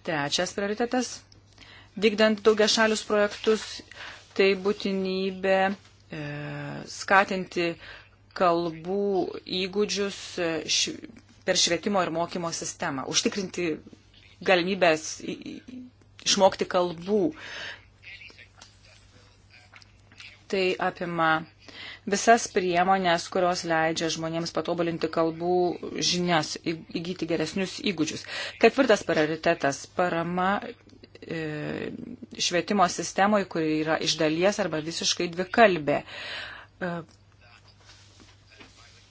Trečias prioritetas - vykdant daugia šalius projektus, tai būtinybė e, skatinti kalbų įgūdžius e, š, per švietimo ir mokymo sistemą, užtikrinti galimybės išmokti kalbų. Tai apima visas priemonės, kurios leidžia žmonėms patobulinti kalbų žinias, įgyti geresnius įgūdžius. Ketvirtas prioritetas - parama e, švietimo sistemoje, kuri yra iš dalies arba visiškai dvikalbė. E,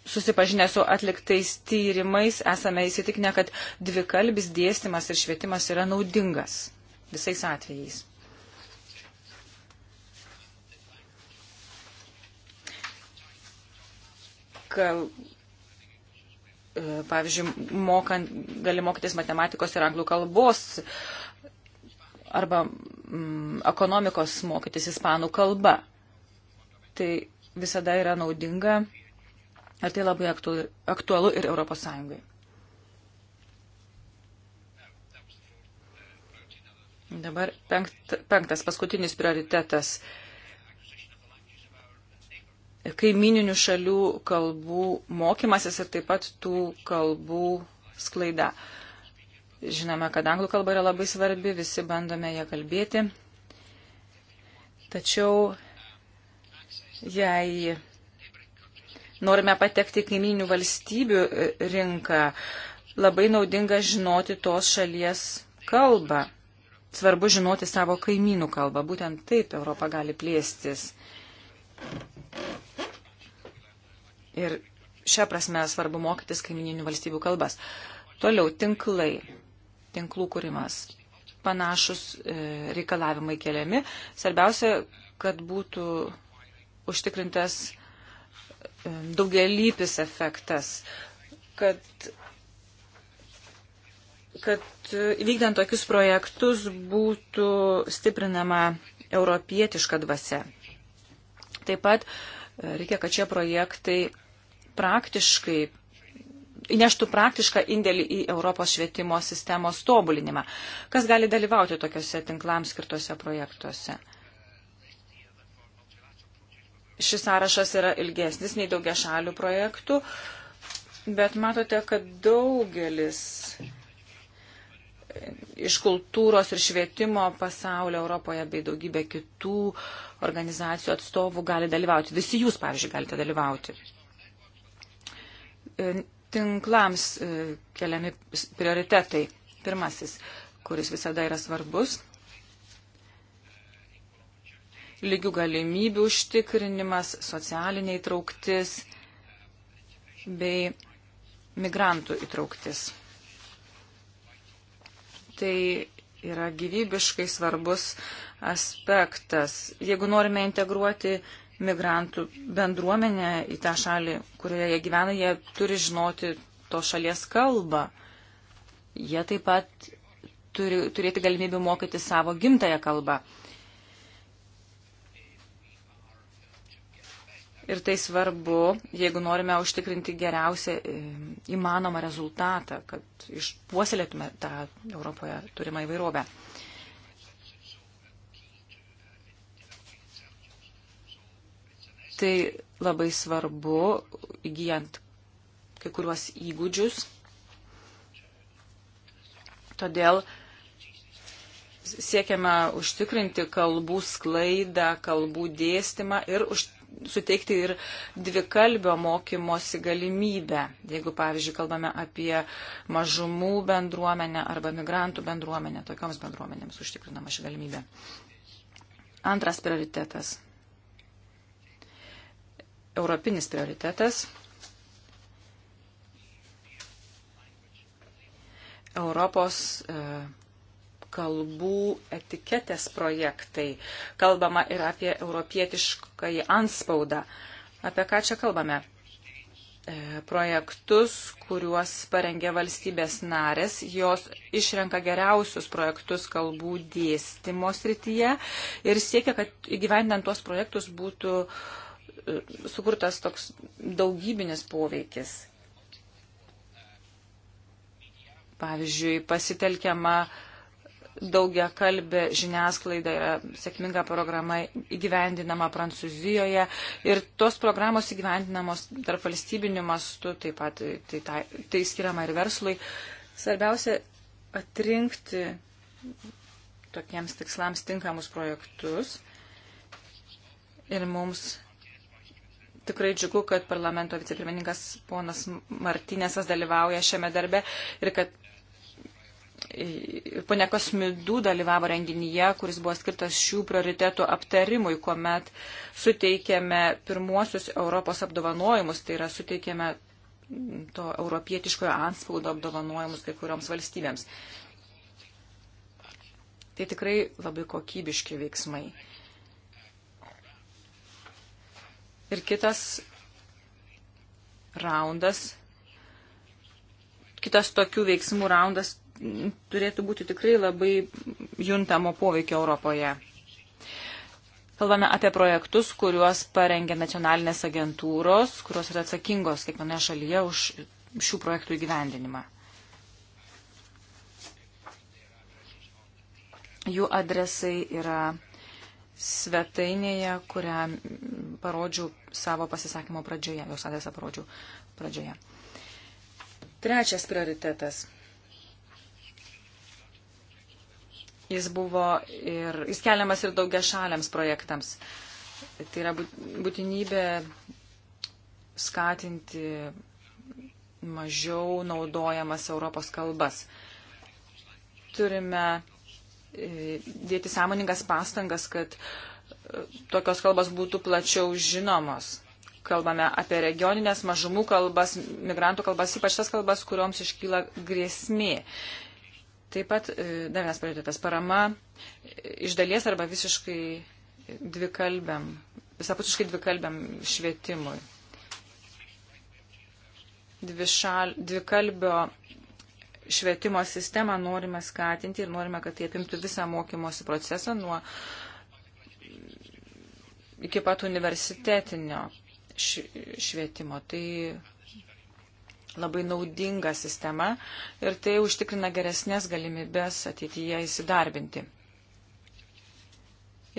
susipažinę su atliktais tyrimais, esame įsitikinę, kad dvikalbis dėstymas ir švietimas yra naudingas visais atvejais. Kal, e, pavyzdžiui, mokant, gali mokytis matematikos ir anglų kalbos arba mm, ekonomikos mokytis ispanų kalba. Tai visada yra naudinga ir tai labai aktualu ir Europos Sąjungai. Dabar penkt, penktas, paskutinis prioritetas. Kaimininių šalių kalbų mokymasis ir taip pat tų kalbų sklaida. Žinome, kad anglų kalba yra labai svarbi, visi bandome ją kalbėti. Tačiau jei norime patekti į kaiminių valstybių rinką, labai naudinga žinoti tos šalies kalbą svarbu žinoti savo kaimynų kalbą. Būtent taip Europa gali plėstis. Ir šią prasme svarbu mokytis kaimininių valstybių kalbas. Toliau tinklai, tinklų kūrimas. Panašus e, reikalavimai keliami. Svarbiausia, kad būtų užtikrintas e, daugialypis efektas, kad kad e, vykdant tokius projektus būtų stiprinama europietiška dvasia. Taip pat e, reikia, kad šie projektai praktiškai įneštų praktišką indėlį į Europos švietimo sistemos tobulinimą. Kas gali dalyvauti tokiuose tinklams skirtuose projektuose? Šis sąrašas yra ilgesnis nei daugia šalių projektų, bet matote, kad daugelis iš kultūros ir švietimo pasaulio Europoje bei daugybė kitų organizacijų atstovų gali dalyvauti. Visi jūs, pavyzdžiui, galite dalyvauti. E, tinklams e, keliami prioritetai. Pirmasis, kuris visada yra svarbus. Lygių galimybių užtikrinimas, socialiniai trauktis bei migrantų įtrauktis tai yra gyvybiškai svarbus aspektas. Jeigu norime integruoti migrantų bendruomenę į tą šalį, kurioje jie gyvena, jie turi žinoti to šalies kalbą. Jie taip pat turi turėti galimybę mokyti savo gimtają kalbą. Ir tai svarbu, jeigu norime užtikrinti geriausią e, įmanomą rezultatą, kad išpuoselėtume tą Europoje turimą įvairovę. Tai labai svarbu, įgyjant kai kuriuos įgūdžius. Todėl siekiame užtikrinti kalbų sklaidą, kalbų dėstymą ir už, suteikti ir dvikalbio mokymosi galimybę, jeigu, pavyzdžiui, kalbame apie mažumų bendruomenę arba migrantų bendruomenę, tokioms bendruomenėms užtikrinama ši galimybė. Antras prioritetas. Europinis prioritetas. Europos. E, kalbų etiketės projektai. Kalbama ir apie europietiškąjį anspaudą. Apie ką čia kalbame? E, projektus, kuriuos parengė valstybės narės. Jos išrenka geriausius projektus kalbų dėstymo srityje ir siekia, kad įgyvendinant tuos projektus būtų e, sukurtas toks daugybinis poveikis. Pavyzdžiui, pasitelkiama uh, daugia kalbė žiniasklaida yra sėkminga programa įgyvendinama Prancūzijoje ir tos programos įgyvendinamos tarp valstybinių mastų, taip pat tai, tai, tai skiriama ir verslui. Svarbiausia atrinkti tokiems tikslams tinkamus projektus ir mums tikrai džiugu, kad parlamento vicepirmininkas ponas Martinėsas dalyvauja šiame darbe ir kad Pone Kosmidų dalyvavo renginyje, kuris buvo skirtas šių prioritetų aptarimui, kuomet suteikėme pirmuosius Europos apdovanojimus, tai yra suteikėme to europietiškojo anspaudo apdovanojimus kai kurioms valstybėms. Tai tikrai labai kokybiški veiksmai. Ir kitas raundas, kitas tokių veiksmų raundas turėtų būti tikrai labai juntamo poveikio Europoje. Kalbame apie projektus, kuriuos parengia nacionalinės agentūros, kurios yra atsakingos kiekvienoje šalyje už šių projektų įgyvendinimą. Jų adresai yra svetainėje, kurią parodžiau savo pasisakymo pradžioje, jos adresą parodžiau pradžioje. Trečias prioritetas Jis buvo ir, jis keliamas ir daugia šaliams projektams. Tai yra būtinybė skatinti mažiau naudojamas Europos kalbas. Turime e, dėti sąmoningas pastangas, kad e, tokios kalbas būtų plačiau žinomos. Kalbame apie regioninės mažumų kalbas, migrantų kalbas, ypač tas kalbas, kurioms iškyla grėsmė. Taip pat e, dar vienas prioritetas - parama e, iš dalies arba visiškai dvikalbiam, visapusiškai dvikalbiam švietimui. Dvišal, dvikalbio švietimo sistemą norime skatinti ir norime, kad tai apimtų visą mokymosi procesą nuo iki pat universitetinio švietimo. Tai labai naudinga sistema ir tai užtikrina geresnės galimybės ateityje įsidarbinti.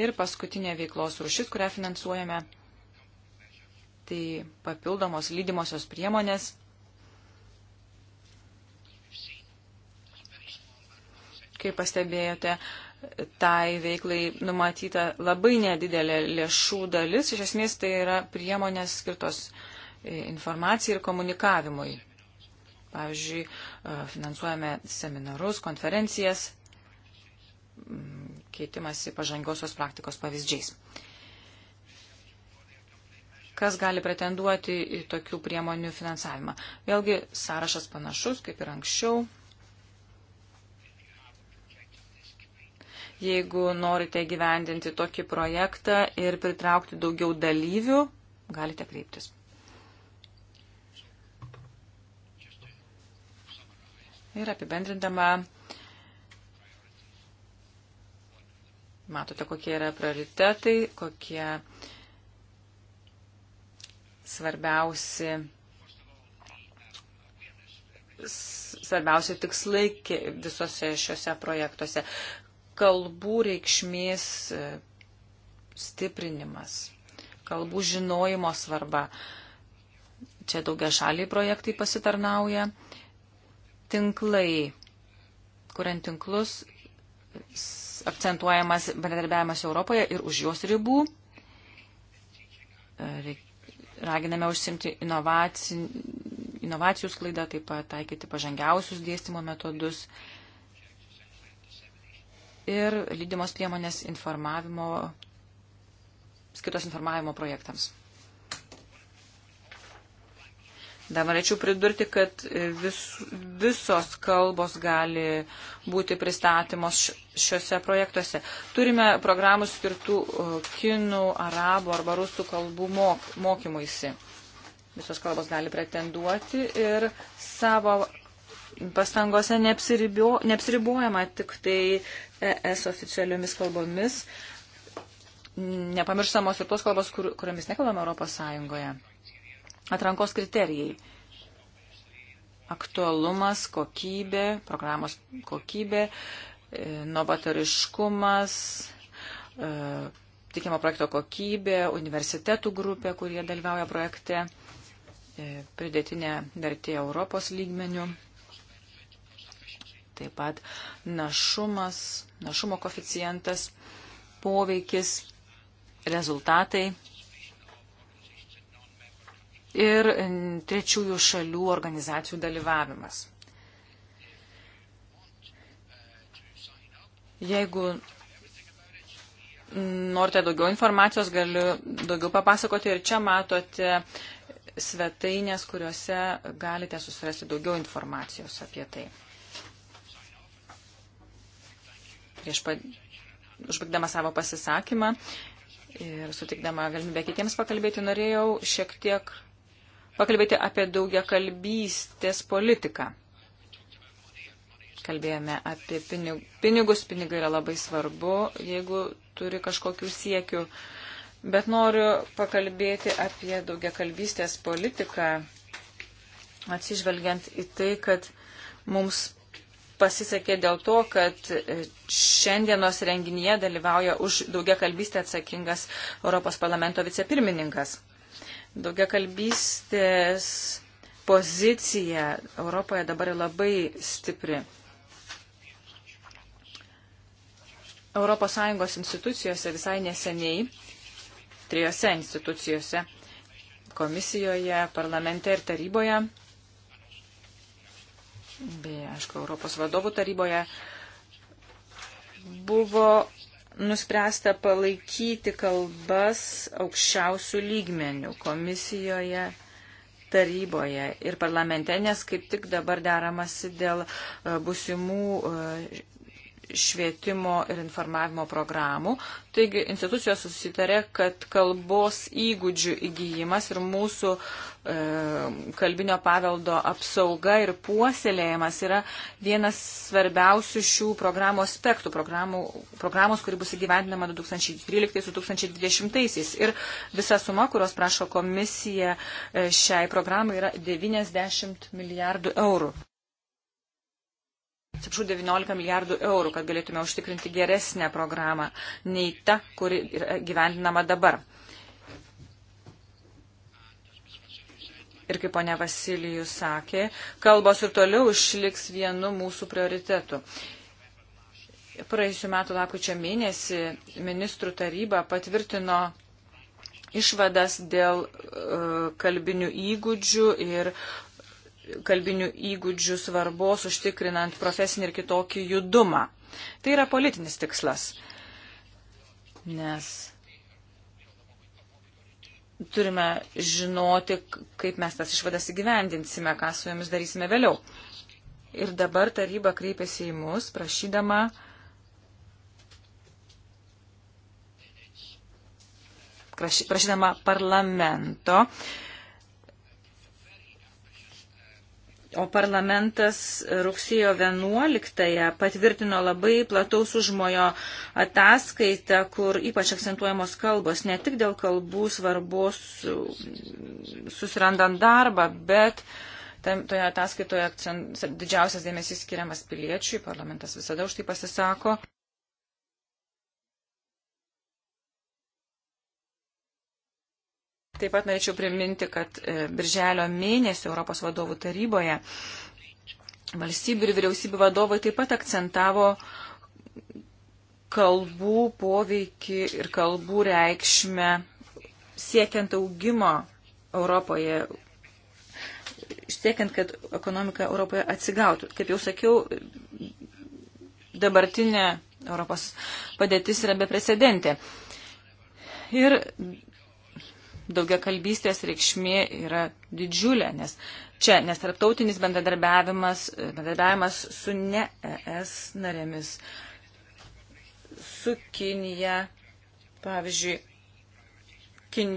Ir paskutinė veiklos rušis, kurią finansuojame, tai papildomos lydimosios priemonės. Kaip pastebėjote, tai veiklai numatyta labai nedidelė lėšų dalis. Iš esmės tai yra priemonės skirtos informacijai ir komunikavimui. Pavyzdžiui, e, finansuojame seminarus, konferencijas, keitimasi pažangiosios praktikos pavyzdžiais. Kas gali pretenduoti į tokių priemonių finansavimą? Vėlgi, sąrašas panašus, kaip ir anksčiau. Jeigu norite gyvendinti tokį projektą ir pritraukti daugiau dalyvių, galite kreiptis. ir apibendrindama matote, kokie yra prioritetai, kokie svarbiausi, svarbiausi tikslai visose šiuose projektuose. Kalbų reikšmės stiprinimas, kalbų žinojimo svarba. Čia daugia šaliai projektai pasitarnauja. Tinklai, kuriant tinklus, akcentuojamas bendradarbiavimas Europoje ir už jos ribų. E, raginame užsimti inovacijų, inovacijų sklaidą, taip pat taikyti pažangiausius dėstymo metodus ir lydimos priemonės informavimo, skirtos informavimo projektams. Dar norėčiau pridurti, kad vis, visos kalbos gali būti pristatymos šiuose projektuose. Turime programų skirtų e, kinų, arabų arba rusų kalbų mok, mokymuisi. Visos kalbos gali pretenduoti ir savo pastangose neapsiribuojama tik tai ES oficialiomis kalbomis. Nepamirštamos ir tos kalbos, kur, kuriomis nekalbame Europos Sąjungoje. Atrankos kriterijai. Aktualumas, kokybė, programos kokybė, e, novatoriškumas, e, tikimo projekto kokybė, universitetų grupė, kurie dalyvauja projekte, e, pridėtinė vertė Europos lygmenių, taip pat našumas, našumo koficijantas, poveikis, rezultatai ir trečiųjų šalių organizacijų dalyvavimas. Jeigu norite daugiau informacijos, galiu daugiau papasakoti ir čia matote svetainės, kuriuose galite susirasti daugiau informacijos apie tai. Prieš pa... užbaigdama savo pasisakymą ir sutikdama galimybę kitiems pakalbėti, norėjau šiek tiek pakalbėti apie daugia kalbystės politiką. Kalbėjome apie pinigus, pinigai yra labai svarbu, jeigu turi kažkokių siekių. Bet noriu pakalbėti apie daugia kalbystės politiką, atsižvelgiant į tai, kad mums pasisekė dėl to, kad šiandienos renginyje dalyvauja už daugia kalbystę atsakingas Europos parlamento vicepirmininkas. Daugia kalbystės pozicija Europoje dabar labai stipri. ES institucijose visai neseniai, trijose institucijose, komisijoje, parlamente ir taryboje, bei, aišku, Europos vadovų taryboje, buvo nuspręsta palaikyti kalbas aukščiausių lygmenių komisijoje, taryboje ir parlamente, nes kaip tik dabar deramasi dėl e, busimų e, švietimo ir informavimo programų. Taigi institucijos susitarė, kad kalbos įgūdžių įgyjimas ir mūsų e, kalbinio paveldo apsauga ir puoselėjimas yra vienas svarbiausių šių programų aspektų, programų, programos, kuri bus įgyvendinama 2013-2020. Ir visa suma, kurios prašo komisija e, šiai programai, yra 90 milijardų eurų atsiprašau, 19 milijardų eurų, kad galėtume užtikrinti geresnę programą nei ta, kuri yra gyvendinama dabar. Ir kaip ponia Vasilijus sakė, kalbos ir toliau išliks vienu mūsų prioritetu. Praėjusiu metu lakučio mėnesį ministrų taryba patvirtino išvadas dėl e, kalbinių įgūdžių ir kalbinių įgūdžių svarbos užtikrinant profesinį ir kitokį judumą. Tai yra politinis tikslas, nes turime žinoti, kaip mes tas išvadas įgyvendinsime, ką su jomis darysime vėliau. Ir dabar taryba kreipėsi į mus, prašydama prašydama parlamento O parlamentas rugsėjo 11-ąją patvirtino labai plataus užmojo ataskaitą, kur ypač akcentuojamos kalbos, ne tik dėl kalbų svarbos susirandant darbą, bet tam, toje ataskaitoje akcent, didžiausias dėmesys skiriamas piliečiui, parlamentas visada už tai pasisako. Taip pat norėčiau priminti, kad e, Birželio mėnesį Europos vadovų taryboje valstybių ir vyriausybių vadovai taip pat akcentavo kalbų poveikį ir kalbų reikšmę siekiant augimo Europoje, siekiant, kad ekonomika Europoje atsigautų. Kaip jau sakiau, dabartinė Europos padėtis yra beprecedentė. Ir daugia kalbystės reikšmė yra didžiulė, nes čia, nes tarptautinis bendradarbiavimas, bendradarbiavimas su ne ES narėmis, su Kinija, pavyzdžiui, kin,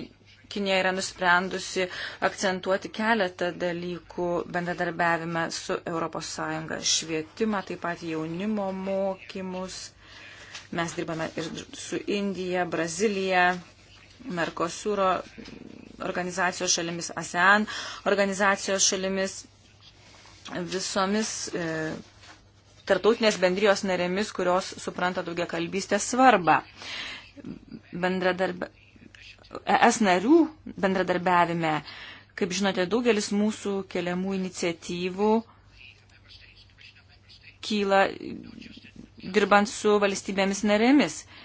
Kinija yra nusprendusi akcentuoti keletą dalykų bendradarbiavime su ES - švietimą, taip pat jaunimo mokymus. Mes dirbame ir su Indija, Brazilija, Merkosūro organizacijos šalimis, ASEAN organizacijos šalimis, visomis e, tartautinės bendrijos narėmis, kurios supranta daugia kalbystės svarbą. Bendradarbe... ES narių bendradarbiavime, kaip žinote, daugelis mūsų keliamų iniciatyvų kyla dirbant su valstybėmis narėmis. E,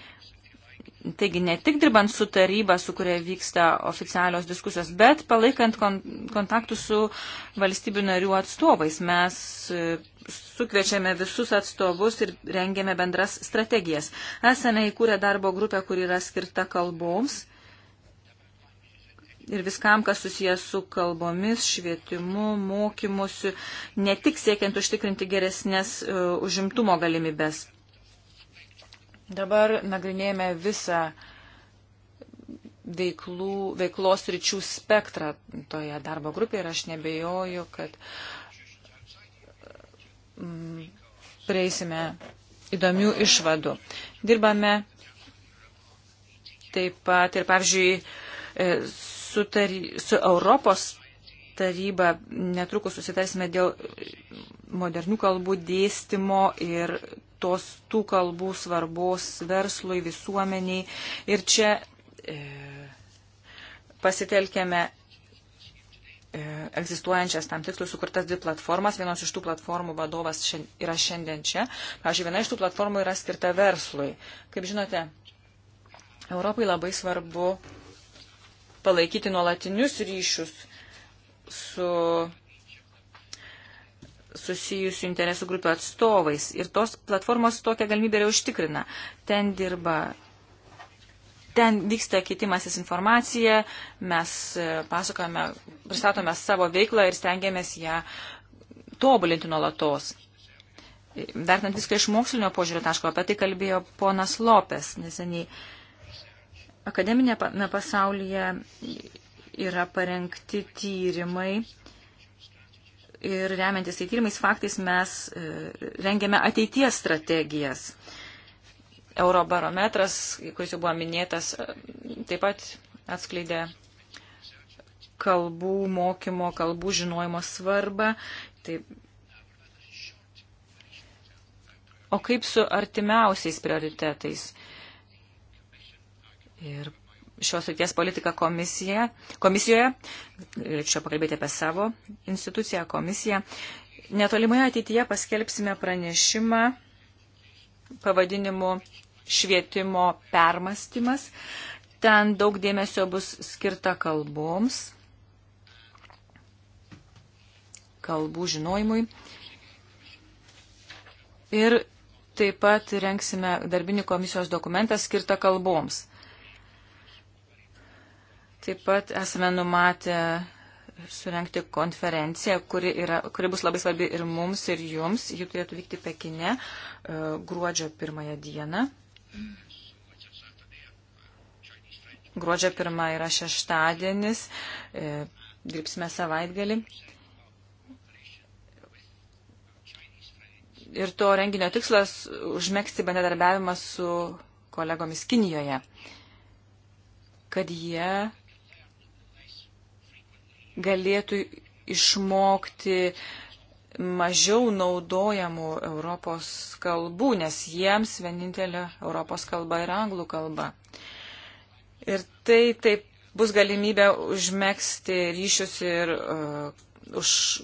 Taigi ne tik dirbant su taryba, su kuria vyksta oficialios diskusijos, bet palaikant kon kontaktus su valstybių narių atstovais. Mes e, sukvečiame visus atstovus ir rengėme bendras strategijas. Esame įkūrę darbo grupę, kur yra skirta kalboms ir viskam, kas susijęs su kalbomis, švietimu, mokymusi, ne tik siekiant užtikrinti geresnės uh, užimtumo galimybės. Dabar nagrinėjame visą veiklų, veiklos ryčių spektrą toje darbo grupėje ir aš nebejoju, kad mm, prieisime įdomių išvadų. Dirbame taip pat ir, pavyzdžiui, e, su, tary, su Europos taryba netrukus susitarsime dėl modernių kalbų dėstymo ir tos tų kalbų svarbos verslui, visuomeniai. Ir čia e, pasitelkėme e, egzistuojančias tam tikslui sukurtas dvi platformas. Vienos iš tų platformų vadovas šia, yra šiandien čia. Pavyzdžiui, viena iš tų platformų yra skirta verslui. Kaip žinote, Europai labai svarbu palaikyti nuolatinius ryšius su susijusių interesų grupių atstovais. Ir tos platformos tokią galimybę jau užtikrina. Ten dirba, ten vyksta keitimasis informacija, mes e, pasakojame, pristatome savo veiklą ir stengiamės ją tobulinti nuolatos. E, vertinant viską iš mokslinio požiūrio taško, apie tai kalbėjo ponas Lopes neseniai. Akademinė pasaulyje yra parengti tyrimai ir remiantis tai tyrimais faktais mes e, rengiame ateities strategijas. Eurobarometras, kuris jau buvo minėtas, e, taip pat atskleidė kalbų mokymo, kalbų žinojimo svarbą. Taip. O kaip su artimiausiais prioritetais? Ir šios ryties politiką komisija, komisijoje, čia pakalbėti apie savo instituciją, komisiją. Netolimoje ateityje paskelbsime pranešimą pavadinimu švietimo permastymas. Ten daug dėmesio bus skirta kalboms, kalbų žinojimui. Ir taip pat renksime darbinį komisijos dokumentą skirtą kalboms. Taip pat esame numatę surenkti konferenciją, kuri, yra, kuri bus labai svarbi ir mums, ir jums. Ji turėtų vykti Pekine e, gruodžio pirmąją dieną. Gruodžio pirmą yra šeštadienis, e, dirbsime savaitgalį. Ir to renginio tikslas užmėgsti bendradarbiavimą su kolegomis Kinijoje, kad jie galėtų išmokti mažiau naudojamų Europos kalbų, nes jiems vienintelė Europos kalba yra anglų kalba. Ir tai taip bus galimybė užmėgsti ryšius ir uh, už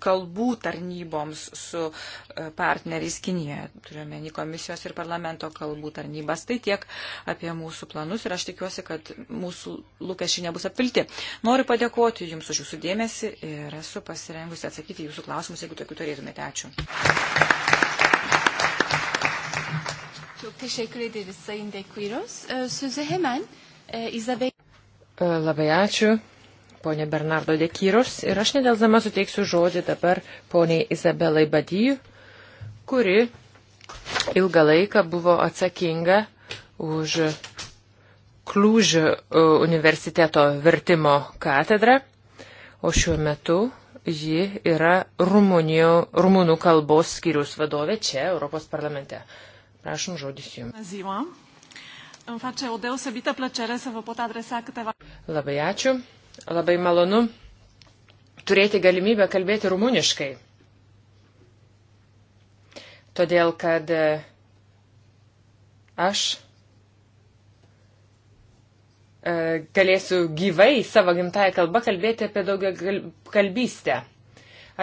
kalbų tarnyboms su e, partneriais Kinijoje. Turiuomenį komisijos ir parlamento kalbų tarnybas. Tai tiek apie mūsų planus ir aš tikiuosi, kad mūsų lūkesčiai nebus apvilti. Noriu padėkoti Jums už Jūsų dėmesį ir esu pasirengusi atsakyti Jūsų klausimus, jeigu tokių turėtumėte. Ačiū. Çok teşekkür ederiz Sayın De Quiros. Sözü hemen e, Isabel... Labai ačiū ponė Bernardo Dekyrus ir aš nedelzama suteiksiu žodį dabar poniai Izabelai Badijų, kuri ilgą laiką buvo atsakinga už Klūžio e, universiteto vertimo katedrą, o šiuo metu ji yra Rumunijo, rumunų kalbos skyrius vadovė čia Europos parlamente. Prašom žodis jums. Îmi face o deosebită plăcere să vă pot adresa câteva. Labai ačiū. Labai malonu turėti galimybę kalbėti rumuniškai. Todėl, kad e, aš e, galėsiu gyvai savo gimtają kalbą kalbėti apie daugia kalbystę.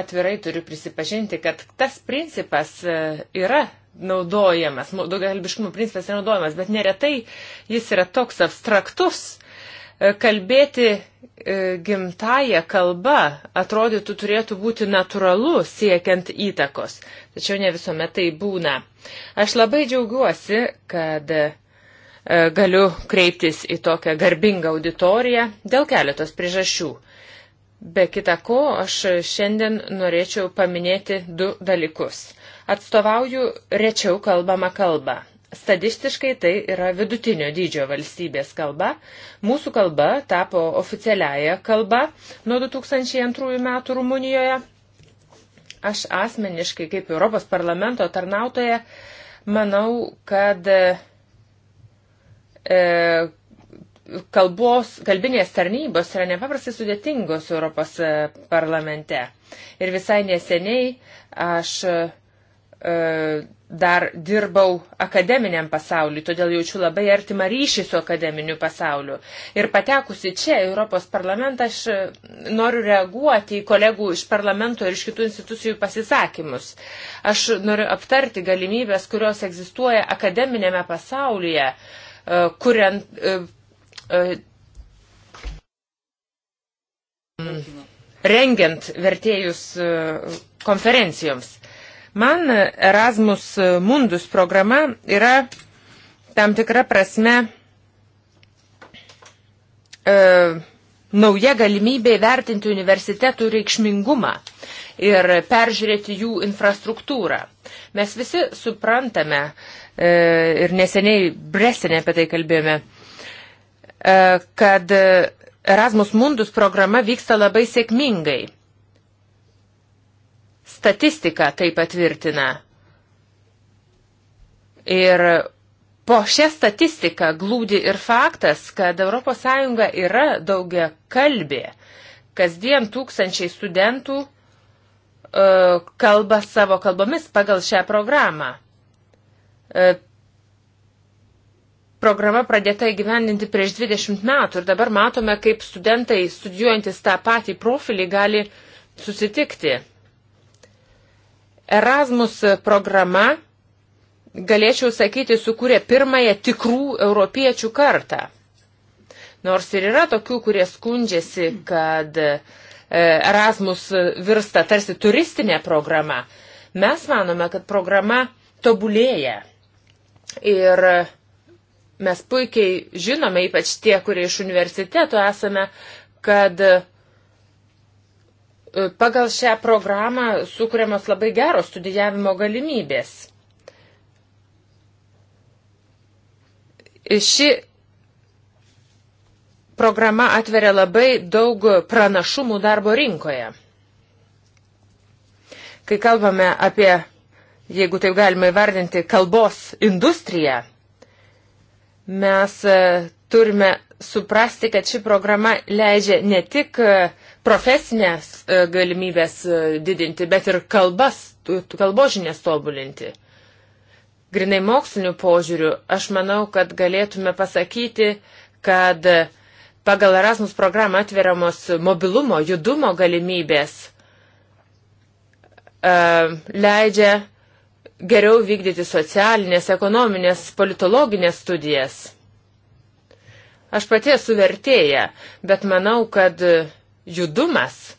Atvirai turiu prisipažinti, kad tas principas e, yra naudojamas, daugiakalbiškumo principas yra naudojamas, bet neretai jis yra toks abstraktus, E, kalbėti e, gimtają kalbą atrodytų turėtų būti natūralu siekiant įtakos, tačiau ne visuomet tai būna. Aš labai džiaugiuosi, kad e, galiu kreiptis į tokią garbingą auditoriją dėl keletos priežasčių. Be kita ko, aš šiandien norėčiau paminėti du dalykus. Atstovauju rečiau kalbamą kalbą. Statistiškai tai yra vidutinio dydžio valstybės kalba. Mūsų kalba tapo oficialiaja kalba nuo 2002 metų Rumunijoje. Aš asmeniškai kaip Europos parlamento tarnautoje manau, kad e, kalbos, kalbinės tarnybos yra nepaprastai sudėtingos Europos e, parlamente. Ir visai neseniai aš e, dar dirbau akademiniam pasauliu, todėl jaučiu labai artimą ryšį su akademiniu pasauliu. Ir patekusi čia, Europos parlamentą, aš e, noriu reaguoti į kolegų iš parlamento ir iš kitų institucijų pasisakymus. Aš noriu aptarti galimybės, kurios egzistuoja akademinėme pasaulyje, e, kuriant. E, rengiant vertėjus konferencijoms. Man Erasmus Mundus programa yra tam tikra prasme e, nauja galimybė vertinti universitetų reikšmingumą ir peržiūrėti jų infrastruktūrą. Mes visi suprantame e, ir neseniai Bresinė apie tai kalbėjome, e, kad Erasmus Mundus programa vyksta labai sėkmingai. Statistika tai patvirtina. Ir po šią statistiką glūdi ir faktas, kad ES yra daugia kalbė. Kasdien tūkstančiai studentų uh, kalba savo kalbomis pagal šią programą. Uh, programa pradėta įgyvendinti prieš 20 metų ir dabar matome, kaip studentai studijuojantis tą patį profilį gali susitikti. Erasmus programa, galėčiau sakyti, sukūrė pirmąją tikrų europiečių kartą. Nors ir yra tokių, kurie skundžiasi, kad e, Erasmus virsta tarsi turistinė programa. Mes manome, kad programa tobulėja. Ir mes puikiai žinome, ypač tie, kurie iš universiteto esame, kad Pagal šią programą sukūriamos labai geros studijavimo galimybės. Ši programa atveria labai daug pranašumų darbo rinkoje. Kai kalbame apie, jeigu taip galima įvardinti, kalbos industriją, mes e, turime suprasti, kad ši programa leidžia ne tik uh, profesinės e, galimybės e, didinti, bet ir kalbas, kalbos žinias tobulinti. Grinai mokslinių požiūrių, aš manau, kad galėtume pasakyti, kad pagal Erasmus programą atveriamos mobilumo, judumo galimybės e, leidžia geriau vykdyti socialinės, ekonominės, politologinės studijas. Aš pati esu vertėja, bet manau, kad judumas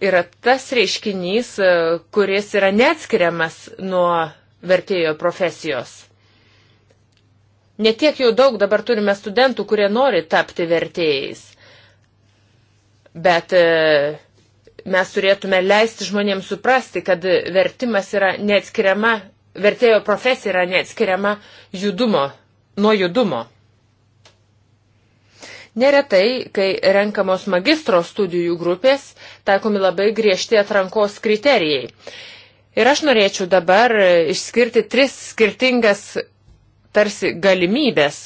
yra tas reiškinys, e, kuris yra neatskiriamas nuo vertėjo profesijos. Netiek jau daug dabar turime studentų, kurie nori tapti vertėjais, bet e, mes turėtume leisti žmonėms suprasti, kad vertimas yra neatskiriama, vertėjo profesija yra neatskiriama judumo, nuo judumo. Neretai, kai renkamos magistro studijų grupės, taikomi labai griežti atrankos kriterijai. Ir aš norėčiau dabar išskirti tris skirtingas tarsi galimybės,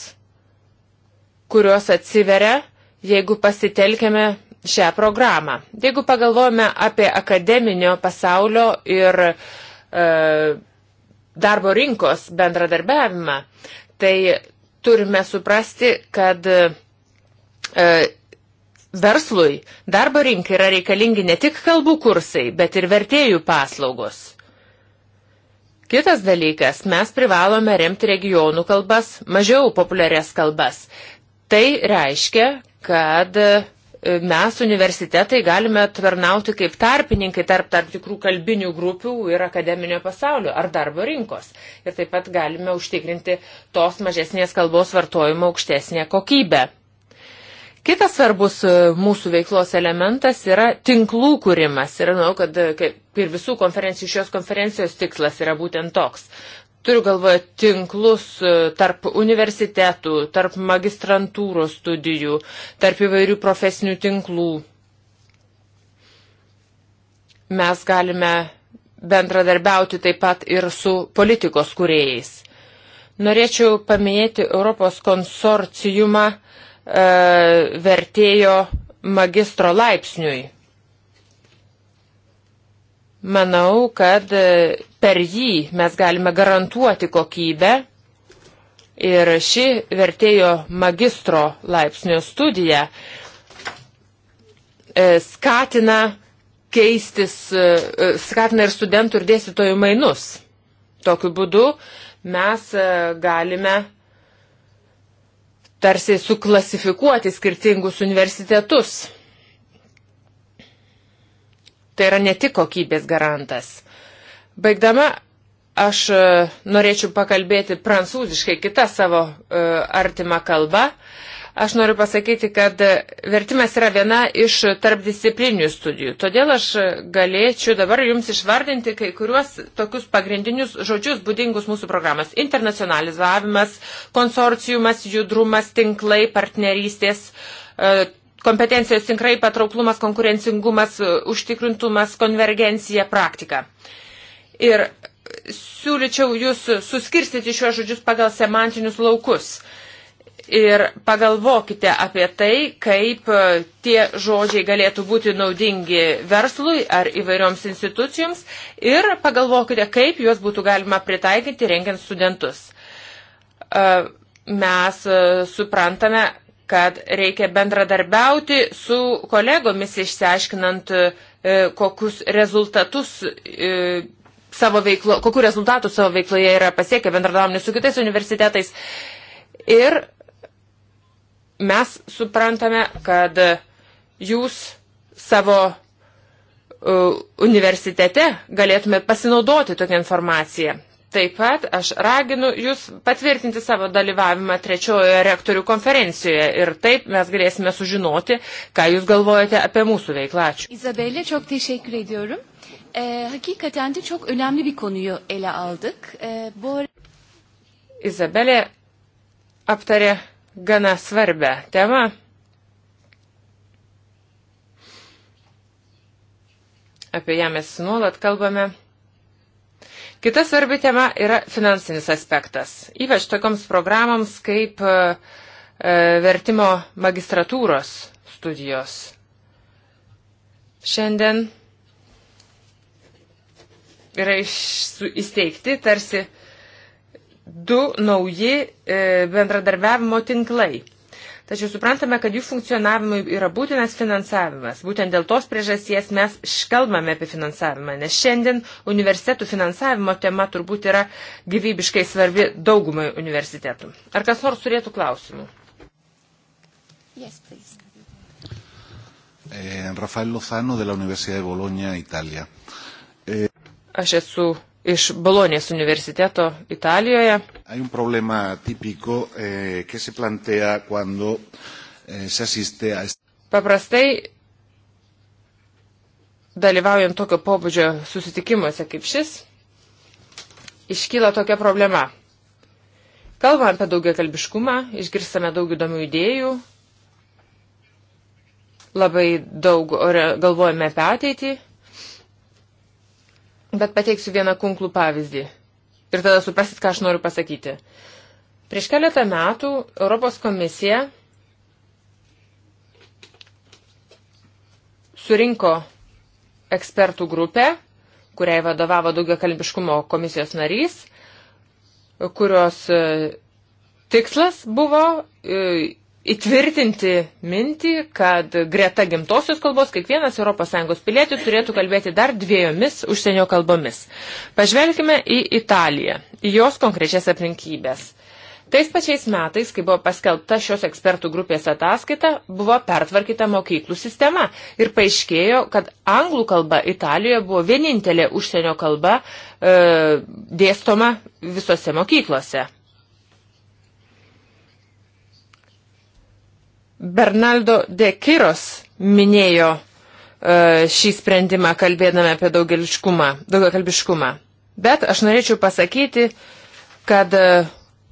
kurios atsiveria, jeigu pasitelkėme šią programą. Jeigu pagalvojame apie akademinio pasaulio ir e, darbo rinkos bendradarbiavimą, tai turime suprasti, kad E, verslui darbo rinkai yra reikalingi ne tik kalbų kursai, bet ir vertėjų paslaugos. Kitas dalykas, mes privalome remti regionų kalbas, mažiau populiarias kalbas. Tai reiškia, kad e, mes universitetai galime tarnauti kaip tarpininkai tarp tarp tikrų kalbinių grupių ir akademinio pasaulio ar darbo rinkos. Ir taip pat galime užtikrinti tos mažesnės kalbos vartojimo aukštesnę kokybę. Kitas svarbus e, mūsų veiklos elementas yra tinklų kūrimas. Ir manau, kad e, ir visų konferencijų šios konferencijos tikslas yra būtent toks. Turiu galvoje tinklus e, tarp universitetų, tarp magistrantūros studijų, tarp įvairių profesinių tinklų. Mes galime bendradarbiauti taip pat ir su politikos kūrėjais. Norėčiau paminėti Europos konsorciumą uh, E, vertėjo magistro laipsniui. Manau, kad e, per jį mes galime garantuoti kokybę ir ši vertėjo magistro laipsnio studija e, skatina keistis, skatina ir studentų ir dėstytojų mainus. Tokiu būdu mes galime tarsi suklasifikuoti skirtingus universitetus. Tai yra ne tik kokybės garantas. Baigdama, aš e, norėčiau pakalbėti prancūziškai kitą savo e, artimą kalbą. Aš noriu pasakyti, kad vertimas yra viena iš tarpdisciplinių studijų. Todėl aš galėčiau dabar jums išvardinti kai kuriuos tokius pagrindinius žodžius būdingus mūsų programas. Internacionalizavimas, konsorciumas, judrumas, tinklai, partnerystės, e, kompetencijos tinklai, patrauklumas, konkurencingumas, e, užtikrintumas, konvergencija, praktika. Ir siūlyčiau jūs suskirstyti šiuos žodžius pagal semantinius laukus. Uh, ir pagalvokite apie tai, kaip e, tie žodžiai galėtų būti naudingi verslui ar įvairioms institucijoms ir pagalvokite, kaip juos būtų galima pritaikyti rengiant studentus. E, mes e, suprantame, kad reikia bendradarbiauti su kolegomis išsiaiškinant, kokius rezultatus savo veiklo, kokiu rezultatu savo veikloje yra pasiekę bendradarbiavimai su kitais universitetais. Ir Mes suprantame, kad jūs savo e, universitete galėtumėt pasinaudoti tokią informaciją. Taip pat aš raginu jūs patvirtinti savo dalyvavimą trečiojoje rektorių konferencijoje ir taip mes galėsime sužinoti, ką jūs galvojate apie mūsų veiklą. Ačiū. Izabelė, çok teşekkür ediyorum. E, hakikaten de çok önemli bir konuyu ele aldık. E, bu... Izabelė aptarė gana svarbę temą. Apie ją mes nuolat kalbame. Kita svarbi tema yra finansinis aspektas, ypač tokioms programoms kaip e, e, vertimo magistratūros studijos. Šiandien yra įsteigti tarsi du nauji e, bendradarbiavimo tinklai. Tačiau suprantame, kad jų funkcionavimui yra būtinas finansavimas. Būtent dėl tos priežasties mes kalbame apie finansavimą, nes šiandien universitetų finansavimo tema turbūt yra gyvybiškai svarbi daugumai universitetų. Ar kas nors turėtų klausimų? Yes, please. Eh, Rafael Lozano de la Universidad de Bologna, Italija. Eh, Aš esu iš Bolonės universiteto Italijoje. Hay un problema típico eh, que se plantea cuando eh, se asiste a este. Paprastai dalyvaujant tokio pobūdžio susitikimuose kaip šis, iškyla tokia problema. Kalbam apie daugia kalbiškumą, išgirstame daug įdomių idėjų, labai daug galvojame apie ateitį, Bet pateiksiu vieną kunklų pavyzdį. Ir tada suprasit, ką aš noriu pasakyti. Prieš keletą metų Europos komisija surinko ekspertų grupę, kuriai vadovavo daugia kalbiškumo komisijos narys, kurios e, tikslas buvo e, įtvirtinti mintį, kad greta gimtosios kalbos kiekvienas ES pilietis turėtų kalbėti dar dviejomis užsienio kalbomis. Pažvelkime į Italiją, į jos konkrečias aplinkybės. Tais pačiais metais, kai buvo paskelbta šios ekspertų grupės ataskaita, buvo pertvarkyta mokyklų sistema ir paaiškėjo, kad anglų kalba Italijoje buvo vienintelė užsienio kalba e, dėstoma visose mokyklose. Bernaldo de Kiros minėjo e, šį sprendimą, kalbėdami apie daugiakalbiškumą. Bet aš norėčiau pasakyti, kad e,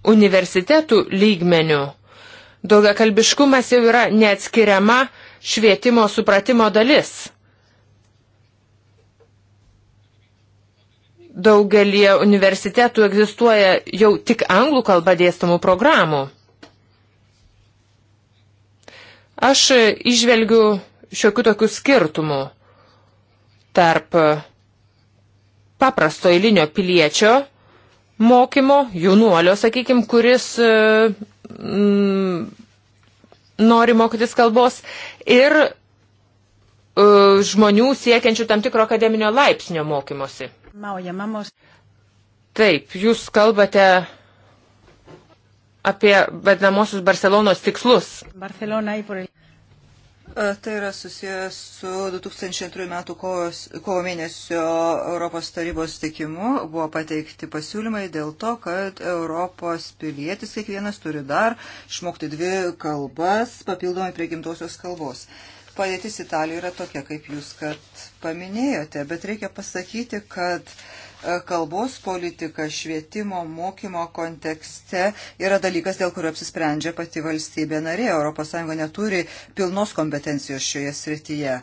universitetų lygmenių daugiakalbiškumas jau yra neatskiriama švietimo supratimo dalis. Daugelį universitetų egzistuoja jau tik anglų kalba dėstomų programų. Aš išvelgiu šiokių tokių skirtumų tarp paprasto eilinio piliečio mokymo, jaunuolio, sakykime, kuris e, mm, nori mokytis kalbos ir e, žmonių siekiančių tam tikro akademinio laipsnio mokymosi. Taip, jūs kalbate apie vadinamosius Barcelonos tikslus. Barcelona įpūrė. Tai yra susijęs su 2002 m. Kovo, kovo mėnesio Europos tarybos tikimu. Buvo pateikti pasiūlymai dėl to, kad Europos pilietis kiekvienas turi dar išmokti dvi kalbas papildomai prie gimtosios kalbos. Padėtis Italijoje yra tokia, kaip jūs kad paminėjote, bet reikia pasakyti, kad uh, kalbos politika švietimo mokymo kontekste yra dalykas, dėl kurio apsisprendžia pati valstybė narė. ES neturi pilnos kompetencijos šioje srityje.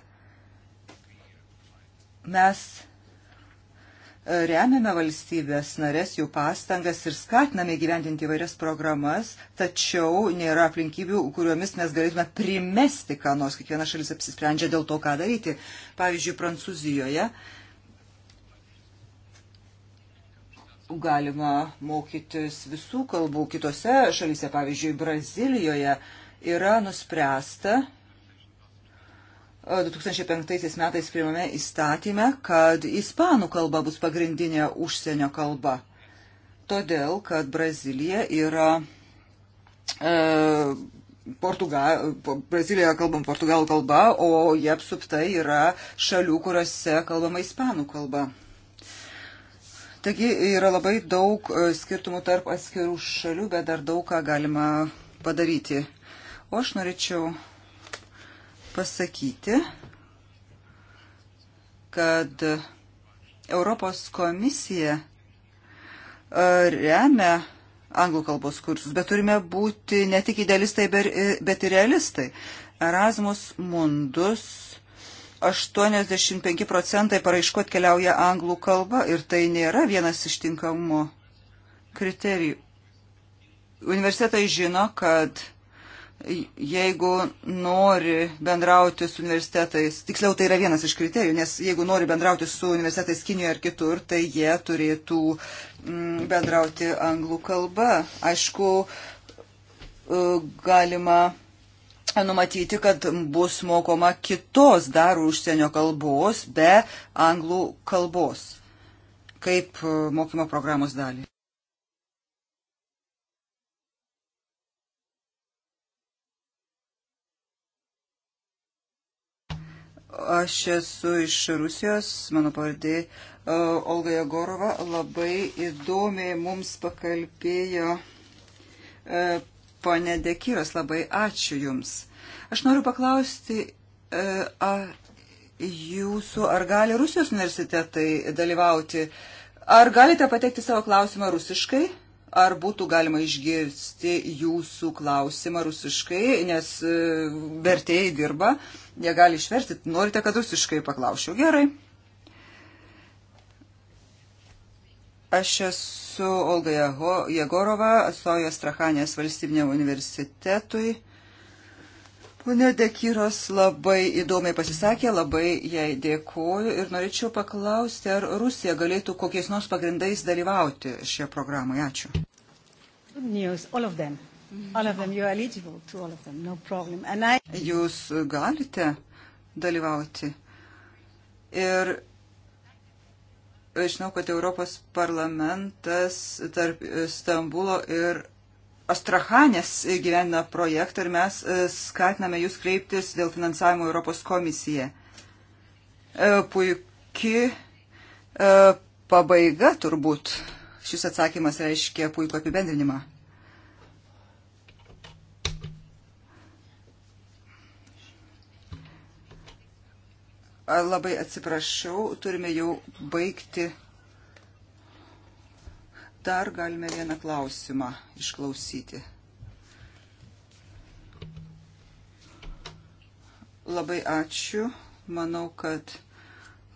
Mes e, remiame valstybės narės jų pastangas ir skatiname gyvendinti įvairias programas, tačiau nėra aplinkybių, kuriomis mes galėtume primesti, ką nors kiekviena šalis apsisprendžia dėl to, ką daryti. Pavyzdžiui, Prancūzijoje uh, galima mokytis visų kalbų. Kitose šalyse, pavyzdžiui, Brazilijoje yra nuspręsta 2005 e, metais priimame įstatymę, kad ispanų kalba bus pagrindinė užsienio kalba. Todėl, kad Brazilija yra. E, Portuga, Brazilijoje kalbam portugalų kalba, o jie apsuptai yra šalių, kuriuose kalbama ispanų kalba. Taigi yra labai daug e, skirtumų tarp atskirų šalių, bet dar daug ką galima padaryti. O aš norėčiau pasakyti, kad Europos komisija e, remia anglų kalbos kursus, bet turime būti ne tik idealistai, e, bet ir realistai. Erasmus Mundus 85 procentai paraiškų atkeliauja anglų kalba ir tai nėra vienas iš tinkamumo kriterijų. Universitetai žino, kad jeigu nori bendrauti su universitetais, tiksliau tai yra vienas iš kriterijų, nes jeigu nori bendrauti su universitetais Kinijoje ar kitur, tai jie turėtų mm, bendrauti anglų kalba. Aišku, galima numatyti, kad bus mokoma kitos dar užsienio kalbos be anglų kalbos kaip e, mokymo programos dalį. Aš esu iš Rusijos, mano pavardė e, Olga Jagorova, labai įdomiai mums pakalbėjo e, Pone Dekyros, labai ačiū Jums. Aš noriu paklausti, e, a, Jūsų, ar gali Rusijos universitetai dalyvauti? Ar galite pateikti savo klausimą rusiškai? Ar būtų galima išgirsti jūsų klausimą rusiškai, nes e, vertėjai dirba, jie gali išversti. Norite, kad rusiškai paklausčiau? Gerai. Aš esu Olga Jegorova, atstovauju Astrahanės valstybinio universitetui. Pone Dekyros labai įdomiai pasisakė, labai jai dėkoju ir norėčiau paklausti, ar Rusija galėtų kokiais nors pagrindais dalyvauti šioje programoje. Ačiū. Jūs galite dalyvauti. Ir žinau, kad Europos parlamentas tarp Stambulo ir Astrahanės gyvena projektą ir mes e, skatiname jūs kreiptis dėl finansavimo Europos komisiją. E, puiki e, pabaiga turbūt. Šis atsakymas reiškia puikų apibendrinimą. Labai atsiprašau, turime jau baigti. Dar galime vieną klausimą išklausyti. Labai ačiū. Manau, kad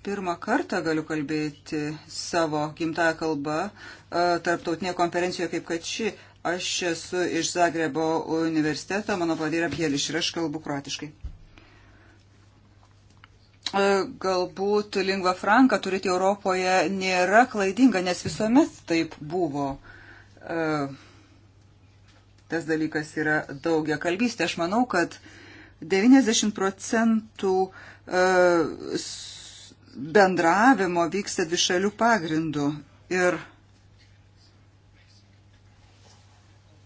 pirmą kartą galiu kalbėti savo gimtąją kalbą tarptautinėje konferencijoje kaip kad ši. Aš esu iš Zagrebo universiteto, mano pavadė yra Bieliš ir aš kalbu kroatiškai. E, galbūt lingva franka turėti Europoje nėra klaidinga, nes visuomet taip buvo. E, tas dalykas yra daugia kalbystė. Aš manau, kad 90 procentų e, bendravimo vyksta dvišalių pagrindų. Ir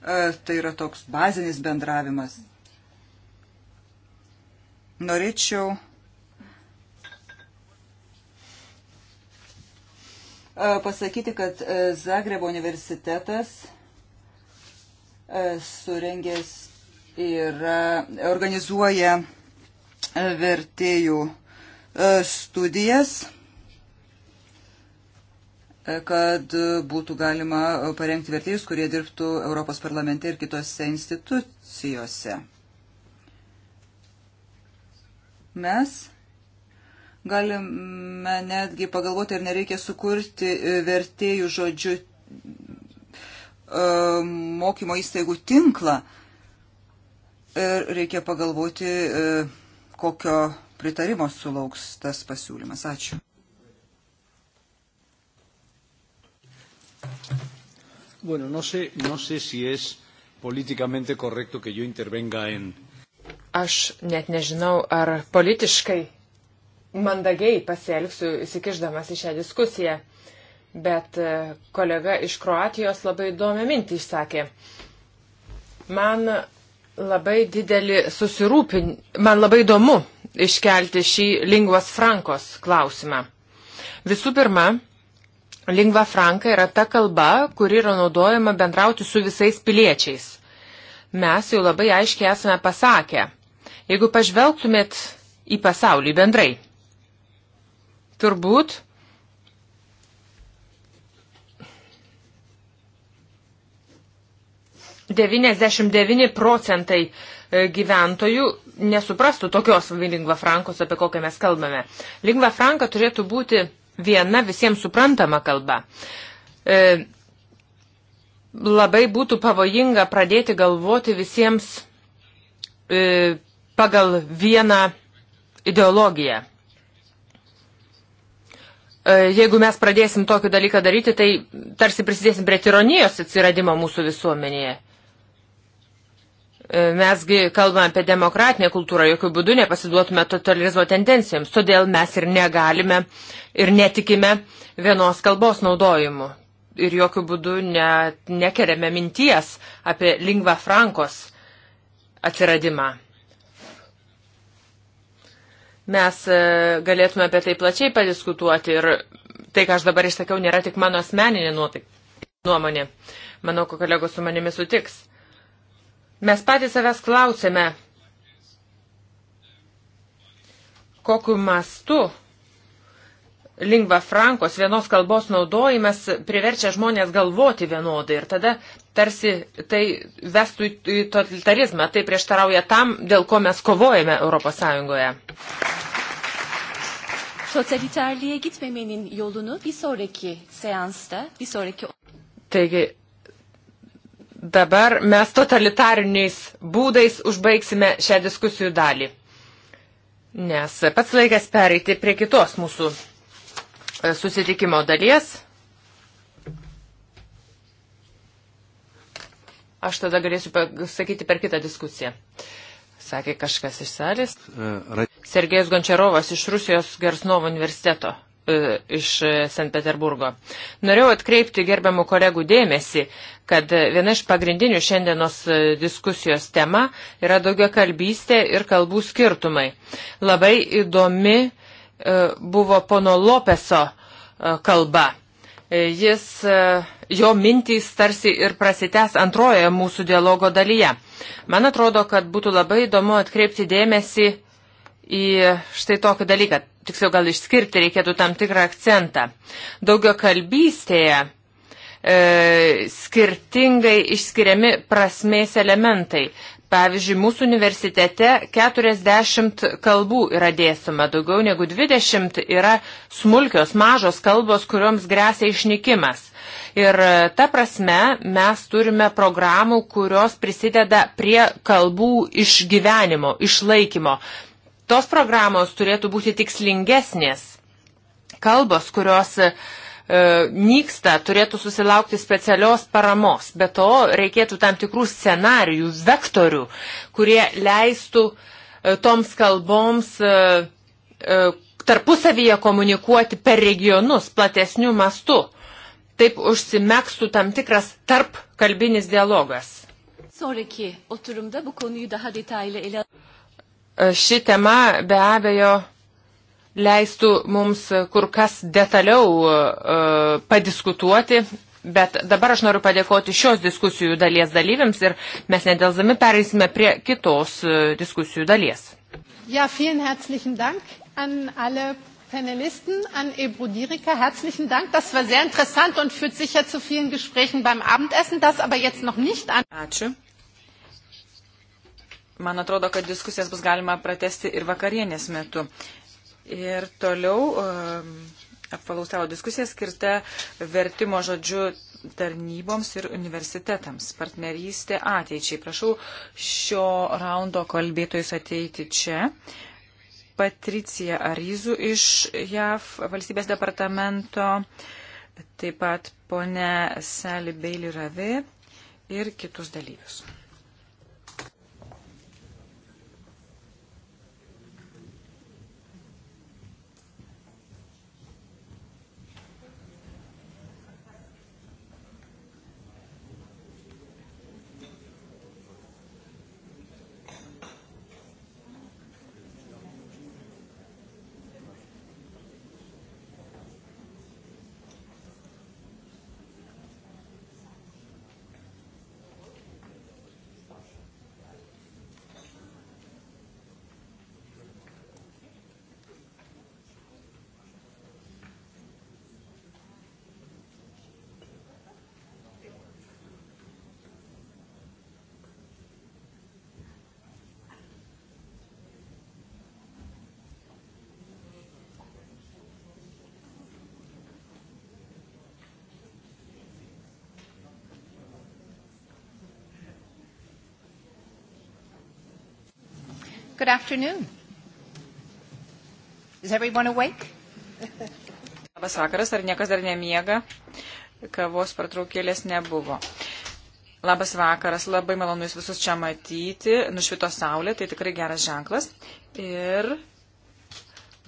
tai yra toks bazinis bendravimas. Norėčiau E, pasakyti, kad e, Zagrebo universitetas e, surengęs ir organizuoja vertėjų studijas kad būtų galima parengti vertėjus, kurie dirbtų Europos parlamente ir kitose institucijose. Mes Galime netgi pagalvoti, ar nereikia sukurti e, vertėjų žodžių e, mokymo įstaigų tinklą. Ir reikia pagalvoti, e, kokio pritarimo sulauks tas pasiūlymas. Ačiū. Bueno, no sé, no sé si es políticamente correcto que yo intervenga en. Aš net nežinau, ar politiškai mandagiai pasielgsiu įsikišdamas į šią diskusiją, bet e, kolega iš Kroatijos labai įdomią mintį išsakė. Man labai didelį susirūpin, man labai įdomu iškelti šį lingvas frankos klausimą. Visų pirma, lingva franka yra ta kalba, kuri yra naudojama bendrauti su visais piliečiais. Mes jau labai aiškiai esame pasakę, jeigu pažvelgtumėt į pasaulį bendrai, Turbūt devyniasdešimt devyni procentai e, gyventojų nesuprastų tokios lingva frankos, apie kokią mes kalbame. Lingva franka turėtų būti viena visiems suprantama kalba. E, labai būtų pavojinga pradėti galvoti visiems e, pagal vieną ideologiją. E, jeigu mes pradėsim tokį dalyką daryti, tai tarsi prisidėsim prie tironijos atsiradimo mūsų visuomenėje. E, mesgi kalbame apie demokratinę kultūrą, jokių būdų nepasiduotume totalizmo tendencijoms, todėl mes ir negalime ir netikime vienos kalbos naudojimu. Ir jokių būdų ne, nekeriame minties apie lingva frankos atsiradimą. Mes e, galėtume apie tai plačiai padiskutuoti ir tai, ką aš dabar išsakiau, nėra tik mano asmeninė nuotaik, nuomonė. Manau, ko kolegos su manimi sutiks. Mes patys savęs klausėme, kokiu mastu lingva frankos vienos kalbos naudojimas priverčia žmonės galvoti vienodai ir tada tarsi tai vestų į totalitarizmą, tai prieštarauja tam, dėl ko mes kovojame Europos Sąjungoje. Totaliterliğe gitmemenin yolunu bir sonraki seansta, bir sonraki... Taigi, dabar mes totalitariniais būdais užbaigsime šią diskusijų dalį, nes pats laikas pereiti prie kitos mūsų E, susitikimo dalies. Aš tada galėsiu sakyti per kitą diskusiją. Sakė kažkas iš salės. E, Sergejus Gončarovas iš Rusijos Gersnovo universiteto e, iš St. Peterburgo. Norėjau atkreipti gerbiamų kolegų dėmesį, kad viena iš pagrindinių šiandienos diskusijos tema yra daugia kalbystė ir kalbų skirtumai. Labai įdomi E, buvo pono Lopeso e, kalba. E, jis, jo mintys tarsi ir prasitęs antrojoje mūsų dialogo dalyje. Man atrodo, kad būtų labai įdomu atkreipti dėmesį į štai tokį dalyką. Tiksliau gal išskirti reikėtų tam tikrą akcentą. Daugio kalbystėje e, skirtingai išskiriami prasmės elementai. Pavyzdžiui, mūsų universitete 40 kalbų yra dėstoma, daugiau negu 20 yra smulkios, mažos kalbos, kurioms grėsia išnykimas. Ir e, ta prasme mes turime programų, kurios prisideda prie kalbų išgyvenimo, išlaikymo. Tos programos turėtų būti tikslingesnės. Kalbos, kurios uh, E, nyksta, turėtų susilaukti specialios paramos. Be to, reikėtų tam tikrų scenarijų, vektorių, kurie leistų e, toms kalboms e, tarpusavyje komunikuoti per regionus, platesnių mastų. Taip užsimekstų tam tikras tarp kalbinis dialogas. Sonraki oturumda bu konuyu daha detaylı ele... Ši tema be abejo leistų mums kur kas detaliau e, padiskutuoti Bet dabar aš noriu padėkoti šios diskusijų dalies dalyviams ir mes nedėlzami pereisime prie kitos e, diskusijų dalies. Ja, vielen herzlichen Dank an alle Panelisten, an Ebru Dirika. Herzlichen Dank. Das war sehr interessant und führt sicher zu vielen Gesprächen beim Abendessen. Das aber jetzt noch nicht an. Ačiū. Man atrodo, kad diskusijas bus galima pratesti ir vakarienės metu. Ir toliau um, apvalau savo diskusiją skirtą vertimo žodžiu tarnyboms ir universitetams. Partnerystė ateičiai. Prašau šio raundo kalbėtojus ateiti čia. Patricija Aryzų iš JAV valstybės departamento, taip pat ponė Sally Bailey Ravi ir kitus dalyvius. Good afternoon. Is everyone awake? Labas vakaras, ar niekas dar nemiega? Kavos pertraukėlės nebuvo. Labas vakaras, labai malonu jūs visus čia matyti. Nušvito saulė, tai tikrai geras ženklas. Ir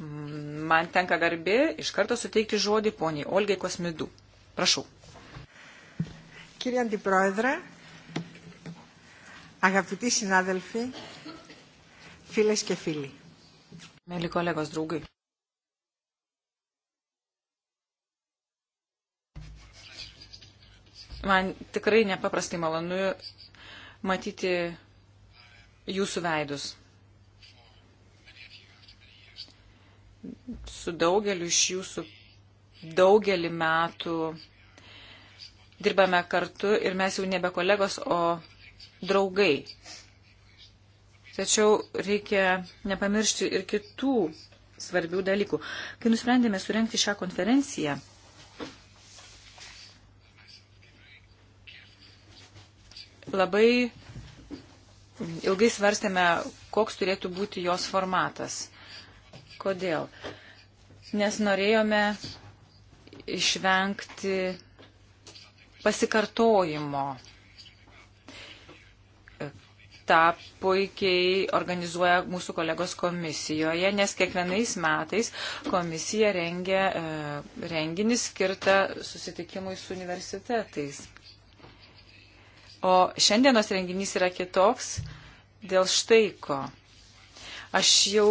man tenka garbė iš karto suteikti žodį poniai Olgai Kosmidu. Prašau. Κύριε Αντιπρόεδρε, αγαπητοί συνάδελφοι, Φίλες και φίλοι. Mėly kolegos draugai. Man tikrai nepaprastai malonu matyti jūsų veidus. Su daugeliu iš jūsų daugelį metų dirbame kartu ir mes jau nebe kolegos, o draugai. Tačiau reikia nepamiršti ir kitų svarbių dalykų. Kai nusprendėme surenkti šią konferenciją, labai ilgai svarstėme, koks turėtų būti jos formatas. Kodėl? Nes norėjome išvengti pasikartojimo tą puikiai organizuoja mūsų kolegos komisijoje, nes kiekvienais metais komisija rengia e, renginį skirtą susitikimui su universitetais. O šiandienos renginys yra kitoks dėl štai ko. Aš jau,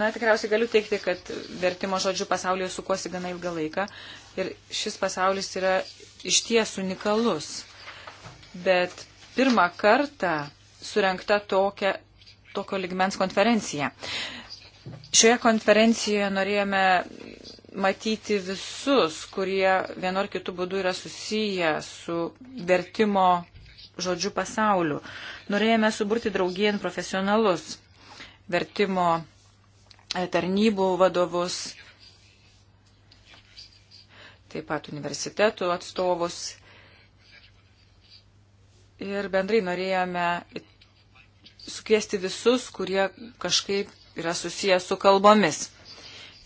na, tikriausiai galiu teikti, kad vertimo žodžių pasaulyje sukuosi gana ilgą laiką ir šis pasaulis yra iš ties unikalus. Bet pirmą kartą surenkta tokia, tokio ligmens konferencija. Šioje konferencijoje norėjome matyti visus, kurie vienu ar kitu būdu yra susiję su vertimo žodžių pasauliu. Norėjome suburti draugien profesionalus, vertimo e, tarnybų vadovus, taip pat universitetų atstovus ir bendrai norėjome sukviesti visus, kurie kažkaip yra susijęs su kalbomis.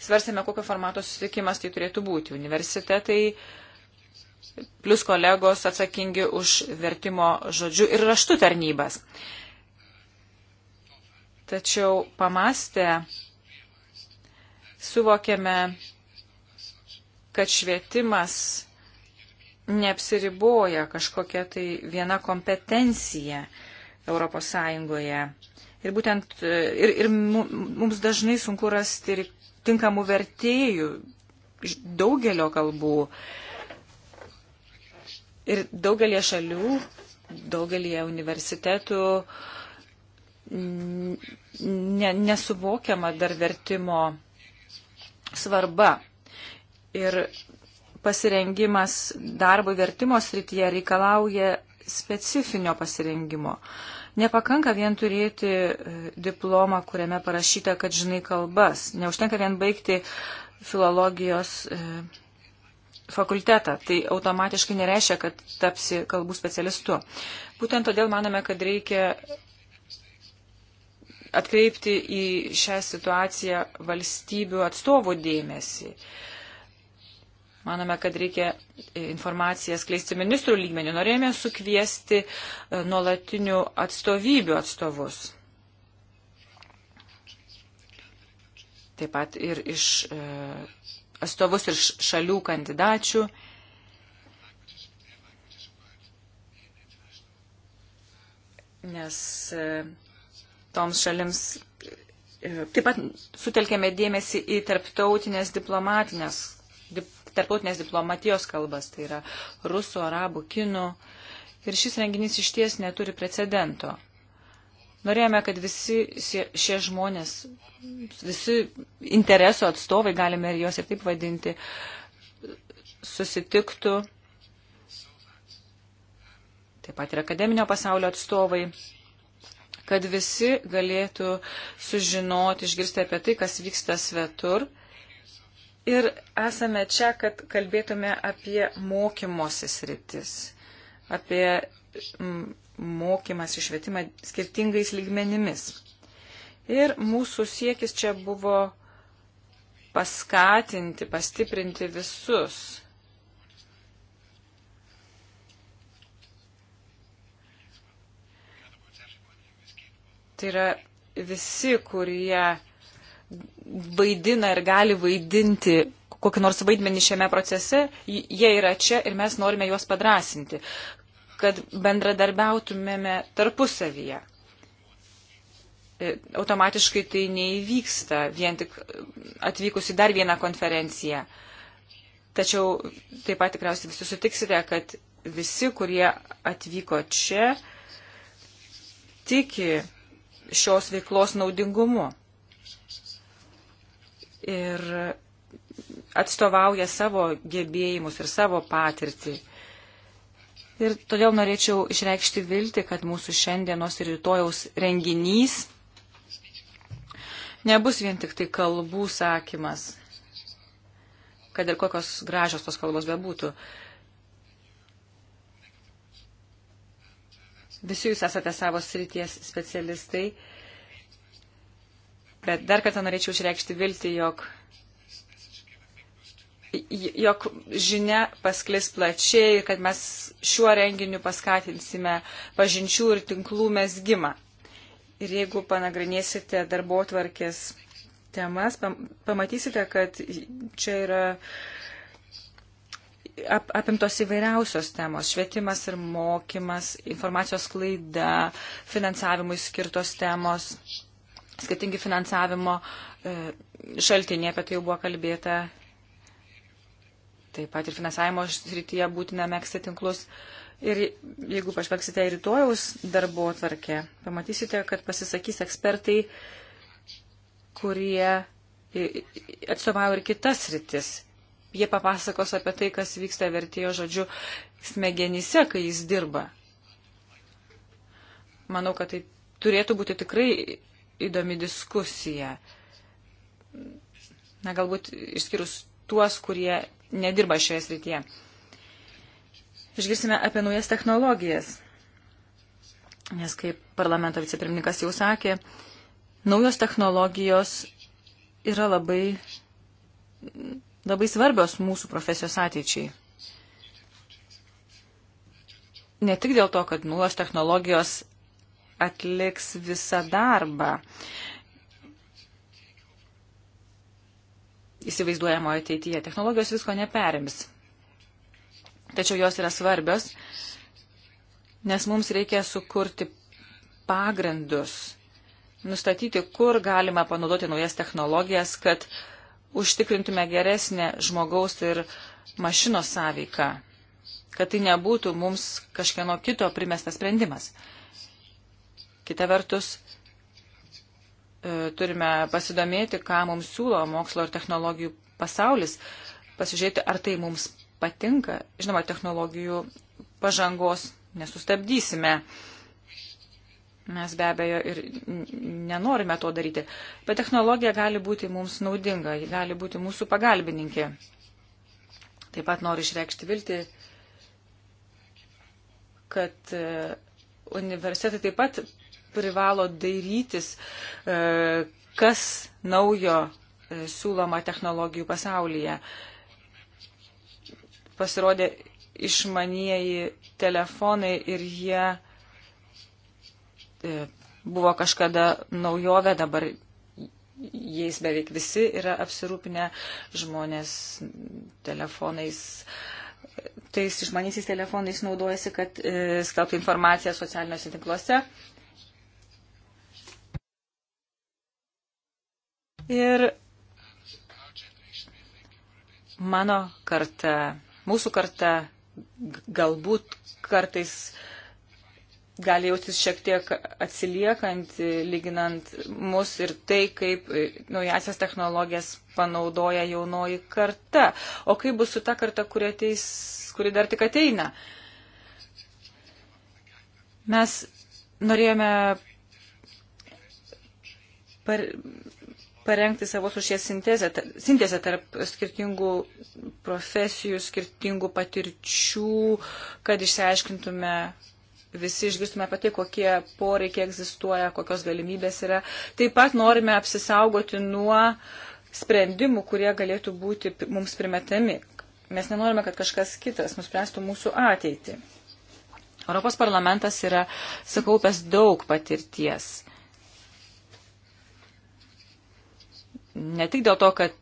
Svarsime, kokio formato susitikimas tai turėtų būti. Universitetai plus kolegos atsakingi už vertimo žodžių ir raštų tarnybas. Tačiau pamastę suvokėme, kad švietimas neapsiriboja kažkokia tai viena kompetencija Europos Sąjungoje. Ir būtent e, ir, ir mums dažnai sunku rasti ir tinkamų vertėjų daugelio kalbų. Ir daugelie šalių, daugelie universitetų ne, nesuvokiama dar vertimo svarba. Ir pasirengimas darbo vertimo srityje reikalauja specifinio pasirengimo. Nepakanka vien turėti e, diplomą, kuriame parašyta, kad žinai kalbas. Neužtenka vien baigti filologijos e, fakultetą. Tai automatiškai nereiškia, kad tapsi kalbų specialistu. Būtent todėl manome, kad reikia atkreipti į šią situaciją valstybių atstovų dėmesį. Uh, Manome, kad reikia informaciją skleisti ministrų lygmenių. Norėjome sukviesti e, nuolatinių atstovybių atstovus. Taip pat ir iš e, atstovus ir šalių kandidačių. Nes e, toms šalims taip pat sutelkėme dėmesį į tarptautinės diplomatinės dip, tarptautinės diplomatijos kalbas, tai yra rusų, arabų, kinų. Ir šis renginys iš ties neturi precedento. Norėjome, kad visi šie žmonės, visi interesų atstovai, galime ir juos ir taip vadinti, susitiktų. Taip pat ir akademinio pasaulio atstovai kad visi galėtų sužinoti, išgirsti apie tai, kas vyksta svetur Ir esame čia, kad kalbėtume apie mokymosi sritis, apie mokymas išvietimą skirtingais lygmenimis. Ir mūsų siekis čia buvo paskatinti, pastiprinti visus. Tai yra visi, kurie vaidina ir gali vaidinti kokį nors vaidmenį šiame procese, jie yra čia ir mes norime juos padrasinti, kad bendradarbiautumėme tarpusavyje. E, automatiškai tai neįvyksta vien tik atvykus į dar vieną konferenciją. Tačiau taip pat tikriausiai visi sutiksite, kad visi, kurie atvyko čia, tiki šios veiklos naudingumu ir atstovauja savo gebėjimus ir savo patirtį. Ir todėl norėčiau išreikšti viltį, kad mūsų šiandienos ir rytojaus renginys nebus vien tik tai kalbų sakymas, kad ir kokios gražios tos kalbos bebūtų. Visi jūs esate savo srities specialistai Bet dar kartą norėčiau išreikšti viltį, jog, jog žinia pasklis plačiai ir kad mes šiuo renginiu paskatinsime pažinčių ir tinklų mesgymą. Ir jeigu panagrinėsite darbo tvarkės temas, pamatysite, kad čia yra ap, apimtos įvairiausios temos - švietimas ir mokymas, informacijos klaida, finansavimui skirtos temos skirtingi finansavimo e, šaltiniai, apie tai jau buvo kalbėta. Taip pat ir finansavimo srityje būtina mėgsti tinklus. Ir jeigu pažvelgsite į rytojaus darbo tvarkę, pamatysite, kad pasisakys ekspertai, kurie atstovauja ir kitas rytis. Jie papasakos apie tai, kas vyksta vertėjo žodžiu smegenyse, kai jis dirba. Manau, kad tai turėtų būti tikrai įdomi diskusija. Na, galbūt išskyrus tuos, kurie nedirba šioje srityje. Išgirsime apie naujas technologijas. Nes, kaip parlamento vicepirmininkas jau sakė, naujos technologijos yra labai, labai svarbios mūsų profesijos ateičiai. Ne tik dėl to, kad naujos technologijos atliks visą darbą. Įsivaizduojamoje ateityje technologijos visko neperims. Tačiau jos yra svarbios, nes mums reikia sukurti pagrindus, nustatyti, kur galima panaudoti naujas technologijas, kad užtikrintume geresnę žmogaus ir mašinos sąveiką, kad tai nebūtų mums kažkieno kito primestas sprendimas. Kita vertus, e, turime pasidomėti, ką mums siūlo mokslo ir technologijų pasaulis, pasižiūrėti, ar tai mums patinka. Žinoma, technologijų pažangos nesustabdysime. Mes be abejo ir nenorime to daryti. Bet technologija gali būti mums naudinga, ji gali būti mūsų pagalbininkė. Taip pat noriu išreikšti viltį, kad e, universitetai taip pat privalo dairytis, e, kas naujo e, siūloma technologijų pasaulyje. Pasirodė išmanieji telefonai ir jie e, buvo kažkada naujovė, dabar jais beveik visi yra apsirūpinę žmonės telefonais. Tais išmanysiais telefonais naudojasi, kad e, skelbtų informaciją socialiniuose tinkluose. Ir mano karta, mūsų karta galbūt kartais gali jaustis šiek tiek atsiliekant, lyginant mus ir tai, kaip e, naujasias technologijas panaudoja jaunoji karta. O kaip bus su ta karta, kuri, ateis, kuri dar tik ateina? Mes norėjome par, parengti savos užės sintezę, sintezę tarp skirtingų profesijų, skirtingų patirčių, kad išsiaiškintume visi išgirstume apie tai, kokie poreikiai egzistuoja, kokios galimybės yra. Taip pat norime apsisaugoti nuo sprendimų, kurie galėtų būti mums primetami. Mes nenorime, kad kažkas kitas nuspręstų mūsų ateitį. Europos parlamentas yra sukaupęs daug patirties. ne tik dėl to, kad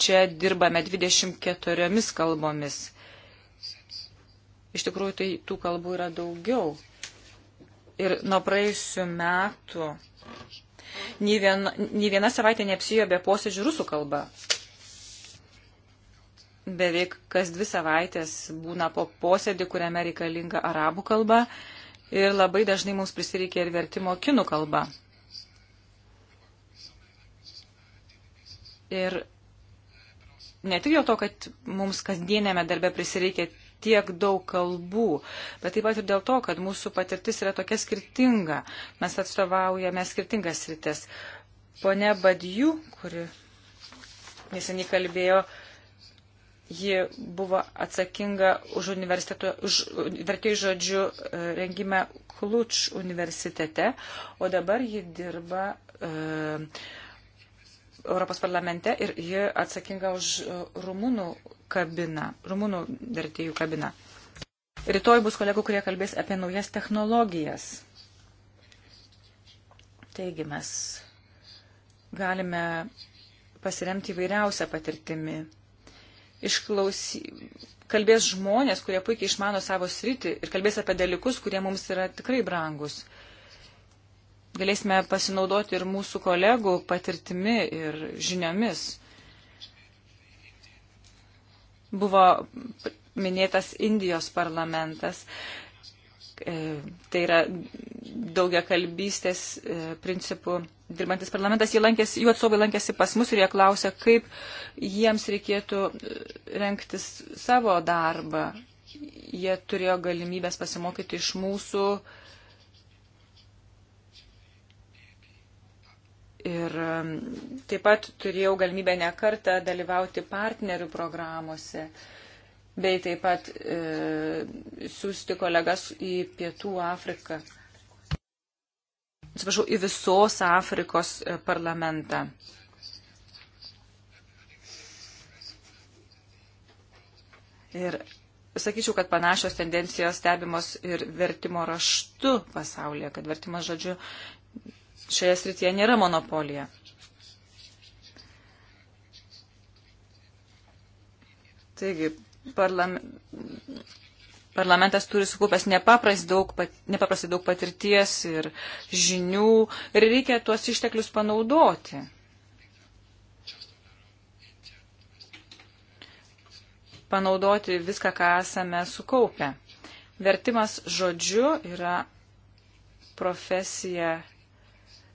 čia dirbame 24 kalbomis. Iš tikrųjų, tai tų kalbų yra daugiau. Ir nuo praėjusių metų nei viena, nei viena savaitė neapsijo be posėdžių rusų kalba. Beveik kas dvi savaitės būna po posėdį, kuriame reikalinga arabų kalba ir labai dažnai mums prisireikia ir vertimo kinų kalba. Ir ne tik dėl to, kad mums kasdienėme darbe prisireikia tiek daug kalbų, bet taip pat ir dėl to, kad mūsų patirtis yra tokia skirtinga. Mes atstovaujame skirtingas rytis. Pone Badijų, kuri neseniai kalbėjo, ji buvo atsakinga už, už vertėjų žodžių e, rengimą Kluč universitete, o dabar ji dirba. Uh, e, Europos parlamente ir ji atsakinga už e, rumunų kabiną, rumunų vertėjų kabiną. Rytoj bus kolegų, kurie kalbės apie naujas technologijas. Taigi mes galime pasiremti įvairiausią patirtimį. Išklausy... Kalbės žmonės, kurie puikiai išmano savo sritį ir kalbės apie dalykus, kurie mums yra tikrai brangus galėsime pasinaudoti ir mūsų kolegų patirtimi ir žiniomis. Buvo minėtas Indijos parlamentas. E, tai yra daugia kalbystės e, principų dirbantis parlamentas. Jie lankėsi, jų atstovai lankėsi pas mus ir jie klausė, kaip jiems reikėtų renktis savo darbą. Jie turėjo galimybės pasimokyti iš mūsų uh, Ir um, taip pat turėjau galimybę nekartą dalyvauti partnerių programuose, bei taip pat e, siūsti kolegas į Pietų Afriką. Atsiprašau, į visos Afrikos e, parlamentą. Ir sakyčiau, kad panašios tendencijos stebimos ir vertimo raštu pasaulyje, kad vertimas žodžiu šioje srityje nėra monopolija. Taigi, parlam, parlamentas turi sukaupęs nepaprastai daug, nepaprastai daug patirties ir žinių ir reikia tuos išteklius panaudoti. Panaudoti viską, ką esame sukaupę. Vertimas žodžiu yra profesija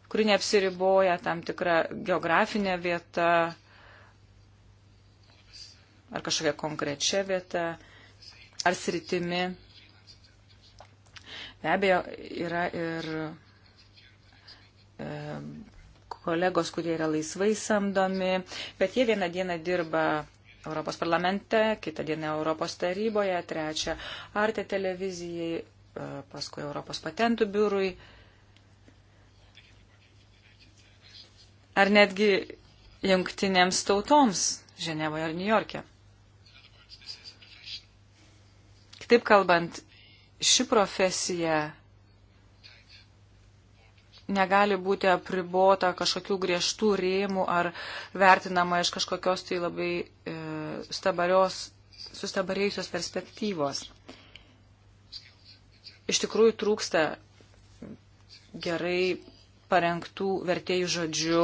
kuri neapsiriboja tam tikrą geografinę vietą ar kažkokią konkrečią vietą ar sritimi. Be abejo, yra ir e, kolegos, kurie yra laisvai samdomi, bet jie vieną dieną dirba Europos parlamente, kitą dieną Europos taryboje, trečią Arte televizijai, e, paskui Europos patentų biurui. ar netgi jungtinėms tautoms Ženevoje ar Niujorke. Kitaip kalbant, ši profesija negali būti apribota kažkokių griežtų rėmų ar vertinama iš kažkokios tai labai e, stabarios, sustabarėjusios perspektyvos. Iš tikrųjų trūksta gerai parengtų vertėjų žodžių,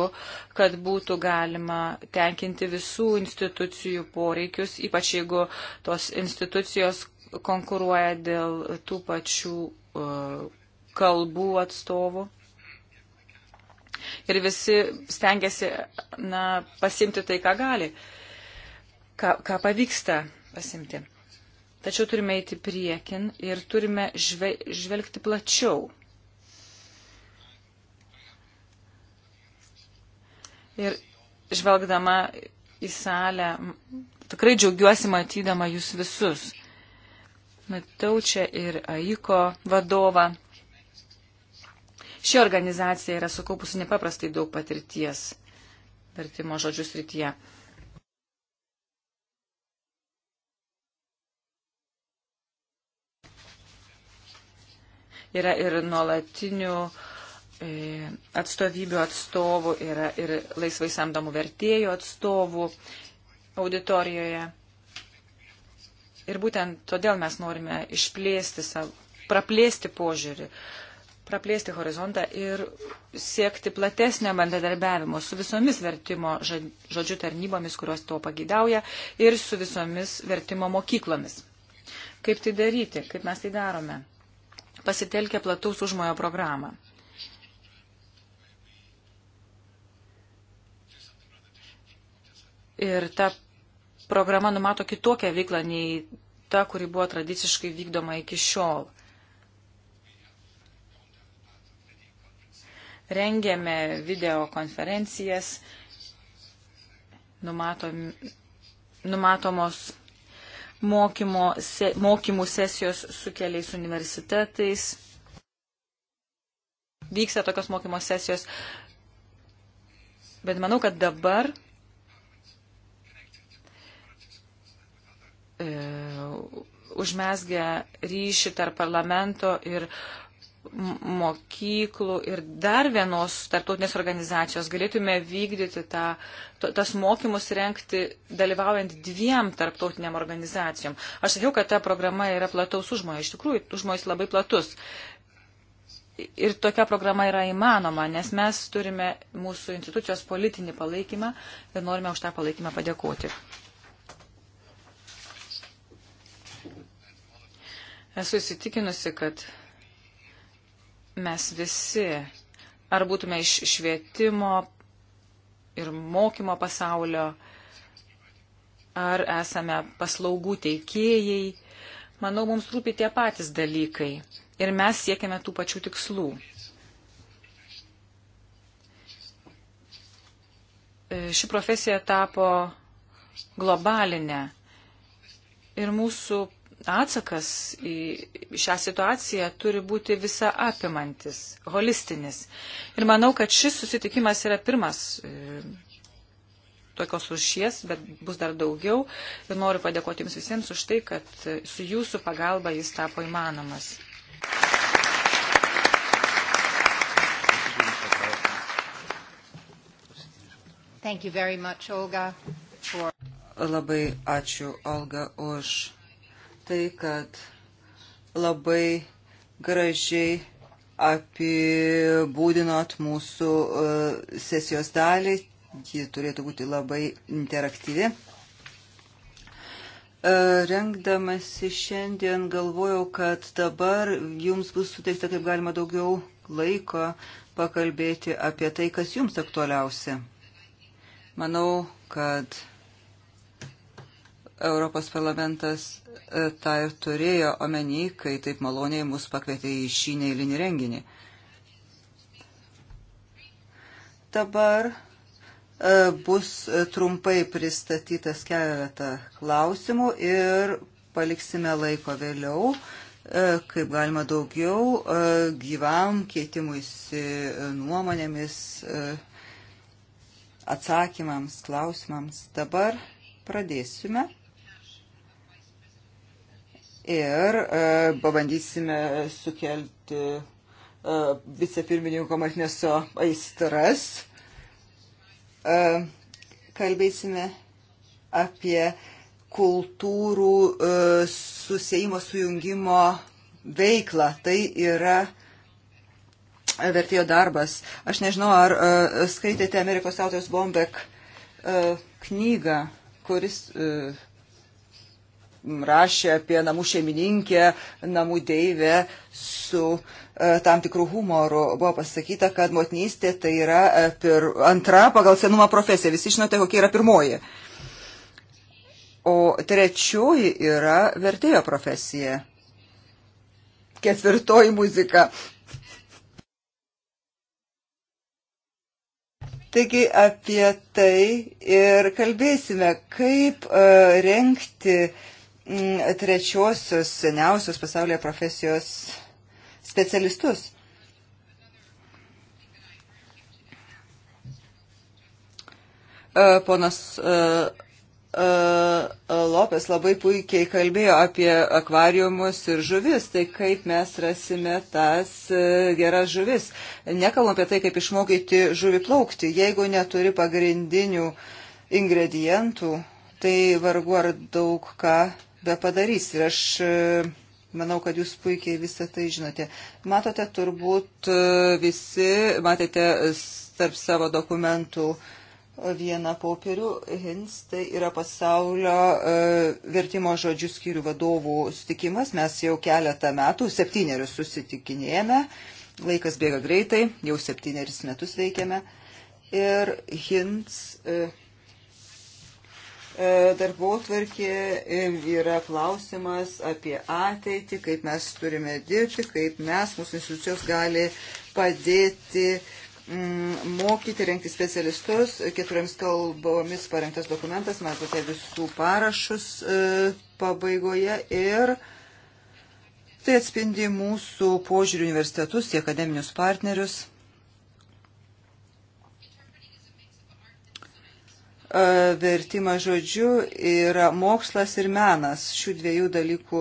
kad būtų galima tenkinti visų institucijų poreikius, ypač jeigu tos institucijos konkuruoja dėl tų pačių uh, kalbų atstovų. Ir visi stengiasi na, pasimti tai, ką gali, ką, ką pavyksta pasimti. Tačiau turime eiti priekin ir turime žve, žvelgti plačiau Ir žvelgdama į salę, tikrai džiaugiuosi matydama jūs visus. Matau čia ir AIKO vadovą. Ši organizacija yra sukaupusi nepaprastai daug patirties vertimo žodžių srityje. Yra ir nuolatinių uh, E, atstovybių atstovų, yra ir laisvai samdomų vertėjų atstovų auditorijoje. Ir būtent todėl mes norime išplėsti savo, praplėsti požiūrį, praplėsti horizontą ir siekti platesnio bendradarbiavimo su visomis vertimo žodžių tarnybomis, kurios to pagydauja, ir su visomis vertimo mokyklomis. Kaip tai daryti, kaip mes tai darome? Pasitelkę plataus užmojo programą. Ir ta programa numato kitokią veiklą nei ta, kuri buvo tradiciškai vykdoma iki šiol. Rengėme videokonferencijas, numatom, numatomos mokymo, se, mokymų sesijos su keliais universitetais. Vyksta tokios mokymo sesijos. Bet manau, kad dabar e, užmesgia ryšį tarp parlamento ir mokyklų ir dar vienos tarptautinės organizacijos galėtume vykdyti tą, to, tas mokymus renkti dalyvaujant dviem tarptautiniam organizacijom. Aš sakiau, kad ta programa yra plataus užmojo. Iš tikrųjų, užmojas labai platus. Ir tokia programa yra įmanoma, nes mes turime mūsų institucijos politinį palaikymą ir norime už tą palaikymą padėkoti. Esu įsitikinusi, kad mes visi, ar būtume iš švietimo ir mokymo pasaulio, ar esame paslaugų teikėjai, manau, mums rūpi tie patys dalykai ir mes siekiame tų pačių tikslų. Ši profesija tapo globalinė ir mūsų atsakas į šią situaciją turi būti visa apimantis, holistinis. Ir manau, kad šis susitikimas yra pirmas e, tokios užšies, bet bus dar daugiau. Ir noriu padėkoti Jums visiems už tai, kad e, su Jūsų pagalba jis tapo įmanomas. Thank you very much, Olga, for... Labai ačiū, Olga, už tai, kad labai gražiai apibūdinot mūsų e, sesijos dalį. Ji turėtų būti labai interaktyvi. E, rengdamasi šiandien galvojau, kad dabar jums bus suteikta kaip galima daugiau laiko pakalbėti apie tai, kas jums aktualiausia. Manau, kad Europos parlamentas e, tą ir turėjo omeny, kai taip maloniai mus pakvietė į šį neįlinį renginį. Dabar e, bus e, trumpai pristatytas keletą klausimų ir paliksime laiko vėliau, kaip galima daugiau, gyvam keitimuisi nuomonėmis, atsakymams, klausimams. Dabar pradėsime ir e, pabandysime sukelti e, vicepirmininko Martineso aistras. E, kalbėsime apie kultūrų susėjimo sujungimo veiklą. Tai yra vertėjo darbas. Aš nežinau, ar skaitėte Amerikos autoriaus Bombek knygą, kuris rašė apie namų šeimininkę, namų deivę su e, tam tikrų humorų. Buvo pasakyta, kad motinystė tai yra e, pir, antra pagal senumą profesija. Visi žinote, kokia yra pirmoji. O trečioji yra vertėjo profesija. Ketvirtoji muzika. Taigi apie tai ir kalbėsime, kaip uh, e, renkti uh, Mm, trečiosios seniausios pasaulyje profesijos specialistus. E, ponas e, e, Lopes labai puikiai kalbėjo apie akvariumus ir žuvis, tai kaip mes rasime tas geras žuvis. Nekalbam apie tai, kaip išmokyti žuvį plaukti. Jeigu neturi pagrindinių ingredientų, tai vargu ar daug ką be padarys. Ir aš e, manau, kad jūs puikiai visą tai žinote. Matote, turbūt e, visi, matėte tarp savo dokumentų vieną popierių. Hins tai yra pasaulio e, vertimo žodžių skyrių vadovų sutikimas. Mes jau keletą metų, septynerius susitikinėjame. Laikas bėga greitai, jau septynerius metus veikiame. Ir Hins. E, E, darbo tvarkė e, yra klausimas apie ateitį, kaip mes turime dirbti, kaip mes, mūsų institucijos gali padėti mm, mokyti, renkti specialistus. Keturiams kalbomis parengtas dokumentas, matote visų parašus e, pabaigoje ir tai atspindi mūsų požiūrį universitetus, akademinius partnerius. E, vertimas žodžiu yra mokslas ir menas, šių dviejų dalykų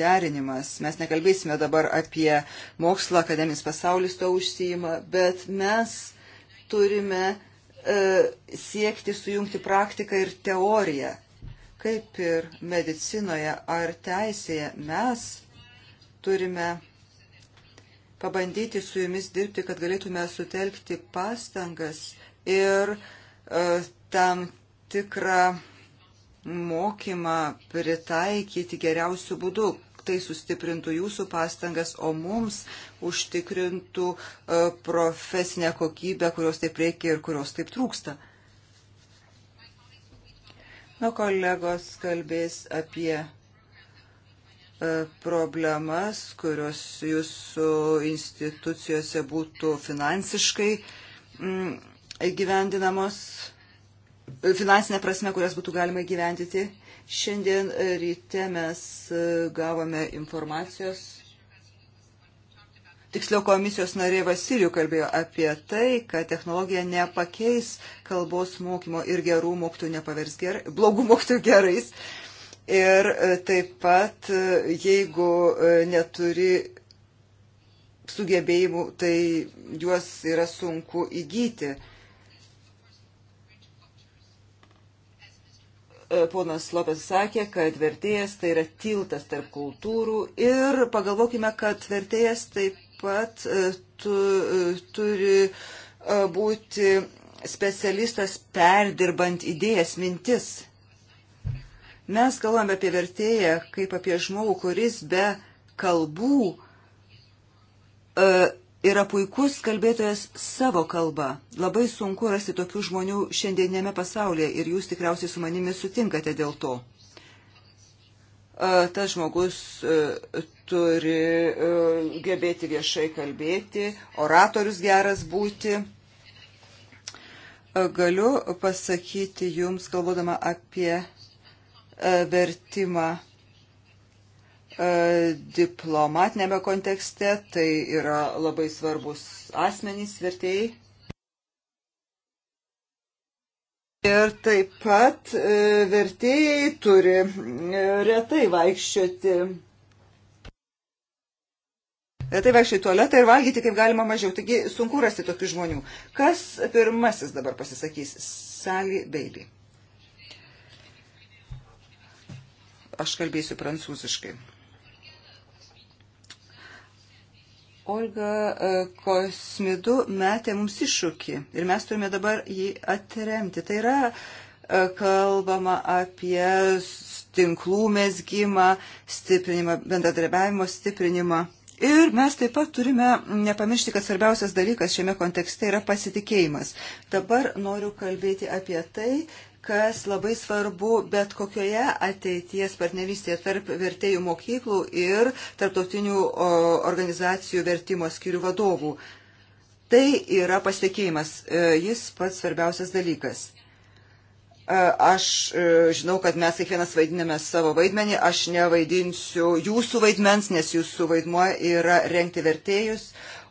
derinimas. Mes nekalbėsime dabar apie mokslą, akademinis pasaulis to užsijima, bet mes turime e, siekti sujungti praktiką ir teoriją. Kaip ir medicinoje ar teisėje mes turime pabandyti su jumis dirbti, kad galėtume sutelkti pastangas ir e, tam tikrą mokymą pritaikyti geriausių būdų. Tai sustiprintų jūsų pastangas, o mums užtikrintų e, profesinę kokybę, kurios taip reikia ir kurios taip trūksta. Na, kolegos kalbės apie e, problemas, kurios jūsų institucijose būtų finansiškai mm, gyvendinamos finansinę prasme, kurias būtų galima įgyvendyti. Šiandien ryte mes e, gavome informacijos. Tiksliau komisijos narė Vasilijų kalbėjo apie tai, kad technologija nepakeis kalbos mokymo ir gerų mokytojų nepavers gerai, blogų mokytojų gerais. Ir e, taip pat, e, jeigu neturi sugebėjimų, tai juos yra sunku įgyti E, ponas Lopes sakė, kad vertėjas tai yra tiltas tarp kultūrų ir pagalvokime, kad vertėjas taip pat e, tu, e, turi būti specialistas perdirbant idėjas, mintis. Mes kalbame apie vertėją kaip apie žmogų, kuris be kalbų yra puikus kalbėtojas savo kalba. Labai sunku rasti tokių žmonių šiandienėme pasaulyje ir jūs tikriausiai su manimi sutinkate dėl to. E, tas žmogus e, turi e, gebėti viešai kalbėti, oratorius geras būti. Galiu pasakyti jums, kalbodama apie vertimą E, diplomatinėme kontekste, tai yra labai svarbus asmenys vertėjai. Ir taip pat e, vertėjai turi e, retai vaikščioti. Retai vaikščiai tualetą ir valgyti kaip galima mažiau. Taigi sunku rasti tokių žmonių. Kas pirmasis dabar pasisakys? Sally Baby. Aš kalbėsiu prancūziškai. Olga e, Kosmidu metė mums iššūkį ir mes turime dabar jį atremti. Tai yra e, kalbama apie tinklų mesgymą, stiprinimą, bendradarbiavimo stiprinimą. Ir mes taip pat turime nepamiršti, kad svarbiausias dalykas šiame kontekste yra pasitikėjimas. Dabar noriu kalbėti apie tai, kas labai svarbu bet kokioje ateities partnerystėje tarp vertėjų mokyklų ir tarptautinių organizacijų vertimo skirių vadovų. Tai yra pasiekėjimas, e, jis pats svarbiausias dalykas. E, aš e, žinau, kad mes kiekvienas vaidiname savo vaidmenį, aš nevaidinsiu jūsų vaidmens, nes jūsų vaidmuo yra renkti vertėjus,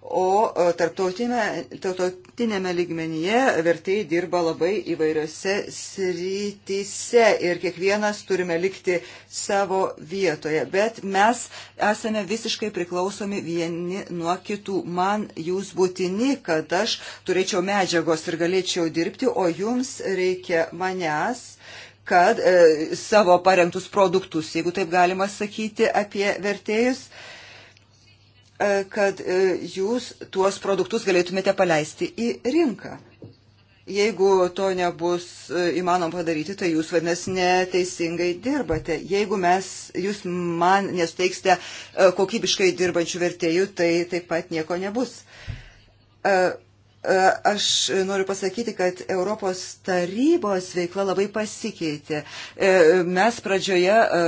o e, tarptautinėme lygmenyje vertėjai dirba labai įvairiose srityse ir kiekvienas turime likti savo vietoje. Bet mes esame visiškai priklausomi vieni nuo kitų. Man jūs būtini, kad aš turėčiau medžiagos ir galėčiau dirbti, o jums reikia manęs kad e, savo parengtus produktus, jeigu taip galima sakyti apie vertėjus, e, E, kad e, jūs tuos produktus galėtumėte paleisti į rinką. Jeigu to nebus e, įmanoma padaryti, tai jūs vadinasi neteisingai dirbate. Jeigu mes, jūs man nesuteiksite kokybiškai dirbančių vertėjų, tai taip pat nieko nebus. E, aš noriu pasakyti, kad Europos tarybos veikla labai pasikeitė. E, mes pradžioje e,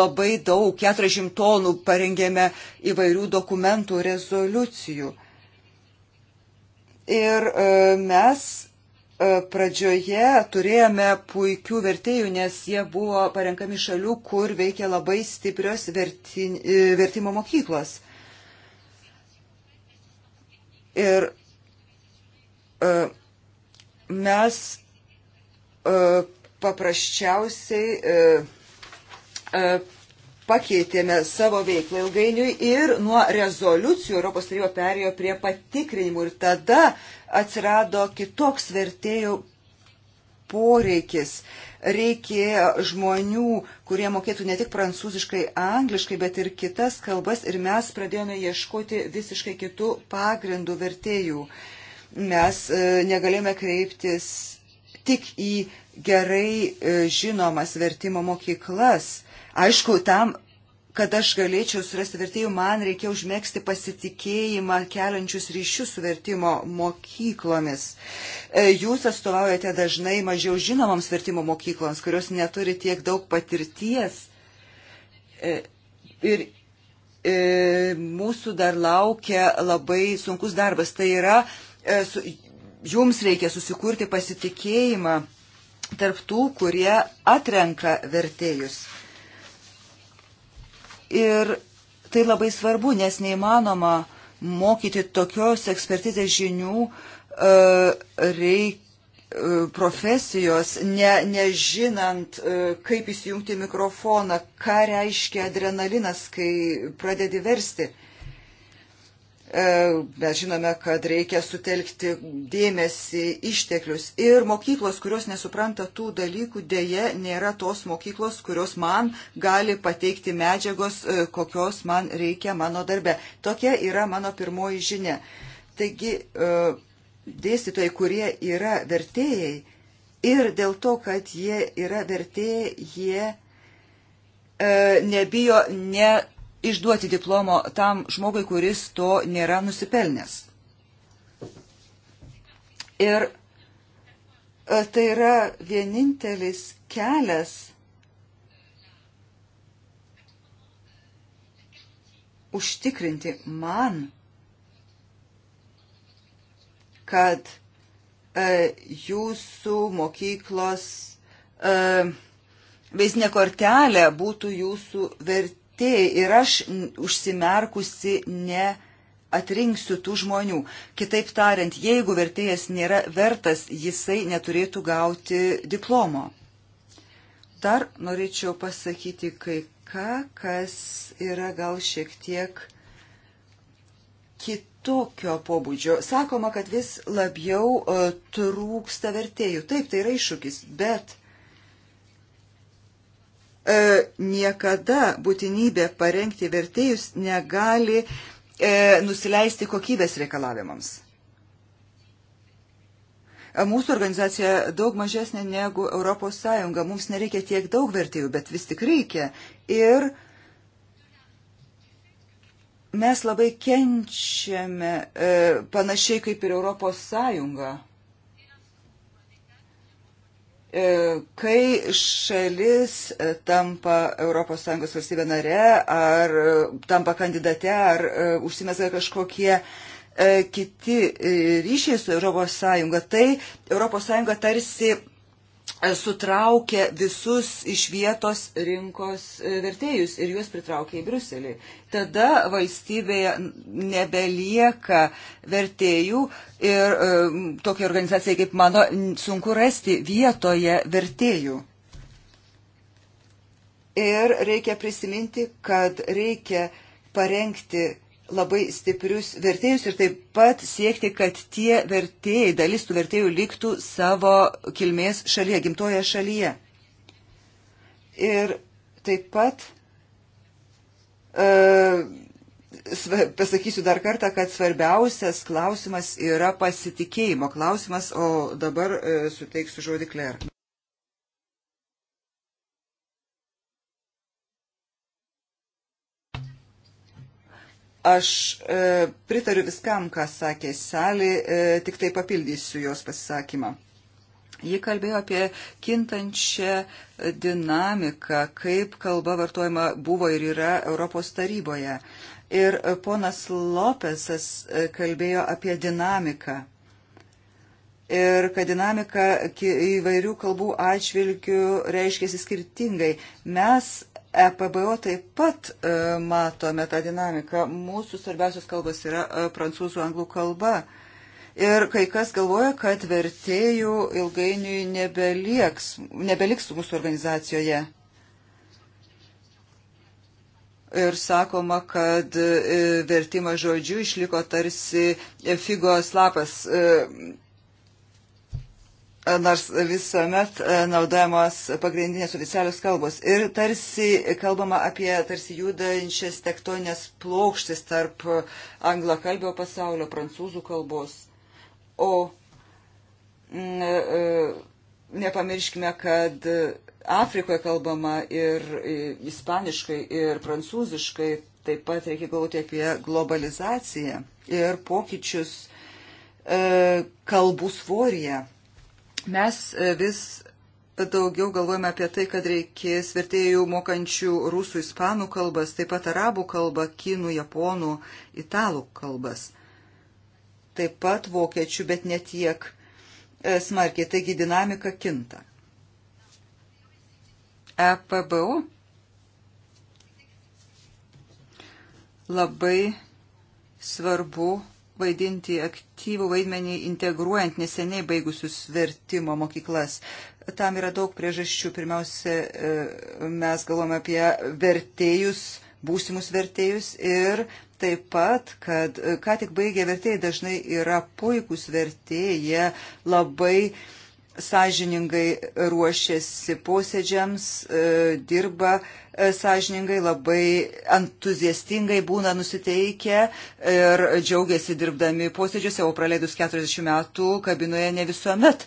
labai daug, 40 tonų, parengėme įvairių dokumentų, rezoliucijų. Ir mes pradžioje turėjome puikių vertėjų, nes jie buvo parenkami šalių, kur veikia labai stiprios vertin, vertimo mokyklos. Ir E, mes e, paprasčiausiai e, pakeitėme savo veiklą ilgainiui ir nuo rezoliucijų Europos taryba perėjo prie patikrinimų ir tada atsirado kitoks vertėjų poreikis. Reikėjo žmonių, kurie mokėtų ne tik prancūziškai, angliškai, bet ir kitas kalbas ir mes pradėjome ieškoti visiškai kitų pagrindų vertėjų. Uh, mes e, negalėjome kreiptis tik į gerai e, žinomas vertimo mokyklas. Aišku, tam, kad aš galėčiau surasti vertėjų, man reikėjo užmėgsti pasitikėjimą keliančius ryšius su vertimo mokyklomis. E, jūs atstovaujate dažnai mažiau žinomoms vertimo mokykloms, kurios neturi tiek daug patirties. Ir mūsų dar laukia labai sunkus darbas. Tai yra E, su, jums reikia susikurti pasitikėjimą tarptų, kurie atrenka vertėjus. Ir tai labai svarbu, nes neįmanoma mokyti tokios ekspertizės žinių e, reik, e, profesijos, ne, nežinant, kaip įsijungti mikrofoną, ką reiškia adrenalinas, kai pradedi versti. E, mes žinome, kad reikia sutelkti dėmesį išteklius. Ir mokyklos, kurios nesupranta tų dalykų, dėje nėra tos mokyklos, kurios man gali pateikti medžiagos, e, kokios man reikia mano darbe. Tokia yra mano pirmoji žinia. Taigi, e, dėstytojai, kurie yra vertėjai ir dėl to, kad jie yra vertėjai, jie nebijo ne išduoti diplomo tam žmogui, kuris to nėra nusipelnęs. Ir e, tai yra vienintelis kelias užtikrinti man, kad e, jūsų mokyklos e, veizinė kortelė būtų jūsų vert, vertėjai ir aš užsimerkusi ne atrinksiu tų žmonių. Kitaip tariant, jeigu vertėjas nėra vertas, jisai neturėtų gauti diplomo. Dar norėčiau pasakyti kai ką, kas yra gal šiek tiek kitokio pobūdžio. Sakoma, kad vis labiau uh, trūksta vertėjų. Taip, tai yra iššūkis, bet E, niekada būtinybė parengti vertėjus negali e, nusileisti kokybės reikalavimams. E, mūsų organizacija daug mažesnė negu Europos Sąjunga. Mums nereikia tiek daug vertėjų, bet vis tik reikia. Ir mes labai kenčiame, panašiai kaip ir Europos Sąjunga. E, kai šalis e, tampa ES valstybė nare, ar e, tampa kandidate, ar užsimesga kažkokie kiti ryšiai su ES, tai ES tarsi sutraukė visus iš vietos rinkos e, vertėjus ir juos pritraukė į Bruselį. Tada valstybėje nebelieka vertėjų ir e, tokia organizacija kaip mano sunku rasti vietoje vertėjų. Ir reikia prisiminti, kad reikia parengti labai stiprius vertėjus ir taip pat siekti, kad tie vertėjai, dalis tų vertėjų liktų savo kilmės šalyje, gimtoje šalyje. Ir taip pat e, pasakysiu dar kartą, kad svarbiausias klausimas yra pasitikėjimo klausimas, o dabar e, suteiksiu žodį Kler. Aš e, pritariu viskam, ką sakė Sali, e, tik tai papildysiu jos pasisakymą. Ji kalbėjo apie kintančią dinamiką, kaip kalba vartojama buvo ir yra Europos taryboje. Ir ponas Lopesas e, kalbėjo apie dinamiką. Ir kad dinamika įvairių kalbų atžvilgių reiškia skirtingai. Mes EPBO taip pat e, matome tą dinamiką. Mūsų svarbiausios kalbos yra e, prancūzų anglų kalba. Ir kai kas galvoja, kad vertėjų ilgainiui nebeliks, nebeliks mūsų organizacijoje. Ir sakoma, kad e, vertimas žodžių išliko tarsi figos lapas nors visuomet e, naudojamos pagrindinės oficialios kalbos. Ir tarsi kalbama apie tarsi judančias tektonės plokštis tarp anglakalbio pasaulio, prancūzų kalbos. O mm, e, e, nepamirškime, kad Afrikoje kalbama ir ispaniškai, ir prancūziškai. Taip pat reikia galvoti apie globalizaciją ir pokyčius kalbų svoryje Mes e, vis daugiau galvojame apie tai, kad reikės vertėjų mokančių rusų, ispanų kalbas, taip pat arabų kalbą, kinų, japonų, italų kalbas. Taip pat vokiečių, bet ne tiek e, smarkiai, taigi dinamika kinta. EPBU labai svarbu vaidinti aktyvų vaidmenį integruojant neseniai baigusius vertimo mokyklas. Tam yra daug priežasčių. Pirmiausia, e, mes galvome apie vertėjus, būsimus vertėjus ir taip pat, kad e, ką tik baigė vertėjai dažnai yra puikūs vertėjai, labai uh, sąžiningai ruošiasi posėdžiams, e, dirba e, sąžiningai, labai entuziastingai būna nusiteikę ir džiaugiasi dirbdami posėdžiuose, o praleidus 40 metų kabinoje ne visuomet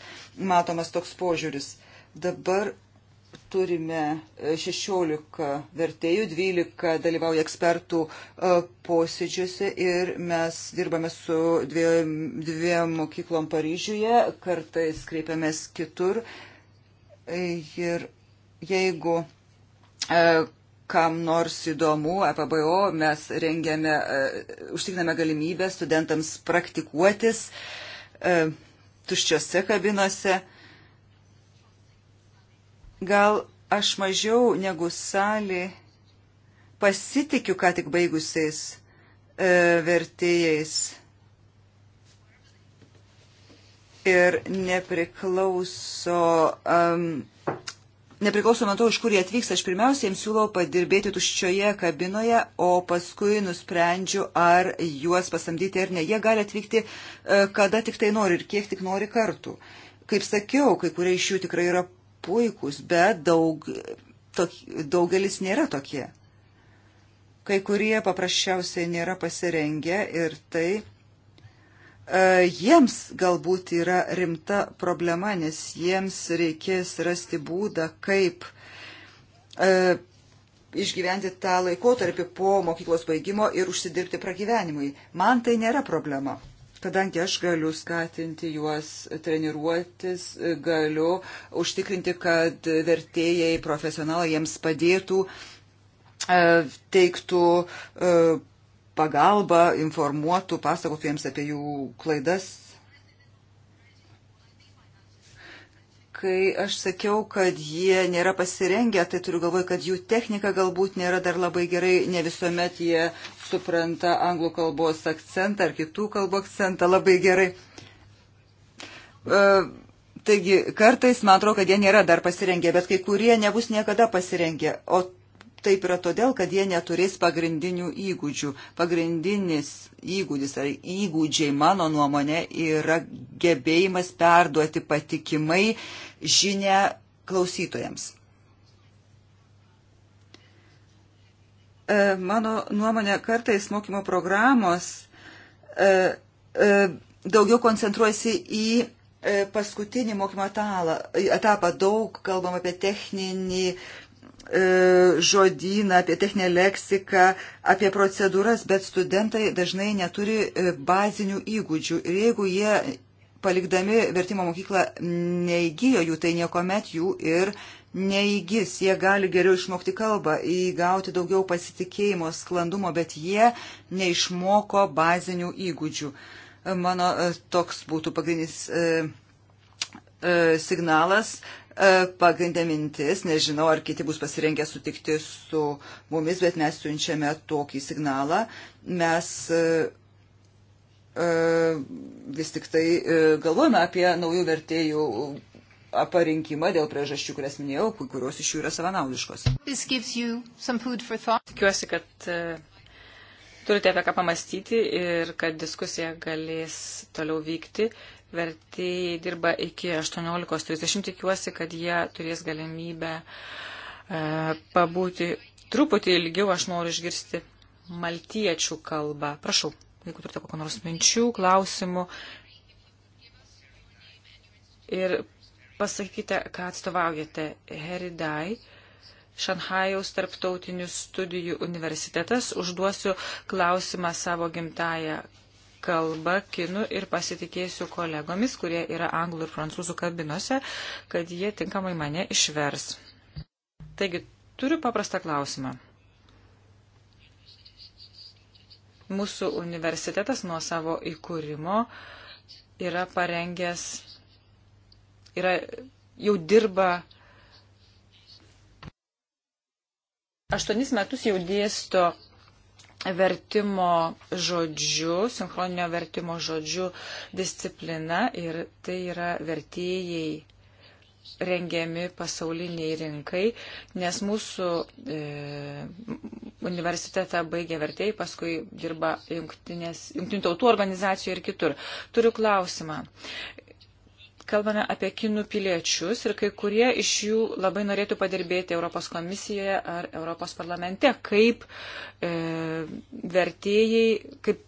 matomas toks požiūris. Dabar turime 16 e, vertėjų, 12 dalyvauja ekspertų e, posėdžiuose ir mes dirbame su dviem, dviem mokyklom Paryžiuje, kartais kreipiamės kitur. E, ir jeigu kam nors įdomu, EPBO mes rengiame, užtikriname galimybę studentams praktikuotis tuščiose kabinose Gal aš mažiau negu salį pasitikiu ką tik baigusiais e, vertėjais ir nepriklauso. Um, Nepriklauso nuo to, iš kur jie atvyks, aš pirmiausia jiems siūlau padirbėti tuščioje kabinoje, o paskui nusprendžiu, ar juos pasamdyti ar ne. Jie gali atvykti, e, kada tik tai nori ir kiek tik nori kartų. Kaip sakiau, kai kurie iš jų tikrai yra puikūs, bet daug, tok, daugelis nėra tokie. Kai kurie paprasčiausiai nėra pasirengę ir tai e, jiems galbūt yra rimta problema, nes jiems reikės rasti būdą, kaip e, išgyventi tą laikotarpį po mokyklos baigimo ir užsidirbti pragyvenimui. Man tai nėra problema kadangi aš galiu skatinti juos treniruotis, galiu užtikrinti, kad vertėjai, profesionalai jiems padėtų, e, teiktų e, pagalbą, informuotų, pasakotų jiems apie jų klaidas, Kai aš sakiau, kad jie nėra pasirengę, tai turiu galvoje, kad jų technika galbūt nėra dar labai gerai, ne visuomet jie supranta anglų kalbos akcentą ar kitų kalbų akcentą labai gerai. E, taigi, kartais man atrodo, kad jie nėra dar pasirengę, bet kai kurie nebus niekada pasirengę. O taip yra todėl, kad jie neturės pagrindinių įgūdžių. Pagrindinis įgūdis ar įgūdžiai, mano nuomonė, yra gebėjimas perduoti patikimai žinę klausytojams. E, mano nuomonė, kartais mokymo programos e, e, daugiau koncentruojasi į paskutinį mokymo etapą. Daug kalbam apie techninį E, žodyną, apie techninę leksiką, apie procedūras, bet studentai dažnai neturi e, bazinių įgūdžių. Ir jeigu jie palikdami vertimo mokyklą neįgyjo jų, tai niekuomet jų ir neįgis. Jie gali geriau išmokti kalbą, įgauti daugiau pasitikėjimo, sklandumo, bet jie neišmoko bazinių įgūdžių. Mano e, toks būtų pagrindinis signalas E, pagrindė mintis, nežinau, ar kiti bus pasirengę sutikti su mumis, bet mes siunčiame tokį signalą. Mes e, e, vis tik tai galvojame apie naujų vertėjų parinkimą dėl priežasčių, kurias minėjau, kurios iš jų yra savanaudiškos. Tikiuosi, kad turite apie ką pamastyti ir kad diskusija galės toliau vykti vertėjai dirba iki 18.30. Tikiuosi, kad jie turės galimybę e, pabūti truputį ilgiau. Aš noriu išgirsti maltiečių kalbą. Prašau, jeigu turite kokią nors minčių, klausimų. Ir pasakykite, ką atstovaujate. Heridai. Šanhajaus tarptautinių studijų universitetas. Užduosiu klausimą savo gimtają kalbą kinų ir pasitikėsiu kolegomis, kurie yra anglų ir prancūzų kabinose, kad jie tinkamai mane išvers. Taigi, turiu paprastą klausimą. Mūsų universitetas nuo savo įkūrimo yra parengęs, yra, jau dirba aštuonis metus jau dėsto vertimo žodžiu, sinchroninio vertimo žodžiu disciplina ir tai yra vertėjai rengiami pasauliniai rinkai, nes mūsų e, universitetą baigė vertėjai, paskui dirba jungtinių tautų organizacijų ir kitur. Turiu klausimą kalbame apie kinų piliečius ir kai kurie iš jų labai norėtų padirbėti Europos komisijoje ar Europos parlamente kaip e, vertėjai, kaip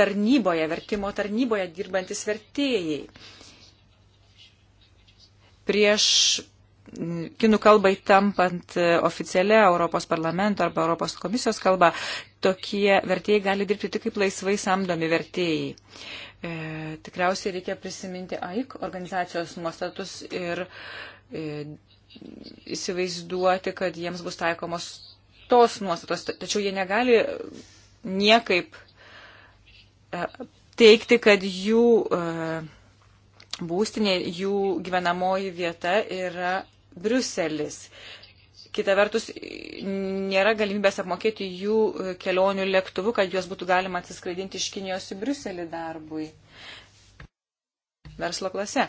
tarnyboje, vertimo tarnyboje dirbantis vertėjai. Prieš kinų kalbai tampant e, oficialia Europos parlamento arba Europos komisijos kalba, tokie vertėjai gali dirbti tik kaip laisvai samdomi vertėjai. E, tikriausiai reikia prisiminti AIK organizacijos nuostatus ir e, įsivaizduoti, kad jiems bus taikomos tos nuostatos, tačiau jie negali niekaip e, teikti, kad jų e, būstinė, jų gyvenamoji vieta yra Briuselis. Kita vertus, nėra galimybės apmokėti jų kelionių lėktuvu, kad juos būtų galima atsiskraidinti iš Kinijos į Briuselį darbui verslo klase.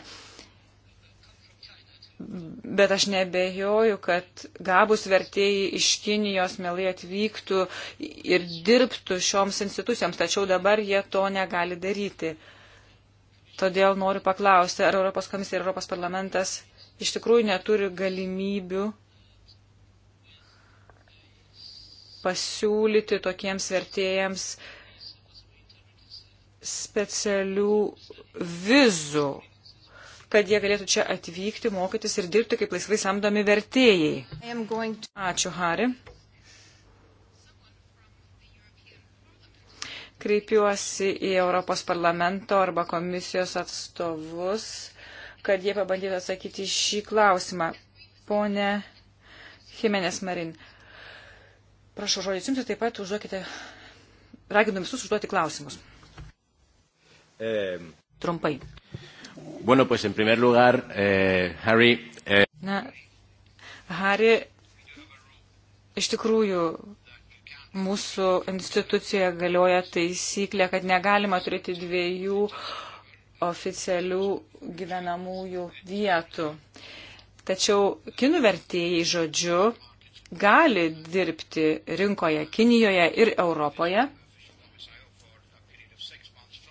Bet aš nebejoju, kad gabus vertėjai iš Kinijos mielai atvyktų ir dirbtų šioms institucijoms, tačiau dabar jie to negali daryti. Todėl noriu paklausti, ar Europos komisija ir Europos parlamentas iš tikrųjų neturi galimybių pasiūlyti tokiems vertėjams specialių vizų, kad jie galėtų čia atvykti, mokytis ir dirbti kaip laisvai samdomi vertėjai. To... Ačiū, Hari. Kreipiuosi į Europos parlamento arba komisijos atstovus kad jie pabandytų atsakyti šį klausimą. Pone Jimenez Marin, prašau žodis jums ir taip pat užduokite, raginu visus užduoti klausimus. E... Trumpai. Bueno, pues en primer lugar, eh, Harry. Eh... Na, Harry, iš tikrųjų, mūsų institucijoje galioja taisyklė, kad negalima turėti dviejų uh, oficialių gyvenamųjų vietų. Tačiau kinų vertėjai žodžiu gali dirbti rinkoje Kinijoje ir Europoje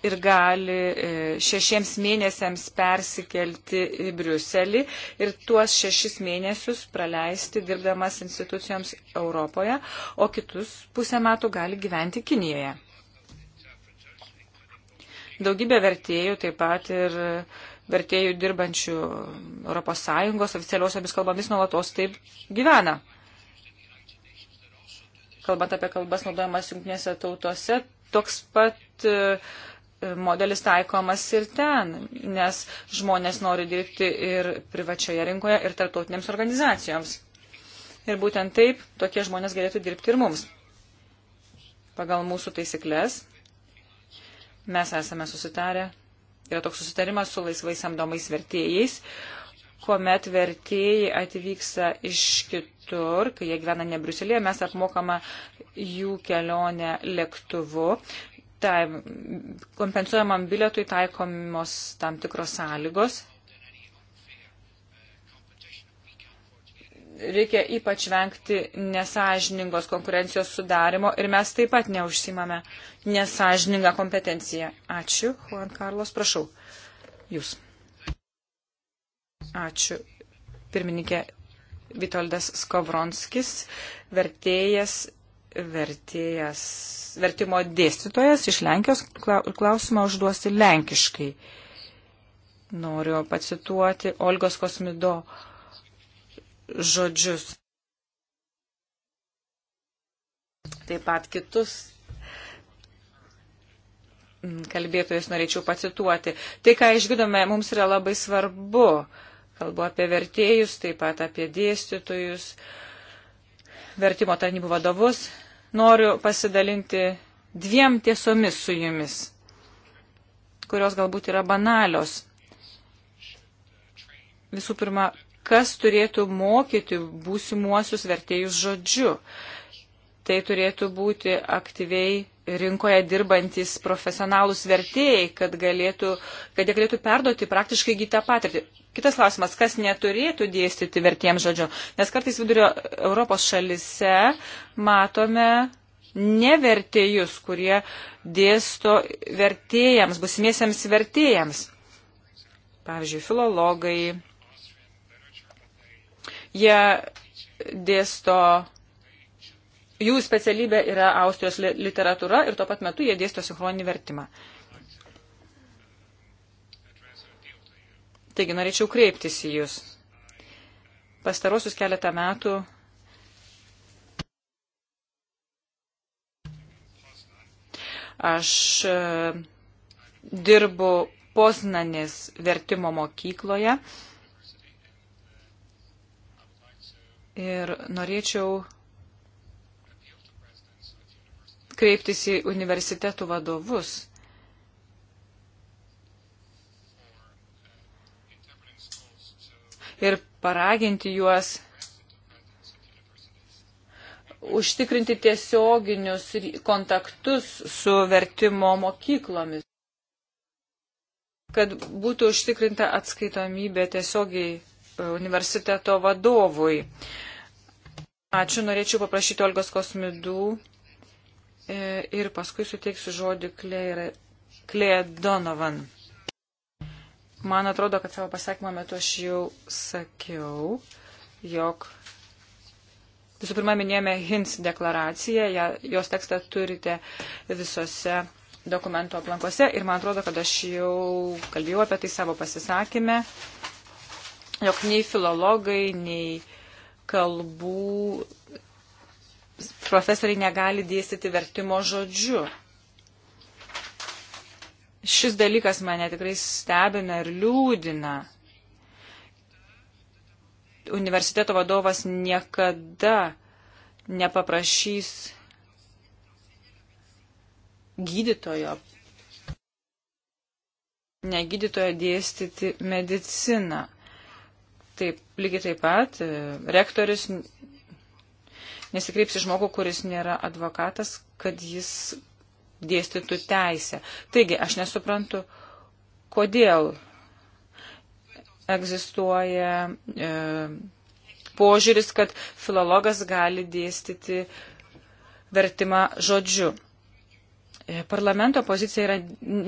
ir gali e, šešiems mėnesiams persikelti į Briuselį ir tuos šešis mėnesius praleisti dirbdamas institucijoms Europoje, o kitus pusę metų gali gyventi Kinijoje. Daugybė vertėjų, taip pat ir vertėjų dirbančių ES oficialiosiomis kalbomis nuolatos taip gyvena. Kalbant apie kalbas naudojamas jungtinėse tautose, toks pat e, modelis taikomas ir ten, nes žmonės nori dirbti ir privačioje rinkoje, ir tarptautinėms organizacijoms. Ir būtent taip tokie žmonės galėtų dirbti ir mums. Pagal mūsų taisyklės Mes esame susitarę, yra toks susitarimas su laisvai samdomais vertėjais, kuomet vertėjai atvyksta iš kitur, kai jie gyvena ne Bruselėje, mes apmokama jų kelionę lėktuvu. Tai kompensuojamam bilietui taikomos tam tikros sąlygos reikia ypač vengti nesažiningos konkurencijos sudarimo ir mes taip pat neužsimame nesažiningą kompetenciją. Ačiū, Juan Carlos, prašau. Jūs. Ačiū, pirmininkė Vitoldas Skovronskis, vertėjas, vertėjas, vertimo dėstytojas iš Lenkijos. Klausimą užduosi lenkiškai. Noriu pacituoti Olgos Kosmido žodžius. Taip pat kitus kalbėtojus norėčiau pacituoti. Tai, ką išgirdome, mums yra labai svarbu. Kalbu apie vertėjus, taip pat apie dėstytojus, vertimo tarnybų vadovus. Noriu pasidalinti dviem tiesomis su jumis, kurios galbūt yra banalios. Visų pirma, kas turėtų mokyti būsimuosius vertėjus žodžiu. Tai turėtų būti aktyviai rinkoje dirbantis profesionalus vertėjai, kad, galėtų, kad jie galėtų perduoti praktiškai gytą patirtį. Kitas klausimas, kas neturėtų dėstyti vertėjams žodžiu, nes kartais vidurio Europos šalise matome nevertėjus, kurie dėsto vertėjams, busimiesiams vertėjams. Pavyzdžiui, filologai, Jie dėsto, jų specialybė yra Austrijos literatūra ir tuo pat metu jie dėsto sinchroninį vertimą. Taigi norėčiau kreiptis į Jūs. Pastarosius keletą metų aš e, dirbu Poznanės vertimo mokykloje. Ir norėčiau kreiptis į universitetų vadovus. Ir paraginti juos užtikrinti tiesioginius kontaktus su vertimo mokyklomis, kad būtų užtikrinta atskaitomybė tiesiogiai universiteto vadovui. Ačiū, norėčiau paprašyti Olgos Kosmidų e, ir paskui suteiksiu žodį Klėja Donovan. Man atrodo, kad savo pasakymo metu aš jau sakiau, jog visų pirma minėjome Hins deklaraciją, ja, jos tekstą turite visose dokumento aplankose ir man atrodo, kad aš jau kalbėjau apie tai savo pasisakymę jog nei filologai, nei kalbų profesoriai negali dėstyti vertimo žodžiu. Šis dalykas mane tikrai stebina ir liūdina. Universiteto vadovas niekada nepaprašys gydytojo, negydytojo dėstyti mediciną. Taip, lygiai taip pat e, rektorius nesikreips į žmogų, kuris nėra advokatas, kad jis dėstytų teisę. Taigi, aš nesuprantu, kodėl egzistuoja e, požiūris, kad filologas gali dėstyti vertimą žodžiu. E, parlamento pozicija yra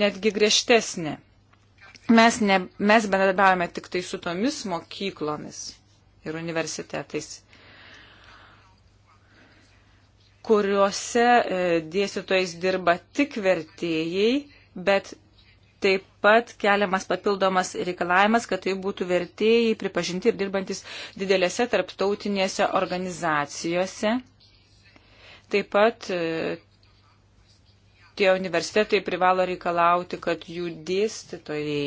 netgi griežtesnė. Mes, ne, mes bendradarbiavame tik tai su tomis mokyklomis ir universitetais, kuriuose e, dėstytojais dirba tik vertėjai, bet taip pat keliamas papildomas reikalavimas, kad tai būtų vertėjai pripažinti ir dirbantis didelėse tarptautinėse organizacijose. Taip pat e, tie universitetai privalo reikalauti, kad jų dėstytojai.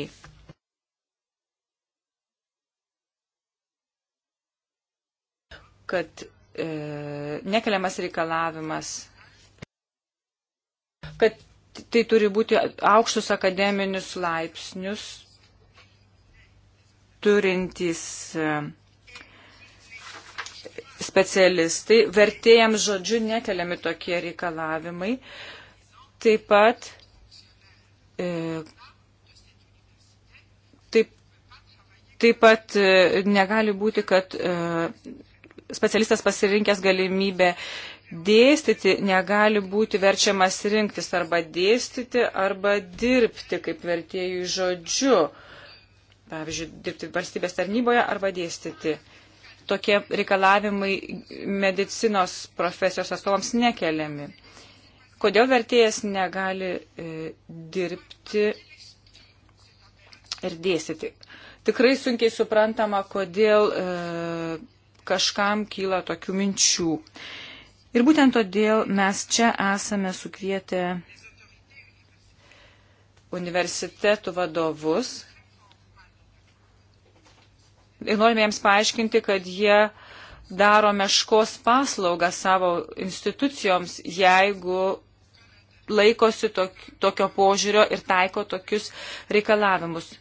kad e, nekeliamas reikalavimas, kad tai turi būti aukštus akademinius laipsnius turintys e, specialistai. Vertėjams žodžiu nekeliami tokie reikalavimai. E, Taip pat, e, taip, taip pat e, negali būti, kad e, specialistas pasirinkęs galimybę dėstyti, negali būti verčiamas rinktis arba dėstyti, arba dirbti kaip vertėjų žodžiu. Pavyzdžiui, dirbti valstybės tarnyboje arba dėstyti. Tokie reikalavimai medicinos profesijos atstovams nekeliami. Kodėl vertėjas negali e, dirbti ir dėstyti? Tikrai sunkiai suprantama, kodėl e, kažkam kyla tokių minčių. Ir būtent todėl mes čia esame sukvietę universitetų vadovus ir norime jiems paaiškinti, kad jie darome škos paslaugą savo institucijoms, jeigu laikosi tokio požiūrio ir taiko tokius reikalavimus.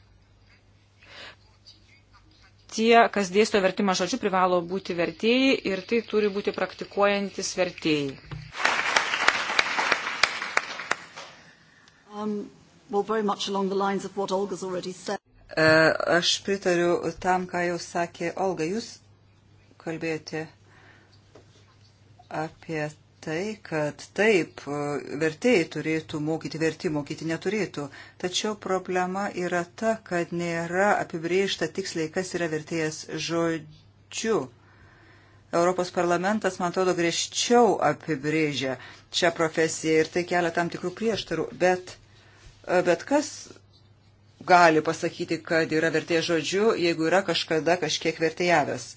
Tie, kas dėsto vertimą žodžiu, privalo būti vertėjai ir tai turi būti praktikuojantis vertėjai. Um, well, very much along the lines of what Olga's already said. Uh, aš pritariu tam, ką jau sakė Olga. Jūs kalbėti apie tai, kad taip, vertėjai turėtų mokyti, verti mokyti neturėtų. Tačiau problema yra ta, kad nėra apibriežta tiksliai, kas yra vertėjas žodžiu. Europos parlamentas, man atrodo, griežčiau apibrėžia šią profesiją ir tai kelia tam tikrų prieštarų. Bet, bet kas gali pasakyti, kad yra vertėjas žodžiu, jeigu yra kažkada kažkiek vertėjavęs?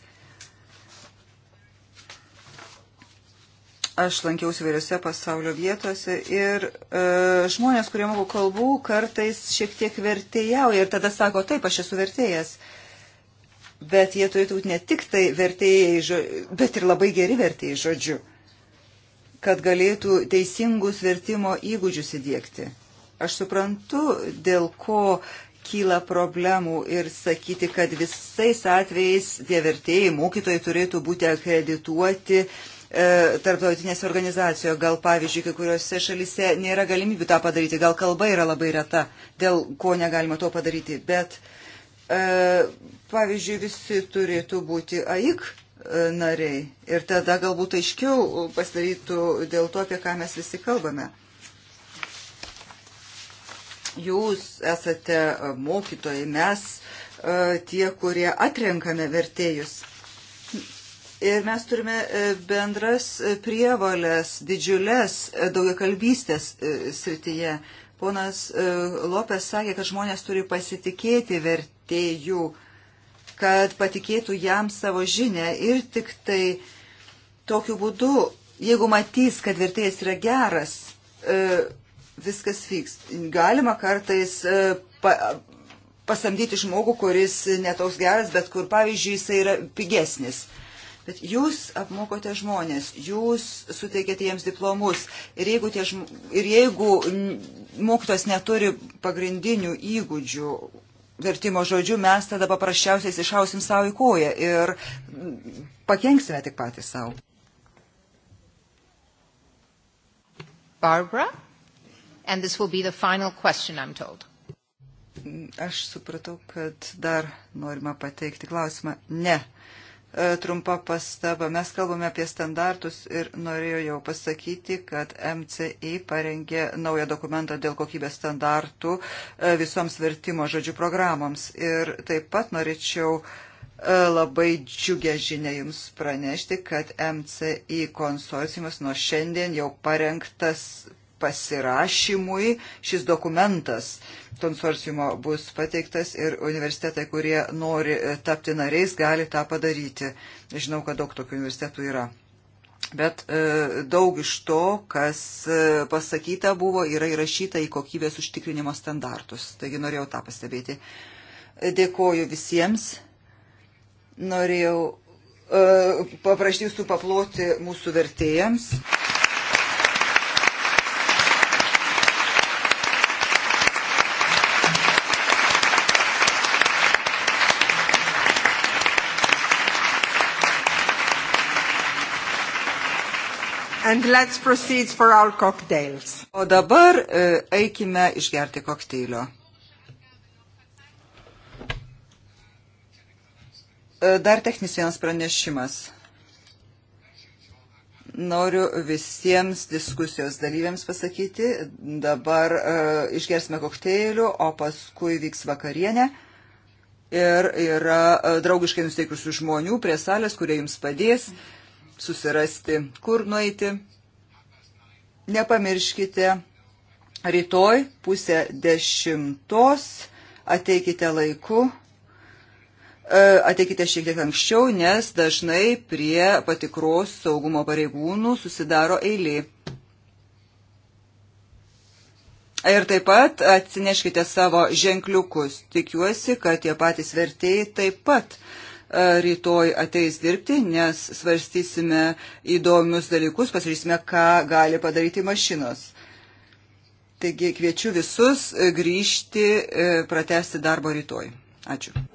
Aš lankiausi vairiose pasaulio vietose ir e, žmonės, kurie moku kalbų, kartais šiek tiek vertėjauja ir tada sako, taip, aš esu vertėjas. Bet jie turėtų būti ne tik tai vertėjai, bet ir labai geri vertėjai žodžiu, kad galėtų teisingus vertimo įgūdžius įdėkti. Aš suprantu, dėl ko kyla problemų ir sakyti, kad visais atvejais tie vertėjai, mokytojai turėtų būti akredituoti, uh, E, tarptautinėse organizacijoje. Gal, pavyzdžiui, kai kuriuose šalise nėra galimybių tą padaryti, gal kalba yra labai reta, dėl ko negalima to padaryti. Bet, e, pavyzdžiui, visi turėtų būti AIK e, nariai ir tada galbūt aiškiau pasidarytų dėl to, apie ką mes visi kalbame. Jūs esate mokytojai, mes tie, kurie atrenkame vertėjus Ir mes turime e, bendras e, prievalės, didžiulės e, daugiakalbystės srityje. Ponas Lopes sakė, kad žmonės turi pasitikėti vertėjų, kad patikėtų jam savo žinę ir tik tai tokiu būdu, jeigu matys, kad vertėjas yra geras, viskas vyks. Galima kartais pasamdyti žmogų, kuris netoks geras, bet kur, pavyzdžiui, jisai yra pigesnis. Bet jūs apmokote žmonės, jūs suteikėte jiems diplomus ir jeigu, tie, žm... ir jeigu mokytos neturi pagrindinių įgūdžių vertimo žodžių, mes tada paprasčiausiai išausim savo į koją ir pakenksime tik patys savo. Barbara, and this will be the final question, I'm told. Aš supratau, kad dar norima pateikti klausimą. Ne. E, trumpa pastaba. Mes kalbame apie standartus ir norėjau jau pasakyti, kad MCI parengė naują dokumentą dėl kokybės standartų e, visoms vertimo žodžių programoms. Ir taip pat norėčiau e, labai džiugę žinę Jums pranešti, kad MCI konsorcijumas nuo šiandien jau parengtas pasirašymui šis dokumentas. Uh, konsorciumo bus pateiktas ir universitetai, kurie nori e, tapti nariais, gali tą padaryti. Žinau, kad daug tokių universitetų yra. Bet e, daug iš to, kas e, pasakyta buvo, yra įrašyta į kokybės užtikrinimo standartus. Taigi norėjau tą pastebėti. Dėkoju visiems. Norėjau e, paprašyti jūsų paploti mūsų vertėjams. O dabar e, eikime išgerti kokteilio. E, dar techninis vienas pranešimas. Noriu visiems diskusijos dalyviams pasakyti, dabar e, išgersime kokteilių, o paskui vyks vakarienė. Ir yra e, draugiškai nusteikusių žmonių prie salės, kurie jums padės. Mm susirasti, kur nueiti. Nepamirškite, rytoj pusę dešimtos ateikite laiku, e, ateikite šiek tiek anksčiau, nes dažnai prie patikros saugumo pareigūnų susidaro eilė. Ir taip pat atsineškite savo ženkliukus. Tikiuosi, kad tie patys vertėjai taip pat uh, E, rytoj ateis dirbti, nes svarstysime įdomius dalykus, pasižiūrėsime, ką gali padaryti mašinos. Taigi kviečiu visus grįžti, e, pratesti darbo rytoj. Ačiū.